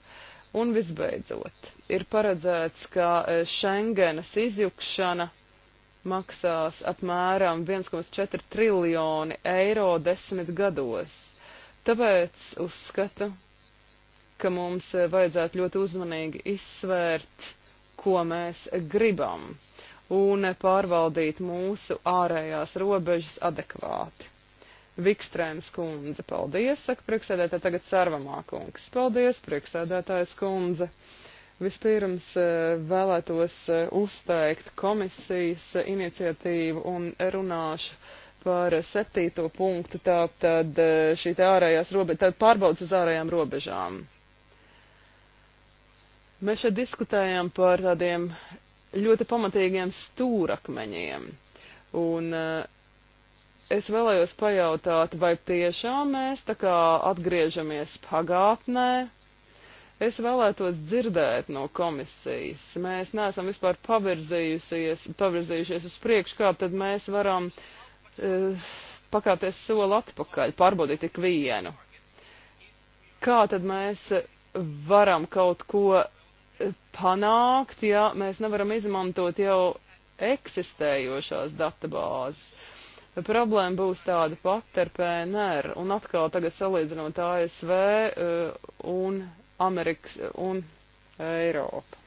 Un visbeidzot, ir paredzēts, ka eh, Schengenas izjukšana maksās apmēram 1,4 triljoni eiro desmit gados. Tāpēc uzskatu, ka mums eh, vajadzētu ļoti uzmanīgi izsvērt, ko mēs gribam, un pārvaldīt mūsu ārējās robežas adekvāti. Vikstrēms kundze. Paldies, saka priekšsēdētāja, tagad Sarvamā kungs. Paldies, priekšsēdētājas kundze. Vispirms eh, vēlētos eh, uzteikt komisijas iniciatīvu un runāšu par septīto punktu, tātad eh, šī tā ārējās robeža, tātad pārbaudas uz ārējām robežām. Mēs šeit diskutējam par tādiem ļoti pamatīgiem stūrakmeņiem. Un uh, es vēlējos pajautāt, vai tiešām mēs tā kā atgriežamies pagātnē? Es vēlētos dzirdēt no komisijas. Mēs neesam vispār pavirzījušies uz priekšu, kā tad mēs varam uh, e, pakāpties soli atpakaļ, pārbaudīt tik vienu. Kā tad mēs varam kaut ko panākt, ja mēs nevaram izmantot jau eksistējošās databāzes? problēma būs tāda pati ar PNR. Un atkal tagad salīdzinot ASV eh, un Amerikas un Eiropu.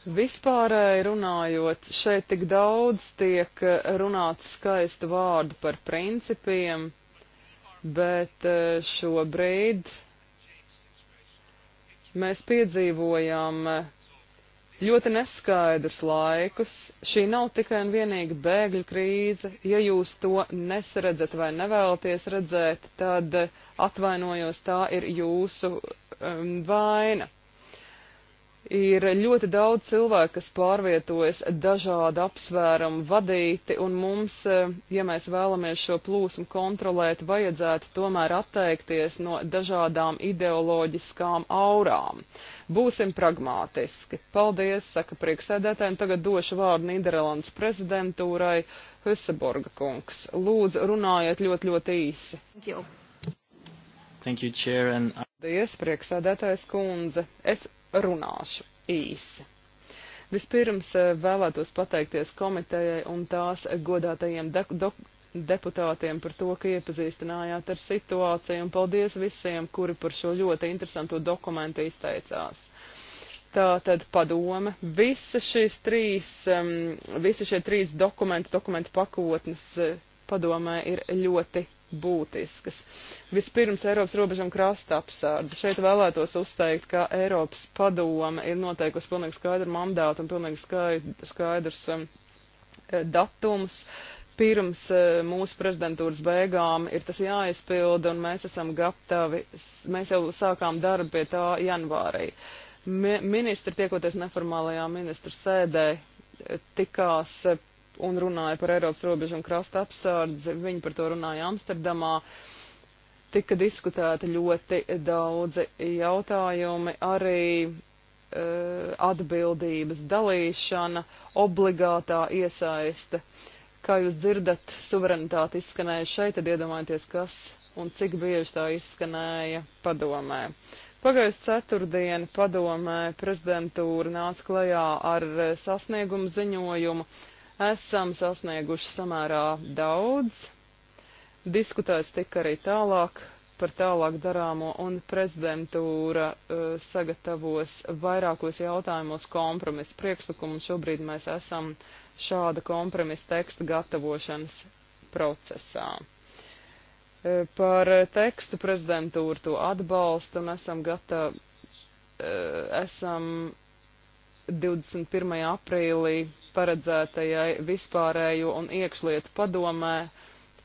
Vispārēji runājot, šeit tik daudz tiek runāts skaistu vārdu par principiem, bet eh, šobrīd mēs piedzīvojām ļoti neskaidrs laikus. Šī nav tikai un vienīgi bēgļu krīze. Ja jūs to nesaredzat vai nevēlaties redzēt, tad atvainojos, tā ir jūsu um, vaina ir ļoti daudz cilvēku, kas pārvietojas dažādu apsvērumu vadīti, un mums, eh, ja mēs vēlamies šo plūsmu kontrolēt, vajadzētu tomēr atteikties no dažādām ideoloģiskām aurām. Būsim pragmātiski. Paldies, saka prieksēdētājiem. Tagad došu vārdu Nīderlandes prezidentūrai Huseborga kungs. Lūdzu, runājiet ļoti, ļoti īsi. Thank you. Thank you, Chair. And... Paldies, prieksēdētājs kundze. Es runāšu īsi. Vispirms eh, vēlētos pateikties komitejai un tās godātajiem de do deputātiem par to, ka iepazīstinājāt ar situāciju un paldies visiem, kuri par šo ļoti interesanto dokumentu izteicās. Tātad padome, visa šīs trīs, um, visi šie trīs dokumenti, dokumentu pakotnes eh, padomē ir ļoti būtiskas. Vispirms Eiropas robežam krasta apsārdze. Šeit vēlētos uzteikt, ka Eiropas padome ir noteikusi pilnīgi skaidru mandātu un pilnīgi skaidrs um, datums. Pirms uh, mūsu prezidentūras beigām ir tas jāizpilda, un mēs esam gatavi, mēs jau sākām darbu pie tā janvārī. Mi ministri tiekoties neformālajā ministru sēdē eh, tikās eh, un runāja par Eiropas robežu un krasta apsardzi, viņi par to runāja Amsterdamā. Tika diskutēti ļoti daudzi jautājumi, arī e, atbildības dalīšana, obligātā iesaiste. Kā jūs dzirdat, suverenitāte izskanēja šeit, tad iedomājieties, kas un cik bieži tā izskanēja padomē. Pagājušā ceturtdiena padomē prezidentūra nāca klajā ar e, sasniegumu ziņojumu, esam sasnieguši samērā daudz. Diskutēts tika arī tālāk par tālāk darāmo un prezidentūra uh, sagatavos vairākos jautājumos kompromisu priekšlikumu. Šobrīd mēs esam šāda kompromisa teksta gatavošanas procesā. Uh, par tekstu prezidentūru to atbalsta un esam gatavi, uh, e, esam 21. aprīlī paredzētajai vispārējo un iekšlietu padomē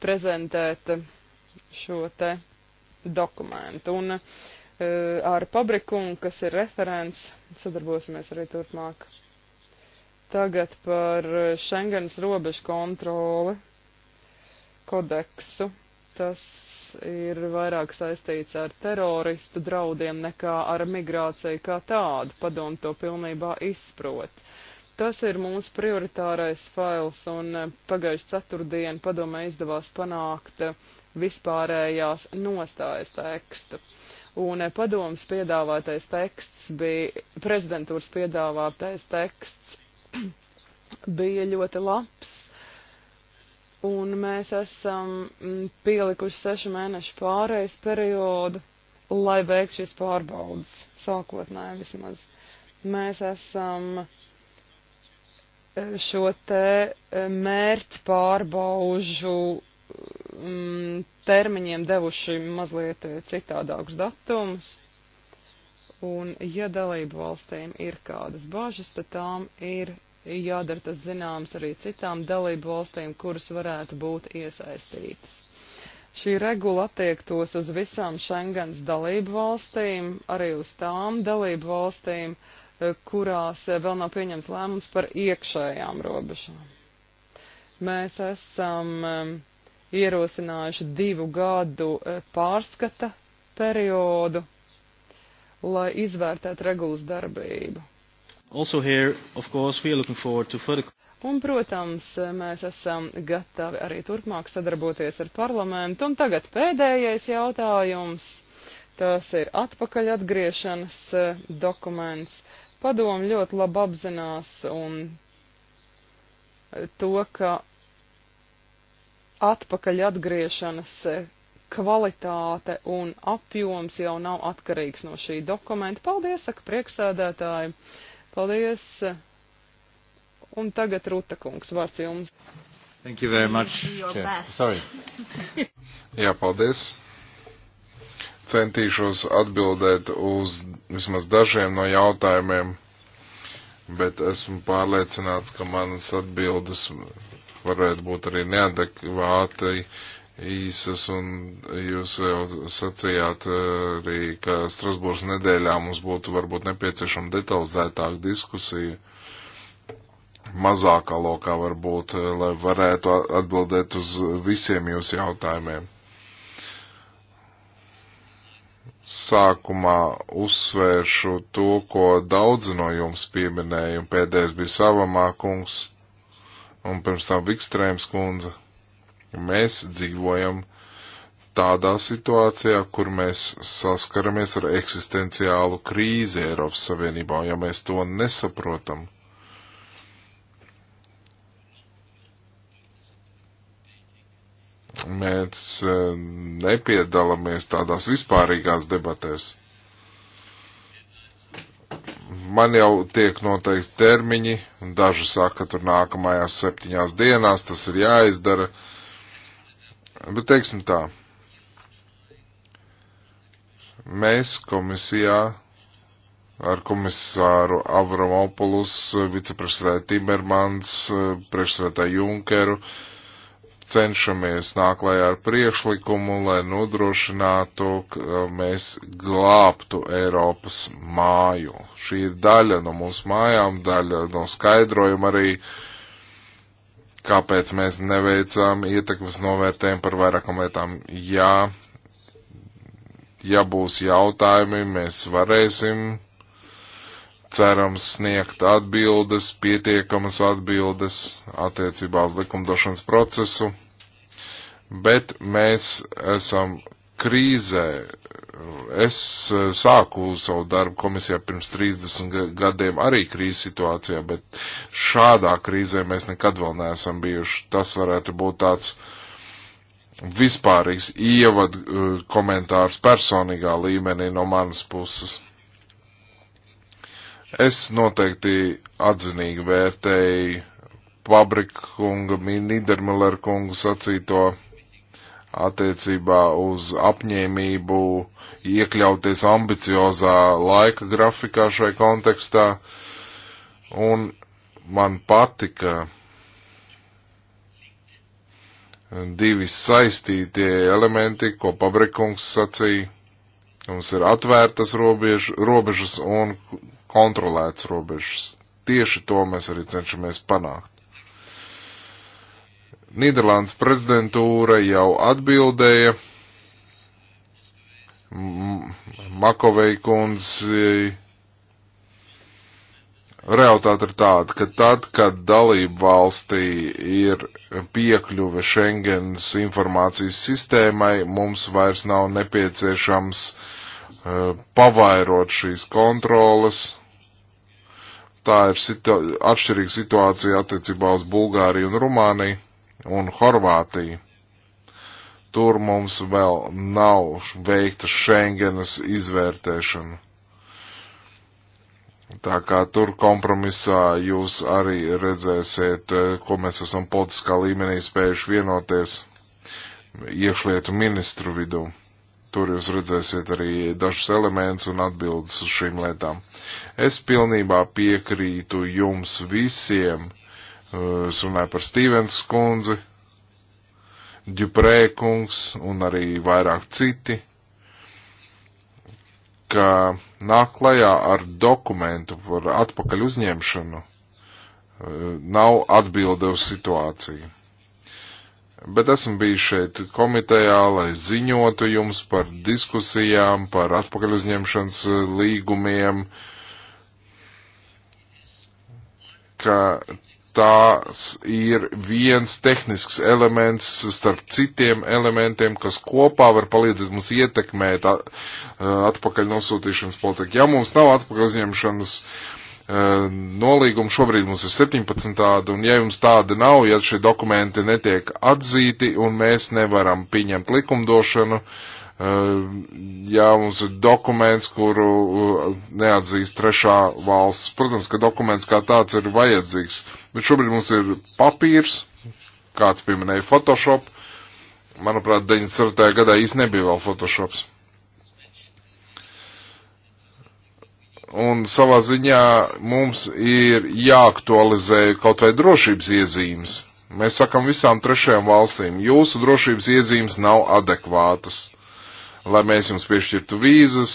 prezentēt šo te dokumentu. Un uh, ar Pabrikumu, kas ir referents, sadarbosimies arī turpmāk. Tagad par Schengens robežu kontroli kodeksu. Tas ir vairāk saistīts ar teroristu draudiem nekā ar migrāciju kā tādu. Padomu to pilnībā izprot. Uh, Tas ir mūsu prioritārais fails, un eh, pagājušā ceturtdiena padomē izdevās panākt eh, vispārējās nostājas tekstu. Un eh, padomas piedāvātais teksts bija, prezidentūras piedāvātais teksts [CLEARS THROAT] bija ļoti labs, un mēs esam mm, pielikuši sešu mēnešu pārējais periodu, lai veiktu šīs pārbaudas, sākotnēji vismaz. Mēs esam uh, šo te e, mērķu pārbaužu mm, termiņiem devuši mazliet e, citādākus datumus. Un, ja dalību valstīm ir kādas bažas, tad tām ir jādara tas zināms arī citām dalību valstīm, kuras varētu būt iesaistītas. Šī regula attiektos uz visām Schengens dalību valstīm, arī uz tām dalību valstīm, uh, kurās vēl nav pieņems lēmums par iekšējām robežām. Mēs esam um, ierosinājuši divu gadu uh, pārskata periodu, lai izvērtētu regulas darbību. Here, course, further... Un, protams, uh, mēs esam gatavi arī turpmāk sadarboties ar parlamentu. Un tagad pēdējais jautājums. Tas ir atpakaļ atgriešanas uh, dokuments. Uh, Padomu ļoti labi apzinās un e, to, ka atpakaļ atgriešanas e, kvalitāte un apjoms jau nav atkarīgs no šī dokumenta. Paldies, saka priekšsēdētāji. Paldies. Un tagad Ruta kungs, vārds jums. Thank you very much. Sorry. [LAUGHS] Jā, paldies centīšos atbildēt uz vismaz dažiem no jautājumiem, bet esmu pārliecināts, ka manas atbildes varētu būt arī neadekvāti īsas, un jūs jau sacījāt eh, arī, ka Strasbūras nedēļā mums būtu varbūt nepieciešama detalizētāka diskusija, mazākā lokā varbūt, eh, lai varētu atbildēt uz visiem jūsu jautājumiem. sākumā uzsvēršu to, ko daudzi no jums pieminēja, un pēdējais bija Savamā kungs, un pirms tam Vikstrēms kundze. Mēs dzīvojam tādā situācijā, kur mēs saskaramies ar eksistenciālu krīzi Eiropas Savienībā, un ja mēs to nesaprotam, Mēs e, nepiedalāmies tādās vispārīgās debatēs. Man jau tiek noteikti termiņi, un daži saka, ka tur nākamajās septiņās dienās tas ir jāizdara. Bet teiksim tā, mēs komisijā ar komisāru Avramopulus, vicepriekšsēdētāju Timermans, priekšsēdētāju Junkeru, uh, cenšamies nāklājā ar priekšlikumu, lai nodrošinātu, ka mēs glābtu Eiropas māju. Šī ir daļa no mūsu mājām, daļa no skaidrojuma arī, kāpēc mēs neveicām ietekmes novērtējumu par vairākam lietām. Jā, ja būs jautājumi, mēs varēsim cerams sniegt atbildes, pietiekamas atbildes attiecībā uz likumdošanas procesu, bet mēs esam krīzē. Es eh, sāku savu darbu komisijā pirms 30 gadiem arī krīzes situācijā, bet šādā krīzē mēs nekad vēl neesam bijuši. Tas varētu būt tāds vispārīgs ievad eh, komentārs personīgā līmenī no manas puses. Es noteikti atzinīgi vērtēju Pabrika kunga, Nidermiller kunga sacīto attiecībā uz apņēmību iekļauties ambiciozā laika grafikā šai kontekstā. Un man patika divi saistītie elementi, ko Pabrikungs sacīja. Mums ir atvērtas robežas, robežas un kontrolēts robežas. Tieši to mēs arī cenšamies panākt. Nīderlandes prezidentūra jau atbildēja. Makovei kundze realitāte ir tāda, ka tad, kad dalību valstī ir piekļuve Schengens informācijas sistēmai, mums vairs nav nepieciešams uh, pavairot šīs kontrolas, tā ir situ atšķirīga situācija attiecībā uz Bulgāriju un Rumāniju un Horvātiju. Tur mums vēl nav veikta Schengenas izvērtēšana. Tā kā tur kompromisā jūs arī redzēsiet, eh, ko mēs esam politiskā līmenī spējuši vienoties iekšlietu ministru vidū. Tur jūs redzēsiet arī dažus elementus un atbildes uz šīm lietām. Es pilnībā piekrītu jums visiem. Eh, es runāju par Stīvens kundzi, Džuprē kungs un arī vairāk citi, ka nāk klajā ar dokumentu par atpakaļ uzņemšanu eh, nav atbilde uz situāciju. Bet esmu bijis šeit komitejā, lai ziņotu jums par diskusijām, par atpakaļuzņemšanas eh, līgumiem, ka tās ir viens tehnisks elements starp citiem elementiem, kas kopā var palīdzēt mums ietekmēt eh, atpakaļ nosūtīšanas politiku. Ja mums nav atpakaļ uzņemšanas uh, Ehm, nolīgumu. Šobrīd mums ir 17 tādi, un ja jums tāda nav, ja šie dokumenti netiek atzīti un mēs nevaram pieņemt likumdošanu, ehm, ja mums ir dokuments, kuru eh, neatzīst trešā valsts. Protams, ka dokuments kā tāds ir vajadzīgs, bet šobrīd mums ir papīrs, kāds pieminēja Photoshop. Manuprāt, 97. gadā īsti nebija vēl Photoshops. Un savā ziņā mums ir jāaktualizē kaut vai drošības iezīmes. Mēs sakam visām trešajām valstīm, jūsu drošības iezīmes nav adekvātas. Lai mēs jums piešķirtu vīzas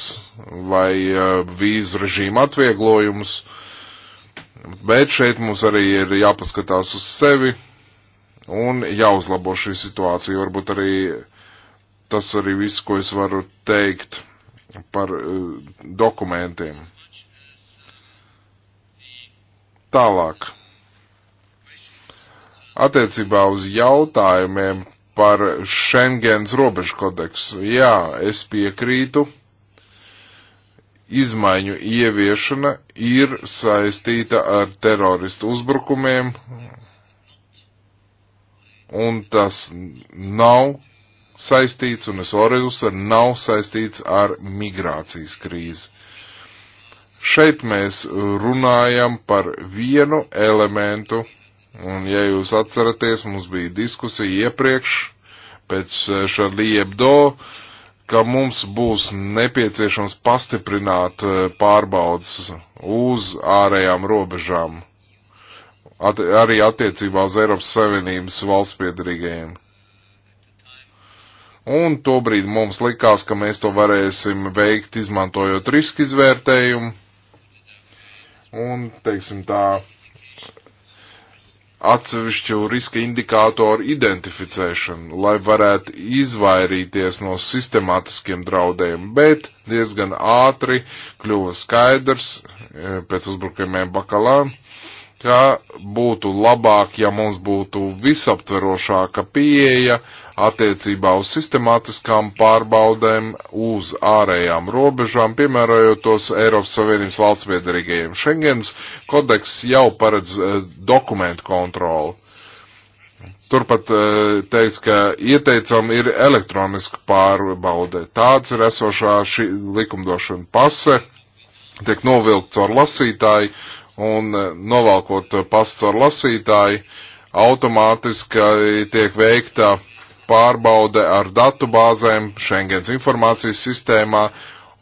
vai e, vīzu režīmu atvieglojumus, bet šeit mums arī ir jāpaskatās uz sevi un jāuzlabo šī situācija. Varbūt arī tas arī viss, ko es varu teikt par uh, dokumentiem. Tālāk. Attiecībā uz jautājumiem par Schengens robežu kodeksu. Jā, es piekrītu. Izmaiņu ieviešana ir saistīta ar teroristu uzbrukumiem, un tas nav saistīts, un es vēlreiz uzsveru, nav saistīts ar migrācijas krīzi. Šeit mēs runājam par vienu elementu, un ja jūs atceraties, mums bija diskusija iepriekš pēc Šarlī eh, Ebdo, ka mums būs nepieciešams pastiprināt eh, pārbaudas uz ārējām robežām, at arī attiecībā uz Eiropas Savienības valsts piedarīgajiem. Un tobrīd mums likās, ka mēs to varēsim veikt izmantojot riska izvērtējumu un, teiksim tā, atsevišķu riska indikātoru identificēšanu, lai varētu izvairīties no sistemātiskiem draudējiem, bet diezgan ātri kļuva skaidrs e, pēc uzbrukumiem bakalām, ka būtu labāk, ja mums būtu visaptverošāka pieeja attiecībā uz sistemātiskām pārbaudēm uz ārējām robežām, piemērojot tos Eiropas Savienības valsts piedarīgajiem. Schengens kodeks jau paredz eh, dokumentu kontroli. Turpat eh, teica, ka ieteicam ir elektroniska pārbaude. Tāds ir esošā šī likumdošana pase, tiek novilkt caur lasītāju un eh, novalkot pasts caur lasītāju, automātiski tiek veikta pārbaude ar datu bāzēm Schengens informācijas sistēmā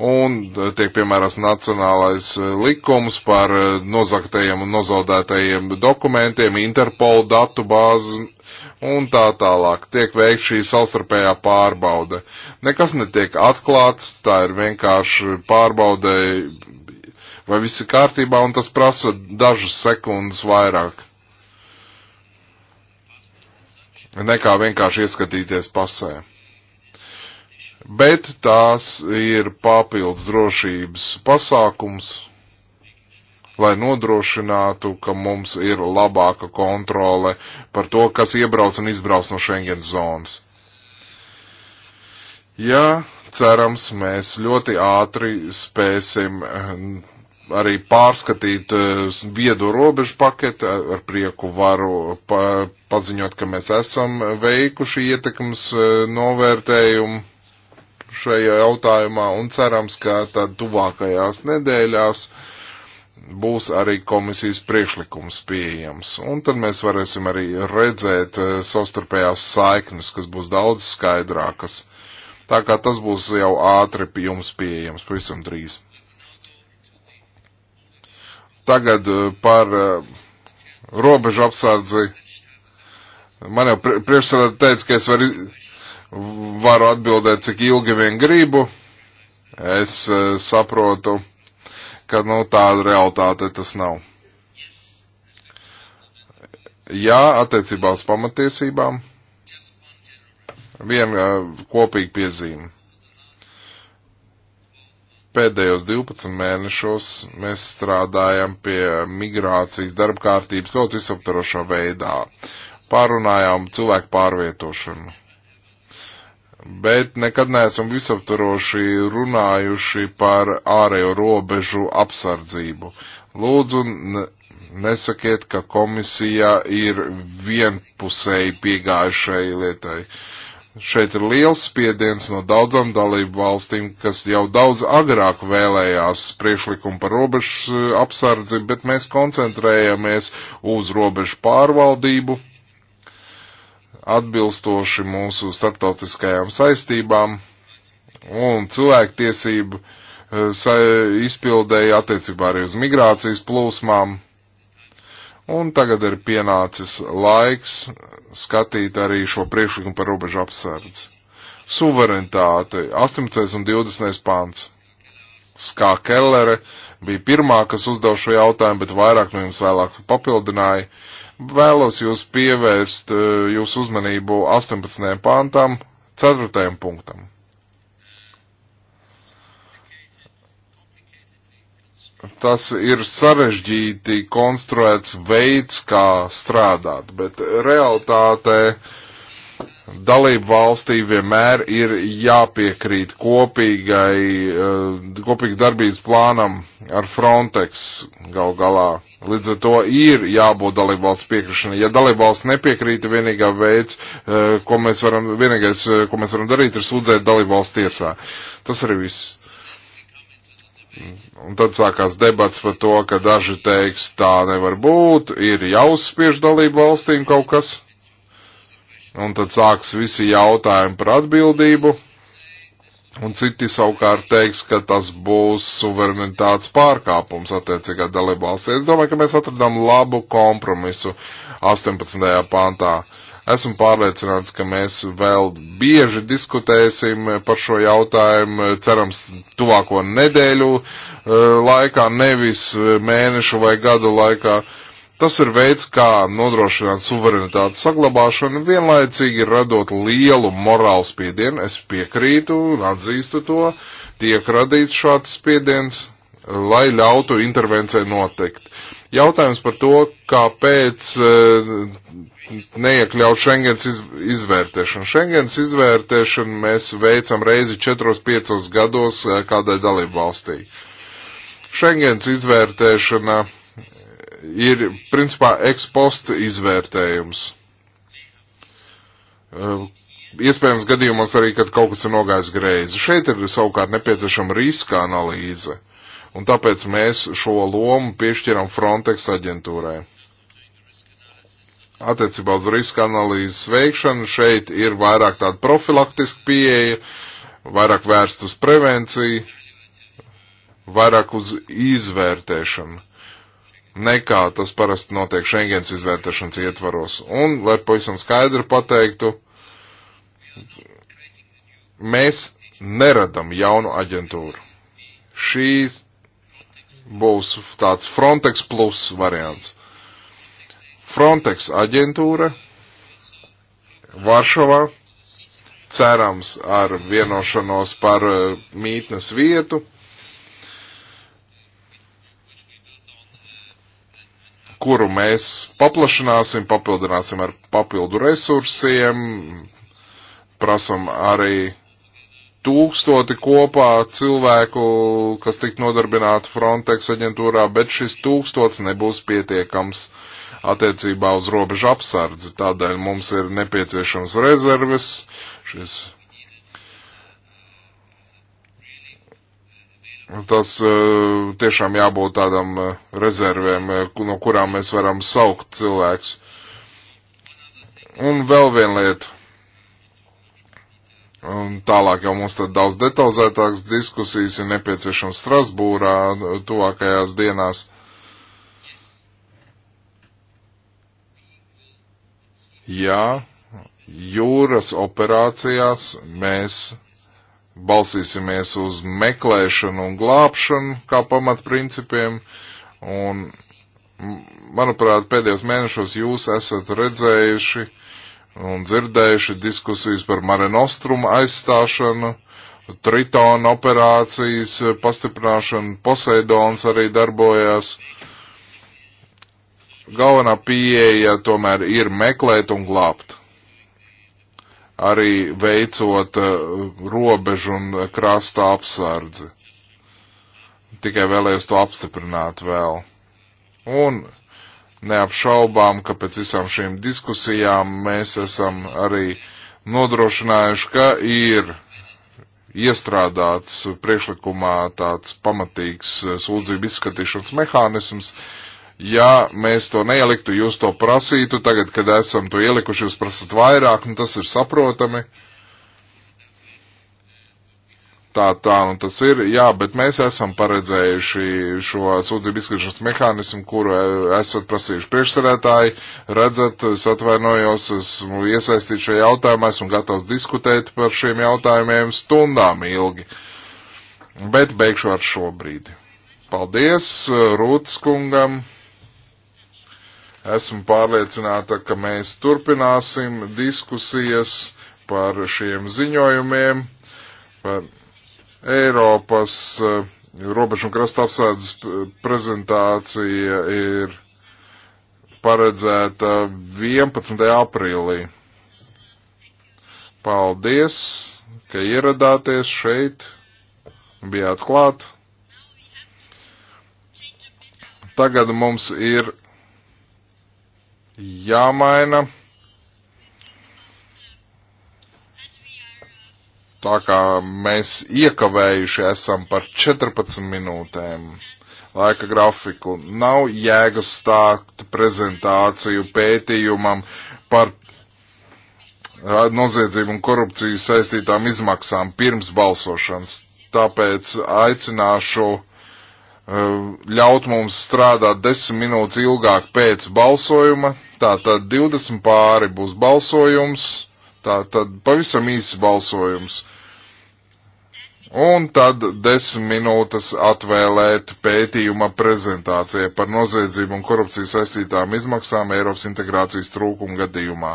un tiek piemēras nacionālais eh, likums par eh, nozaktajiem un nozaudētajiem dokumentiem, Interpol datu bāzi un tā tālāk. Tiek veikt šī savstarpējā pārbaude. Nekas netiek atklāts, tā ir vienkārši pārbaude, vai viss ir kārtībā, un tas prasa dažas sekundes vairāk nekā vienkārši ieskatīties pasē. Bet tās ir papildus drošības pasākums, lai nodrošinātu, ka mums ir labāka kontrole par to, kas iebrauc un izbrauc no Schengen zonas. Ja cerams, mēs ļoti ātri spēsim eh, arī pārskatīt eh, viedu robežu paketi. Ar prieku varu pa, paziņot, ka mēs esam veikuši ietekmes eh, novērtējumu šajā jautājumā un cerams, ka tad tuvākajās nedēļās būs arī komisijas priekšlikums pieejams. Un tad mēs varēsim arī redzēt eh, savstarpējās saiknes, kas būs daudz skaidrākas. Tā kā tas būs jau ātri jums pieejams, pavisam drīz. Tagad eh, par eh, robežu apsardzi. Man jau priekšsēdētāji teica, ka es varu, varu atbildēt, cik ilgi vien gribu. Es eh, saprotu, ka nu, tāda realitāte tas nav. Jā, attiecībā uz pamatiesībām. Viena kopīga piezīme pēdējos 12 mēnešos mēs strādājam pie migrācijas darba kārtības ļoti visaptarošā veidā. Pārunājām cilvēku pārvietošanu. Bet nekad neesam visaptaroši runājuši par ārējo robežu apsardzību. Lūdzu, nesakiet, ka komisija ir vienpusēji piegājušai lietai. Uh, Šeit ir liels spiediens no daudzām dalību valstīm, kas jau daudz agrāk vēlējās priekšlikumu par robežu e, apsardzi, bet mēs koncentrējamies uz robežu pārvaldību atbilstoši mūsu starptautiskajām saistībām un cilvēktiesību e, sa izpildēja attiecībā arī uz migrācijas plūsmām Un tagad ir pienācis laiks skatīt arī šo priekšlikumu par robežu apsardzi. Suverenitāte, 18. un 20. pāns. Skā Kellere bija pirmā, kas uzdev šo jautājumu, bet vairāk no jums vēlāk papildināja. Vēlos jūs pievērst eh, jūsu uzmanību 18. pāntam, 4. punktam. tas ir sarežģīti konstruēts veids, kā strādāt, bet realtātē dalību valstī vienmēr ir jāpiekrīt kopīgai, eh, kopīgi darbības plānam ar Frontex gal galā. Līdz ar to ir jābūt dalību valsts piekrišanai. Ja dalību valsts nepiekrīta, vienīgā veids, eh, ko mēs varam, vienīgais, eh, ko mēs varam darīt, ir sūdzēt dalību valsts tiesā. Tas arī viss. Un tad sākās debats par to, ka daži teiks, tā nevar būt, ir jāuzspiež dalību valstīm kaut kas. Un tad sāks visi jautājumi par atbildību. Un citi savukārt teiks, ka tas būs suverenitātes pārkāpums attiecīgā dalību valstī. Es domāju, ka mēs atradām labu kompromisu 18. pāntā. Uh, Esmu pārliecināts, ka mēs vēl bieži diskutēsim par šo jautājumu, cerams, tuvāko nedēļu eh, laikā, nevis eh, mēnešu vai gadu laikā. Tas ir veids, kā nodrošināt suverenitātes saglabāšanu, vienlaicīgi radot lielu morālu spiedienu. Es piekrītu un atzīstu to. Tiek radīts šāds spiediens, lai ļautu intervencijai notikt. Jautājums par to, kāpēc eh, neiekļaut Schengens izvērtēšanu. Schengens izvērtēšanu mēs veicam reizi 4-5 gados eh, kādai dalību valstī. Schengens izvērtēšana eh, ir principā ekspost izvērtējums. Iespējams gadījumos arī, kad kaut kas ir nogājis greizi. Šeit ir savukārt nepieciešama riska analīze. Uh, Un tāpēc mēs šo lomu piešķiram Frontex aģentūrai. Attiecībā uz riska analīzes veikšanu šeit ir vairāk tāda profilaktiska pieeja, vairāk vērst uz prevenciju, vairāk uz izvērtēšanu nekā tas parasti notiek Schengens izvērtēšanas ietvaros. Un, lai pavisam skaidri pateiktu, mēs neradam jaunu aģentūru. Šīs būs tāds Frontex plus variants. Frontex aģentūra Varšavā, cerams ar vienošanos par e, mītnes vietu, kuru mēs paplašināsim, papildināsim ar papildu resursiem, prasam arī tūkstoti kopā cilvēku, kas tik nodarbināti Frontex aģentūrā, bet šis tūkstots nebūs pietiekams attiecībā uz robežu apsardzi. Tādēļ mums ir nepieciešams rezerves, šis Tas uh, tiešām jābūt tādam e, rezervēm, e, no kurām mēs varam saukt cilvēkus. Un vēl viena lieta Un tālāk jau mums tad daudz detalizētākas diskusijas ir nepieciešams Strasbūrā tuvākajās dienās. Jā, jūras operācijās mēs balsīsimies uz meklēšanu un glābšanu kā pamatprincipiem. Un, manuprāt, pēdējos mēnešos jūs esat redzējuši, uh, un dzirdējuši diskusijas par Mare Nostrum aizstāšanu, Tritona operācijas pastiprināšanu, Poseidons arī darbojās. Galvenā pieeja tomēr ir meklēt un glābt. Arī veicot eh, robežu un krasta apsardzi. Tikai vēlējos to apstiprināt vēl. Un neapšaubām, ka pēc visām šīm diskusijām mēs esam arī nodrošinājuši, ka ir iestrādāts priekšlikumā tāds pamatīgs sūdzību izskatīšanas mehānisms. Ja mēs to neieliktu, jūs to prasītu, tagad, kad esam to ielikuši, jūs prasat vairāk, un nu tas ir saprotami. Uh, tā, tā un tas ir, jā, bet mēs esam paredzējuši šo sūdzību izskatīšanas mehānismu, kuru e, esat prasījuši priekšsarētāji, redzat, es atvainojos, esmu iesaistīts šajā jautājumā, esmu gatavs diskutēt par šiem jautājumiem stundām ilgi, bet beigšu ar šo brīdi. Paldies Rūtas kungam. Esmu pārliecināta, ka mēs turpināsim diskusijas par šiem ziņojumiem. Par Eiropas eh, robežu un krasta apsēdes eh, prezentācija ir paredzēta 11. aprīlī. Paldies, ka ieradāties šeit, bijāt klāt. Tagad mums ir jāmaina. tā kā mēs iekavējuši esam par 14 minūtēm laika grafiku, nav jēgas stākt prezentāciju pētījumam par noziedzību un korupciju saistītām izmaksām pirms balsošanas. Tāpēc aicināšu ļaut mums strādāt 10 minūtes ilgāk pēc balsojuma. Tātad 20 pāri būs balsojums Tā tad pavisam īsts balsojums. Un tad desmit minūtes atvēlēt pētījuma prezentācijai par noziedzību un korupciju saistītām izmaksām Eiropas integrācijas trūkuma gadījumā.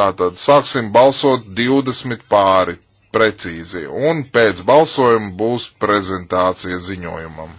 Tātad sāksim balsot 20 pāri precīzi, un pēc balsojuma būs prezentācija ziņojumam.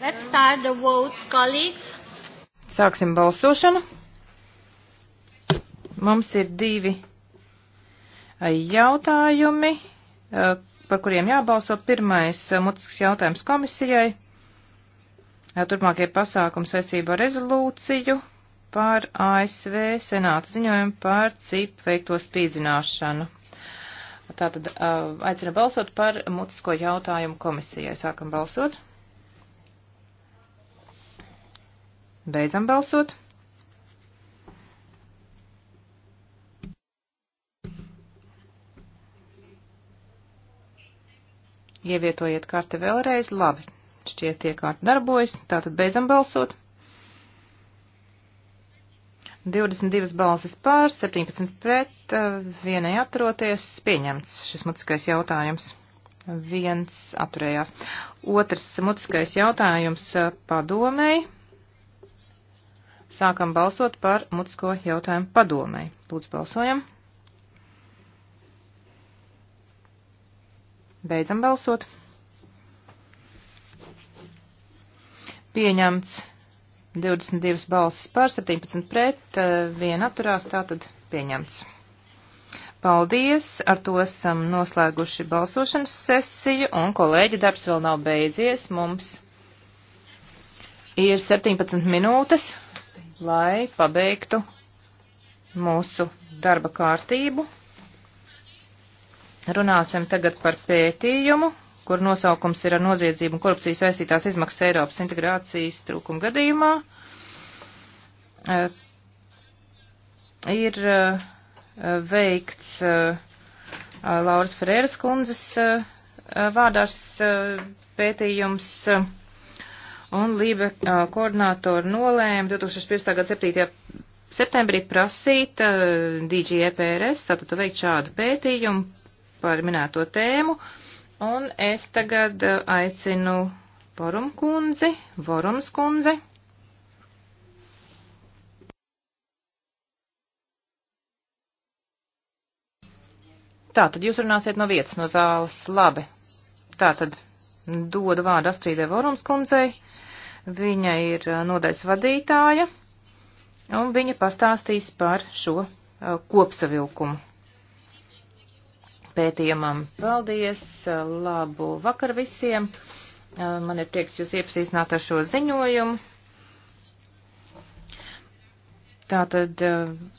Let's start the vote, colleagues. Sāksim balsošanu. Mums ir divi jautājumi, par kuriem jābalso. Pirmais mutisks jautājums komisijai. Turpmākie pasākumi saistībā ar rezolūciju par ASV senāta ziņojumu par CIP veikto spīdzināšanu. Tātad aicinu balsot par mutisko jautājumu komisijai. Sākam balsot. Beidzam balsot. Ievietojiet karti vēlreiz. Labi, šķiet tie kārti darbojas. Tātad beidzam balsot. 22 balsis pār, 17 pret, vienai atroties, pieņemts šis mutiskais jautājums. Viens atturējās. Otrs mutiskais jautājums padomēji. Sākam balsot par mutisko jautājumu padomē. Lūdzu, balsojam. Beidzam balsot. Pieņemts 22 balsis pār 17 pret, eh, viena atturās, tātad pieņemts. Paldies! Ar to esam noslēguši balsošanas sesiju, un kolēģi darbs vēl nav beidzies. Mums ir 17 minūtes lai pabeigtu mūsu darba kārtību. Runāsim tagad par pētījumu, kur nosaukums ir ar noziedzību un korupciju saistītās izmaksas Eiropas integrācijas trūkuma gadījumā. Ir veikts Lauras Ferēras kundzes vārdā šis pētījums un Lība koordinātori nolēma 2015. gada 7. septembrī prasīt uh, DGEPRS, tātad veikt šādu pētījumu par minēto tēmu, un es tagad uh, aicinu Porum kundzi, Vorums kundzi. Tā, tad jūs runāsiet no vietas, no zāles. Labi. Tā tad dodu vārdu Astrīdē Vorums kundzei. Viņa ir uh, nodaļas vadītāja, un viņa pastāstīs par šo uh, kopsavilkumu pētījumam. Paldies, uh, labu vakar visiem. Man ir prieks jūs iepazīstināt ar šo ziņojumu. Tātad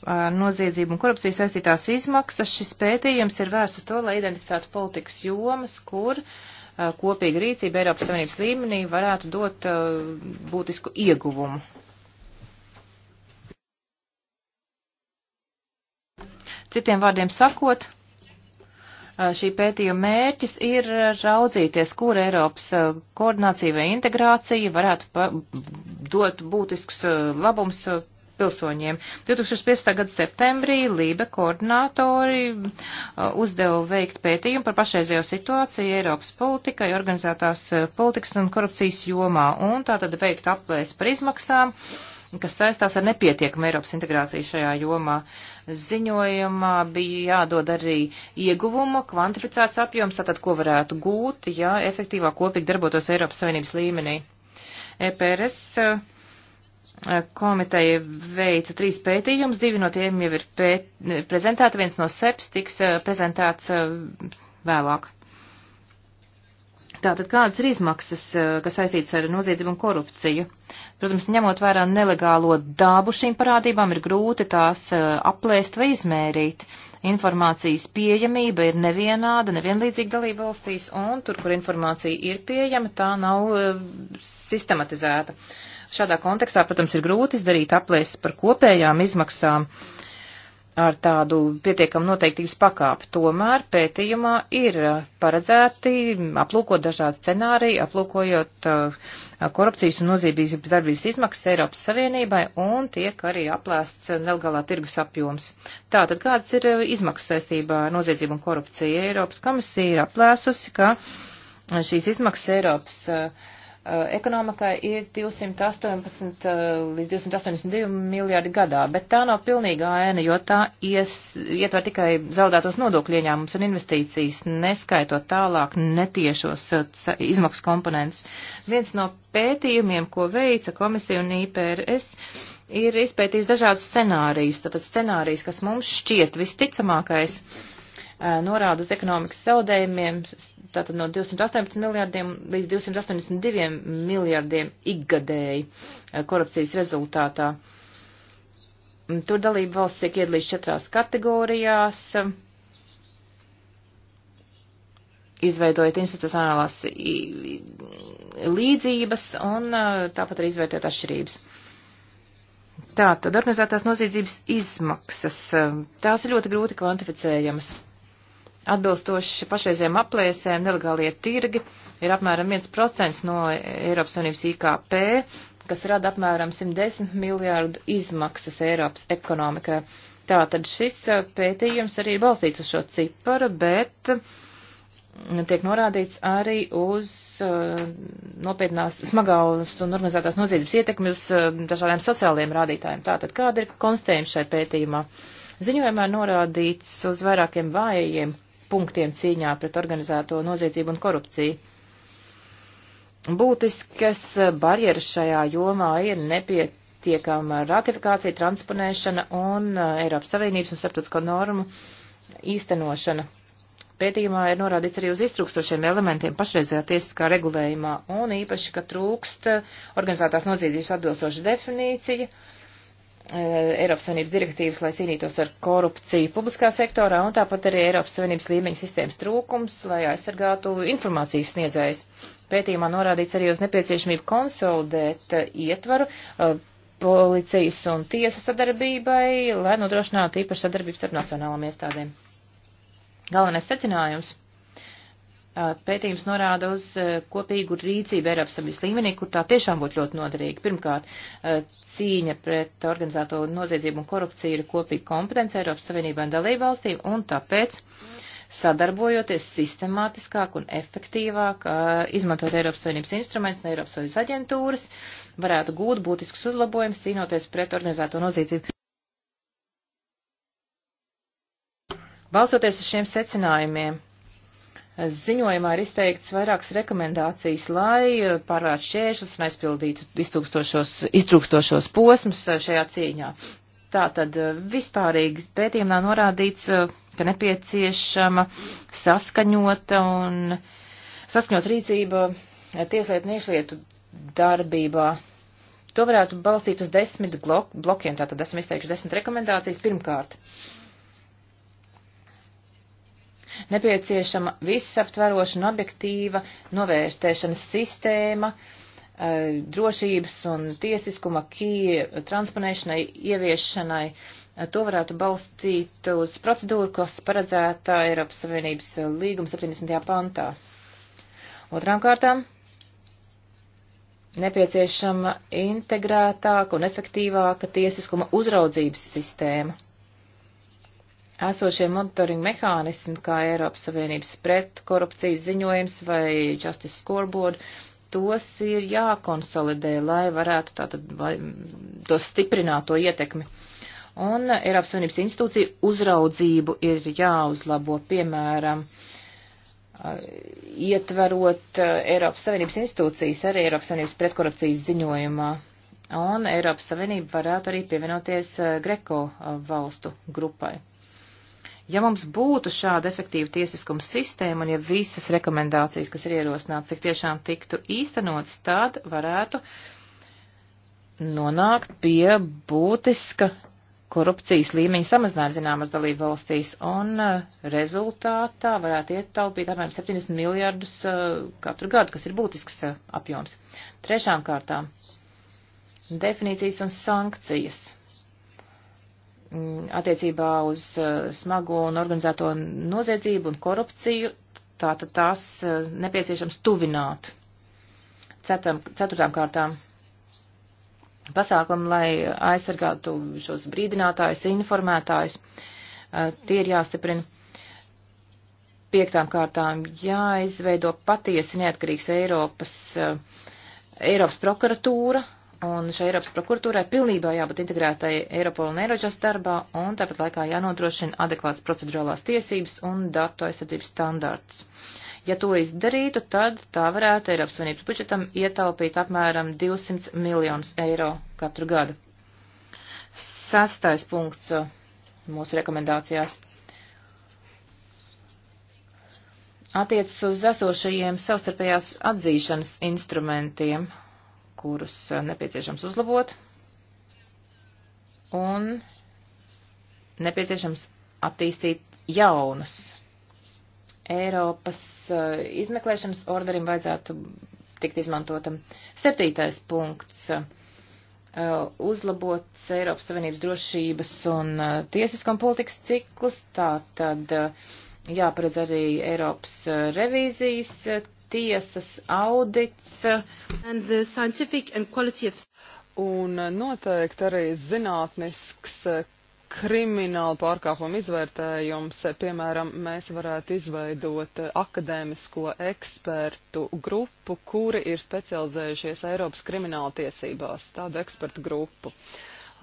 ar noziedzību un korupciju saistītās izmaksas šis pētījums ir vērsts uz to, lai identificētu politikas jomas, kur uh, Uh, kopīga rīcība Eiropas Savienības līmenī varētu dot uh, būtisku ieguvumu. Citiem vārdiem sakot, uh, šī pētījuma mērķis ir raudzīties, kur Eiropas koordinācija vai integrācija varētu dot būtiskus labums pilsoņiem. 2015. gada septembrī Lībe koordinātori uh, uzdeva veikt pētījumu par pašreizējo situāciju Eiropas politikai, organizētās uh, politikas un korupcijas jomā, un tātad veikt aplēs par izmaksām kas saistās ar nepietiekumu Eiropas integrāciju šajā jomā. Ziņojumā bija jādod arī ieguvuma kvantificēts apjoms, tātad ko varētu gūt, ja efektīvāk kopīgi darbotos Eiropas Savienības līmenī. EPRS uh, komiteja veica trīs pētījumus, divi no tiem jau ir pēt, prezentēti, viens no SEPS tiks eh, prezentēts eh, vēlāk. Tātad kādas ir izmaksas, eh, kas saistītas ar noziedzību un korupciju? Protams, ņemot vērā nelegālo dabu šīm parādībām, ir grūti tās aplēst vai izmērīt. Informācijas pieejamība ir nevienāda, nevienlīdzīga dalība valstīs, un tur, kur informācija ir pieejama, tā nav sistematizēta. Uh, Šādā kontekstā, protams, ir grūti izdarīt aplēses par kopējām izmaksām ar tādu pietiekamu noteiktības pakāpi. Tomēr pētījumā ir uh, paredzēti aplūkot dažādi scenāriji, aplūkojot uh, korupcijas un nozīmības darbības izmaksas Eiropas Savienībai un tiek arī aplēsts nelegālā tirgus apjoms. Tātad kādas ir uh, izmaksas saistībā ar noziedzību un korupciju? Eiropas komisija ir aplēsusi, ka šīs izmaksas Eiropas uh, Eh, ekonomikai ir 218 eh, līdz 282 miljārdi gadā, bet tā nav pilnīga ēna, jo tā ies, ietver tikai zaudētos nodokļu ieņēmumus un investīcijas, neskaitot tālāk netiešos eh, izmaksu komponentus. Viens no pētījumiem, ko veica komisija un IPRS, ir izpētījis dažādus scenārijus, tātad scenārijus, kas mums šķiet visticamākais norāda uz ekonomikas zaudējumiem tātad no 218 miljārdiem līdz 282 miljārdiem ikgadēji eh, korupcijas rezultātā. Tur dalība valsts tiek iedalīts četrās kategorijās, izveidojot institucionālās līdzības un eh, tāpat arī izvērtēt atšķirības. Tātad organizētās noziedzības izmaksas, eh, tās ir ļoti grūti kvantificējamas. Atbilstoši pašreizējiem aplēsēm nelegālie tirgi ir apmēram 1% no Eiropas Savienības IKP, kas rada apmēram 110 miljārdu izmaksas Eiropas ekonomikai. Tātad šis uh, pētījums arī ir balstīts uz šo ciparu, bet mm, tiek norādīts arī uz uh, nopietnās smagās un organizētās noziedzības ietekmi uz uh, dažādiem sociālajiem rādītājiem. Tātad kāda ir konstējuma šai pētījumā? Ziņojumā norādīts uz vairākiem vājajiem punktiem cīņā pret organizēto noziedzību un korupciju. Būtiskas barjeras šajā jomā ir nepietiekama ratifikācija, transponēšana un uh, Eiropas Savienības un starptautisko normu īstenošana. Pētījumā ir norādīts arī uz iztrūkstošiem elementiem pašreizējā tiesiskā regulējumā, un īpaši, ka trūkst uh, organizētās noziedzības atbilstoša definīcija, uh, Eh, Eiropas Savienības direktīvas, lai cīnītos ar korupciju publiskā sektorā, un tāpat arī Eiropas Savienības līmeņa sistēmas trūkums, lai aizsargātu informācijas sniedzējs. Pētījumā norādīts arī uz nepieciešamību konsolidēt eh, ietvaru eh, policijas un tiesu sadarbībai, lai nodrošinātu īpašu sadarbību starp nacionālām iestādēm. Galvenais secinājums pētījums norāda uz kopīgu rīcību Eiropas Savienības līmenī, kur tā tiešām būtu ļoti noderīga. Pirmkārt, cīņa pret organizēto noziedzību un korupciju ir kopīga kompetence Eiropas Savienībā un dalībvalstīm, un tāpēc sadarbojoties sistemātiskāk un efektīvāk, izmantot Eiropas Savienības instrumentus un Eiropas Savienības aģentūras, varētu gūt būtisks uzlabojums cīnoties pret organizēto noziedzību. Balstoties uz šiem secinājumiem, Ziņojumā ir izteikts vairākas rekomendācijas, lai eh, pārvarētu šķēršus un aizpildītu iztrūkstošos posmus eh, šajā cīņā. Tātad eh, vispārīgi pētījumā norādīts, ka nepieciešama saskaņota un saskaņot rīcība tieslietu un iešlietu darbībā. To varētu balstīt uz desmit blok blokiem, tātad esam izteikuši desmit rekomendācijas. Pirmkārt, uh, Nepieciešama visaptvaroša un objektīva novērtēšanas sistēma eh, drošības un tiesiskuma kī transponēšanai, ieviešanai. Eh, to varētu balstīt uz procedūru, kas paredzēta Eiropas Savienības līguma 70. pantā. Otrām kārtām nepieciešama integrētāka un efektīvāka tiesiskuma uzraudzības sistēma esošie monitoringa mehānismi, kā Eiropas Savienības pretkorupcijas ziņojums vai Justice Scoreboard, tos ir jākonsolidē, lai varētu tātad lai, to stiprināto ietekmi. Un Eiropas Savienības institūcija uzraudzību ir jāuzlabo, piemēram, ietverot Eiropas Savienības institūcijas arī Eiropas Savienības pretkorupcijas ziņojumā un Eiropas Savienība varētu arī pievienoties Greko valstu grupai. Ja mums būtu šāda efektīva tiesiskuma sistēma un ja visas rekomendācijas, kas ir ierosināts, tik tiešām tiktu īstenotas, tad varētu nonākt pie būtiska korupcijas līmeņa samazinājuma zināmas dalību valstīs, un uh, rezultātā varētu ietaupīt apmēram 70 miljardus uh, katru gadu, kas ir būtisks uh, apjoms. Trešām kārtām - definīcijas un sankcijas Mm, attiecībā uz eh, smago un organizēto noziedzību un korupciju, tātad tās eh, nepieciešams tuvināt. Cetam, ceturtām kārtām pasākumu, lai aizsargātu šos brīdinātājus, informētājus. Eh, tie ir jāstiprina. Piektām kārtām jāizveido patiesi neatkarīgs Eiropas, Eiropas prokuratūra, Un šai Eiropas prokuratūrai pilnībā jābūt integrētai Eiropola un Eirožas darbā, un tāpat laikā jānodrošina adekvāts procedurālās tiesības un datu aizsardzības standārts. Ja to izdarītu, tad tā varētu Eiropas Savienības budžetam ietaupīt apmēram 200 miljonus eiro katru gadu. Sastais punkts uh, mūsu rekomendācijās attiecas uz esošajiem savstarpējās atzīšanas instrumentiem kurus eh, nepieciešams uzlabot un nepieciešams attīstīt jaunas. Eiropas eh, izmeklēšanas orderim vajadzētu tikt izmantotam. Septītais punkts eh, uzlabots Eiropas Savienības drošības un tiesiskam politikas ciklus, tā tad jāparedz arī Eiropas revīzijas tiesas audits. And the scientific and quality of... Un eh, noteikti arī zinātnisks eh, krimināla pārkāpuma izvērtējums, eh, piemēram, mēs varētu izveidot akadēmisko ekspertu grupu, kuri ir specializējušies Eiropas krimināla tiesībās, tādu ekspertu grupu.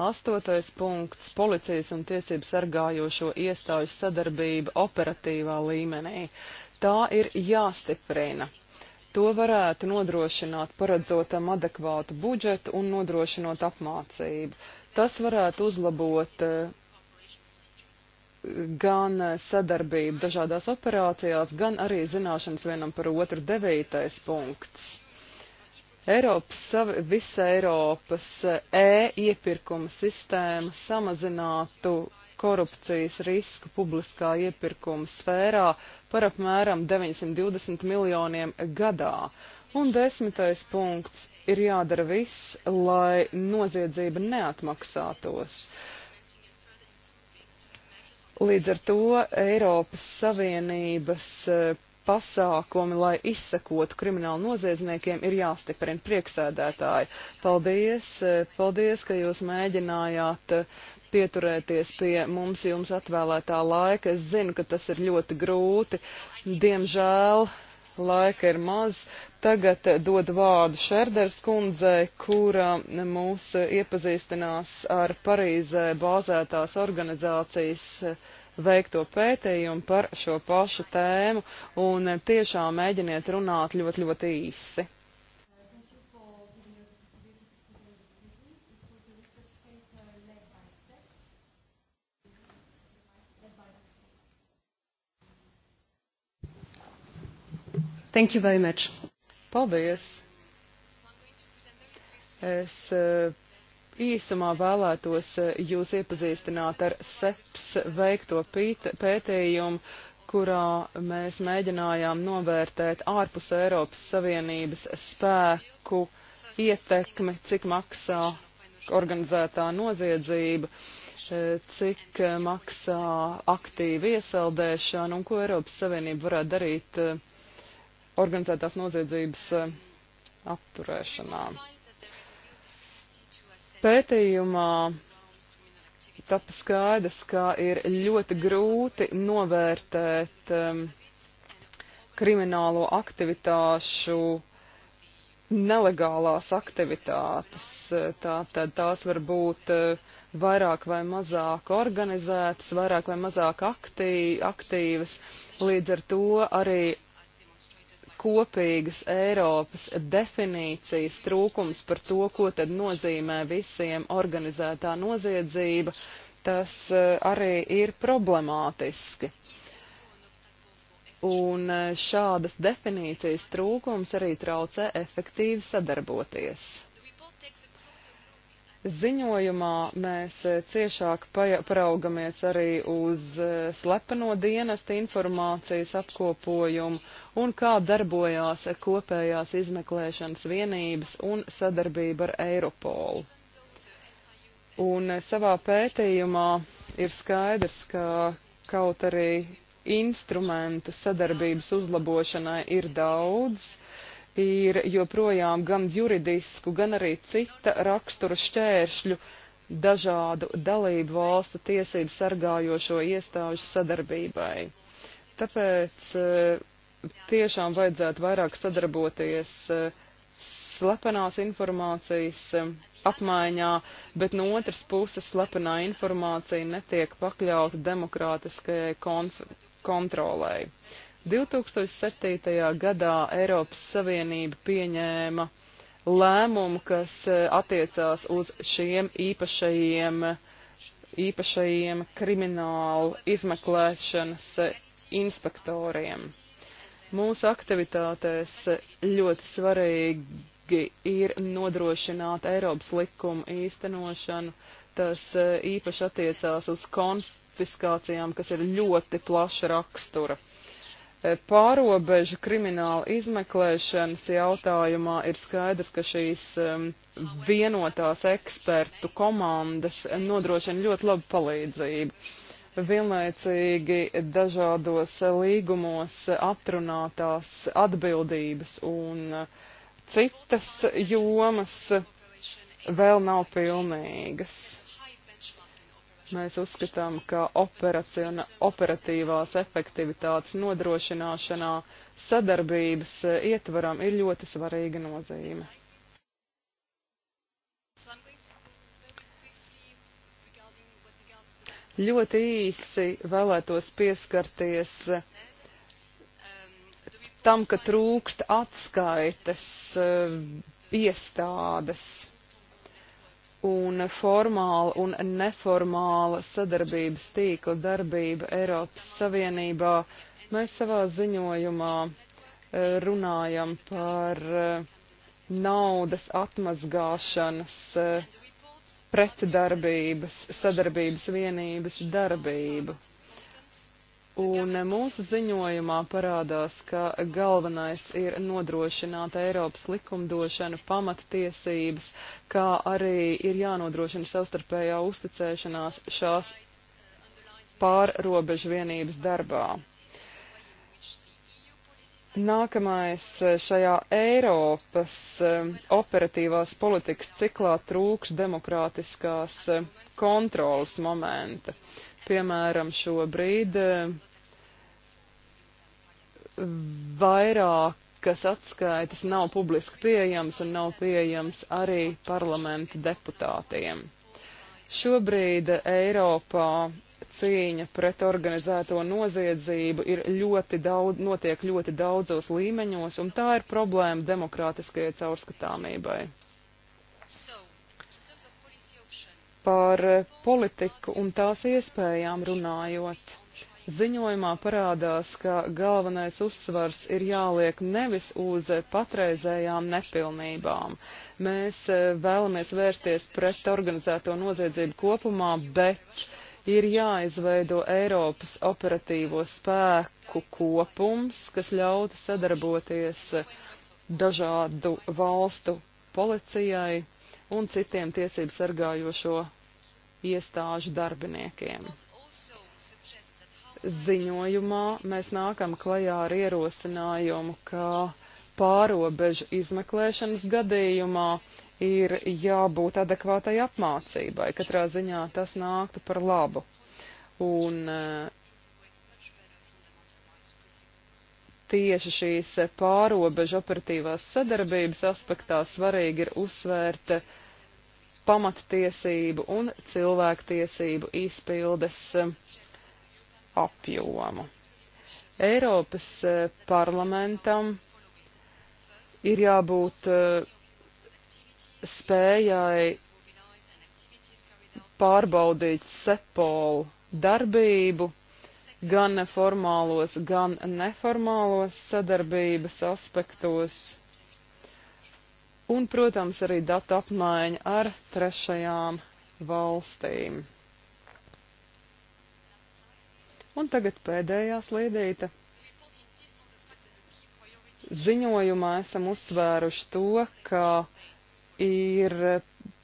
Astotais punkts - policijas un tiesību sargājošo iestāžu sadarbība operatīvā līmenī. Tā ir jāstiprina. To varētu nodrošināt paredzotam adekvātu budžetu un nodrošinot apmācību. Tas varētu uzlabot eh, gan sadarbību dažādās operācijās, gan arī zināšanas vienam par otru devītais punkts. Eiropas, visa Eiropas eh, e-iepirkuma sistēma samazinātu korupcijas risku publiskā iepirkuma sfērā par apmēram 920 miljoniem gadā. Un desmitais punkts ir jādara viss, lai noziedzība neatmaksātos. Līdz ar to Eiropas Savienības eh, pasākumi, lai izsekotu kriminālu noziedzniekiem, ir jāstiprina prieksēdētāji. Paldies, eh, paldies, ka jūs mēģinājāt eh, pieturēties pie mums jums atvēlētā laika. Es zinu, ka tas ir ļoti grūti. Diemžēl laika ir maz. Tagad dod vārdu Šerders kundzei, kura mūs iepazīstinās ar Parīzē bāzētās organizācijas veikto pētījumu par šo pašu tēmu un tiešām mēģiniet runāt ļoti, ļoti īsi. Thank you very much. Paldies. Es eh, īsumā vēlētos eh, jūs iepazīstināt ar SEPS veikto pētījumu, kurā mēs mēģinājām novērtēt ārpus Eiropas Savienības spēku ietekmi, cik maksā organizētā noziedzība, eh, cik maksā aktīva iesaldēšana un ko Eiropas Savienība varētu darīt uh, organizētās noziedzības eh, apturēšanā. Pētījumā tapa skaidrs, ka ir ļoti grūti novērtēt um, kriminālo aktivitāšu nelegālās aktivitātes. Tātad tās var būt eh, vairāk vai mazāk organizētas, vairāk vai mazāk aktī, aktīvas. Līdz ar to arī kopīgas Eiropas definīcijas trūkums par to, ko tad nozīmē visiem organizētā noziedzība, tas eh, arī ir problemātiski. Un eh, šādas definīcijas trūkums arī traucē efektīvi sadarboties. Ziņojumā mēs eh, ciešāk paraugamies arī uz slepeno dienestu informācijas apkopojumu un kā darbojās kopējās izmeklēšanas vienības un sadarbība ar Eiropolu. Un savā pētījumā ir skaidrs, ka kaut arī instrumentu sadarbības uzlabošanai ir daudz, ir joprojām gan juridisku, gan arī cita rakstura šķēršļu dažādu dalību valstu tiesību sargājošo iestāžu sadarbībai. Tāpēc eh, tiešām vajadzētu vairāk sadarboties eh, slepenās informācijas eh, apmaiņā, bet no otras puses slepenā informācija netiek pakļauta demokrātiskajai kontrolai. 2007. gadā Eiropas Savienība pieņēma lēmumu, kas eh, attiecās uz šiem īpašajiem, īpašajiem kriminālu izmeklēšanas inspektoriem. Mūsu aktivitātēs ļoti svarīgi ir nodrošināt Eiropas likumu īstenošanu. Tas e, īpaši attiecās uz konfiskācijām, kas ir ļoti plaša rakstura. E, pārobežu krimināla izmeklēšanas jautājumā ir skaidrs, ka šīs e, vienotās ekspertu komandas nodrošina ļoti labu palīdzību vienlaicīgi dažādos līgumos atrunātās atbildības un citas jomas vēl nav pilnīgas. Mēs uzskatām, ka operatīvās efektivitātes nodrošināšanā sadarbības ietvaram ir ļoti svarīga nozīme. So Ļoti īsi vēlētos pieskarties tam, ka trūkst atskaites eh, iestādes un formāla un neformāla sadarbības tīkla darbība Eiropas Savienībā. Mēs savā ziņojumā eh, runājam par eh, naudas atmazgāšanas pretdarbības, sadarbības vienības darbību. Un mūsu ziņojumā parādās, ka galvenais ir nodrošināt Eiropas likumdošanu, pamattiesības, kā arī ir jānodrošina savstarpējā uzticēšanās šās pārrobežu vienības darbā. Nākamais eh, šajā Eiropas eh, operatīvās politikas ciklā trūks demokrātiskās eh, kontrolas momenta. Piemēram, šobrīd vairākas atskaitas nav publiski pieejams un nav pieejams arī parlamenta deputātiem. Šobrīd Eiropā cīņa pret organizēto noziedzību ir ļoti daudz, notiek ļoti daudzos līmeņos, un tā ir problēma demokrātiskajai caurskatāmībai. Par politiku un tās iespējām runājot, ziņojumā parādās, ka galvenais uzsvars ir jāliek nevis uz patreizējām nepilnībām. Mēs eh, vēlamies vērsties pret organizēto noziedzību kopumā, bet ir jāizveido Eiropas operatīvo spēku kopums, kas ļautu sadarboties dažādu valstu policijai un citiem tiesību sargājošo iestāžu darbiniekiem. Ziņojumā mēs nākam klajā ar ierosinājumu, ka pārobežu izmeklēšanas gadījumā ir jābūt adekvātai apmācībai. Katrā ziņā tas nāktu par labu. Un eh, tieši šīs pārobežu operatīvās sadarbības aspektā svarīgi ir uzsvērt pamattiesību un cilvēktiesību izpildes eh, apjomu. Eiropas eh, parlamentam ir jābūt uh, spējai pārbaudīt sepolu darbību gan formālos, gan neformālos sadarbības aspektos, un, protams, arī datu apmaiņa ar trešajām valstīm. Un tagad pēdējā slīdīte. Ziņojumā esam uzsvēruši to, ka ir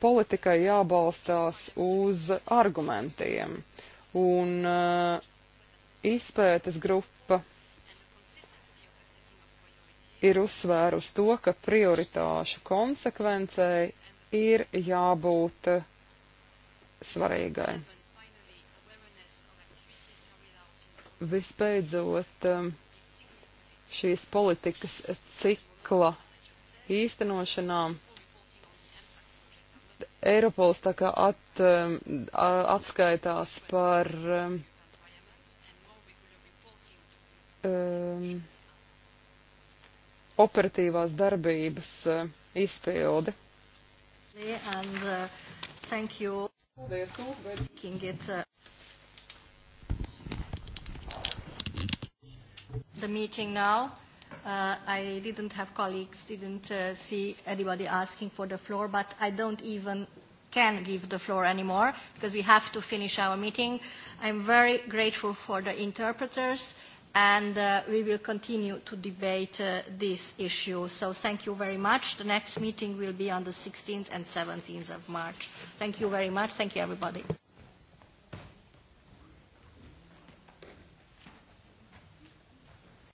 politikai jābalstās uz argumentiem. Un uh, izpētes grupa ir uzsvērusi to, ka prioritāšu konsekvencei ir jābūt uh, svarīgai. Vispēdzot, um, šīs politikas cikla īstenošanām Eiropols tā kā at, um, atskaitās par um, um operatīvās darbības uh, izpildi. And, uh, thank you. Paldies, uh, The meeting now. Uh, I didn't have colleagues, didn't uh, see anybody asking for the floor, but I don't even can give the floor anymore because we have to finish our meeting. I'm very grateful for the interpreters and uh, we will continue to debate uh, this issue. So thank you very much. The next meeting will be on the 16th and 17th of March. Thank you very much. Thank you, everybody.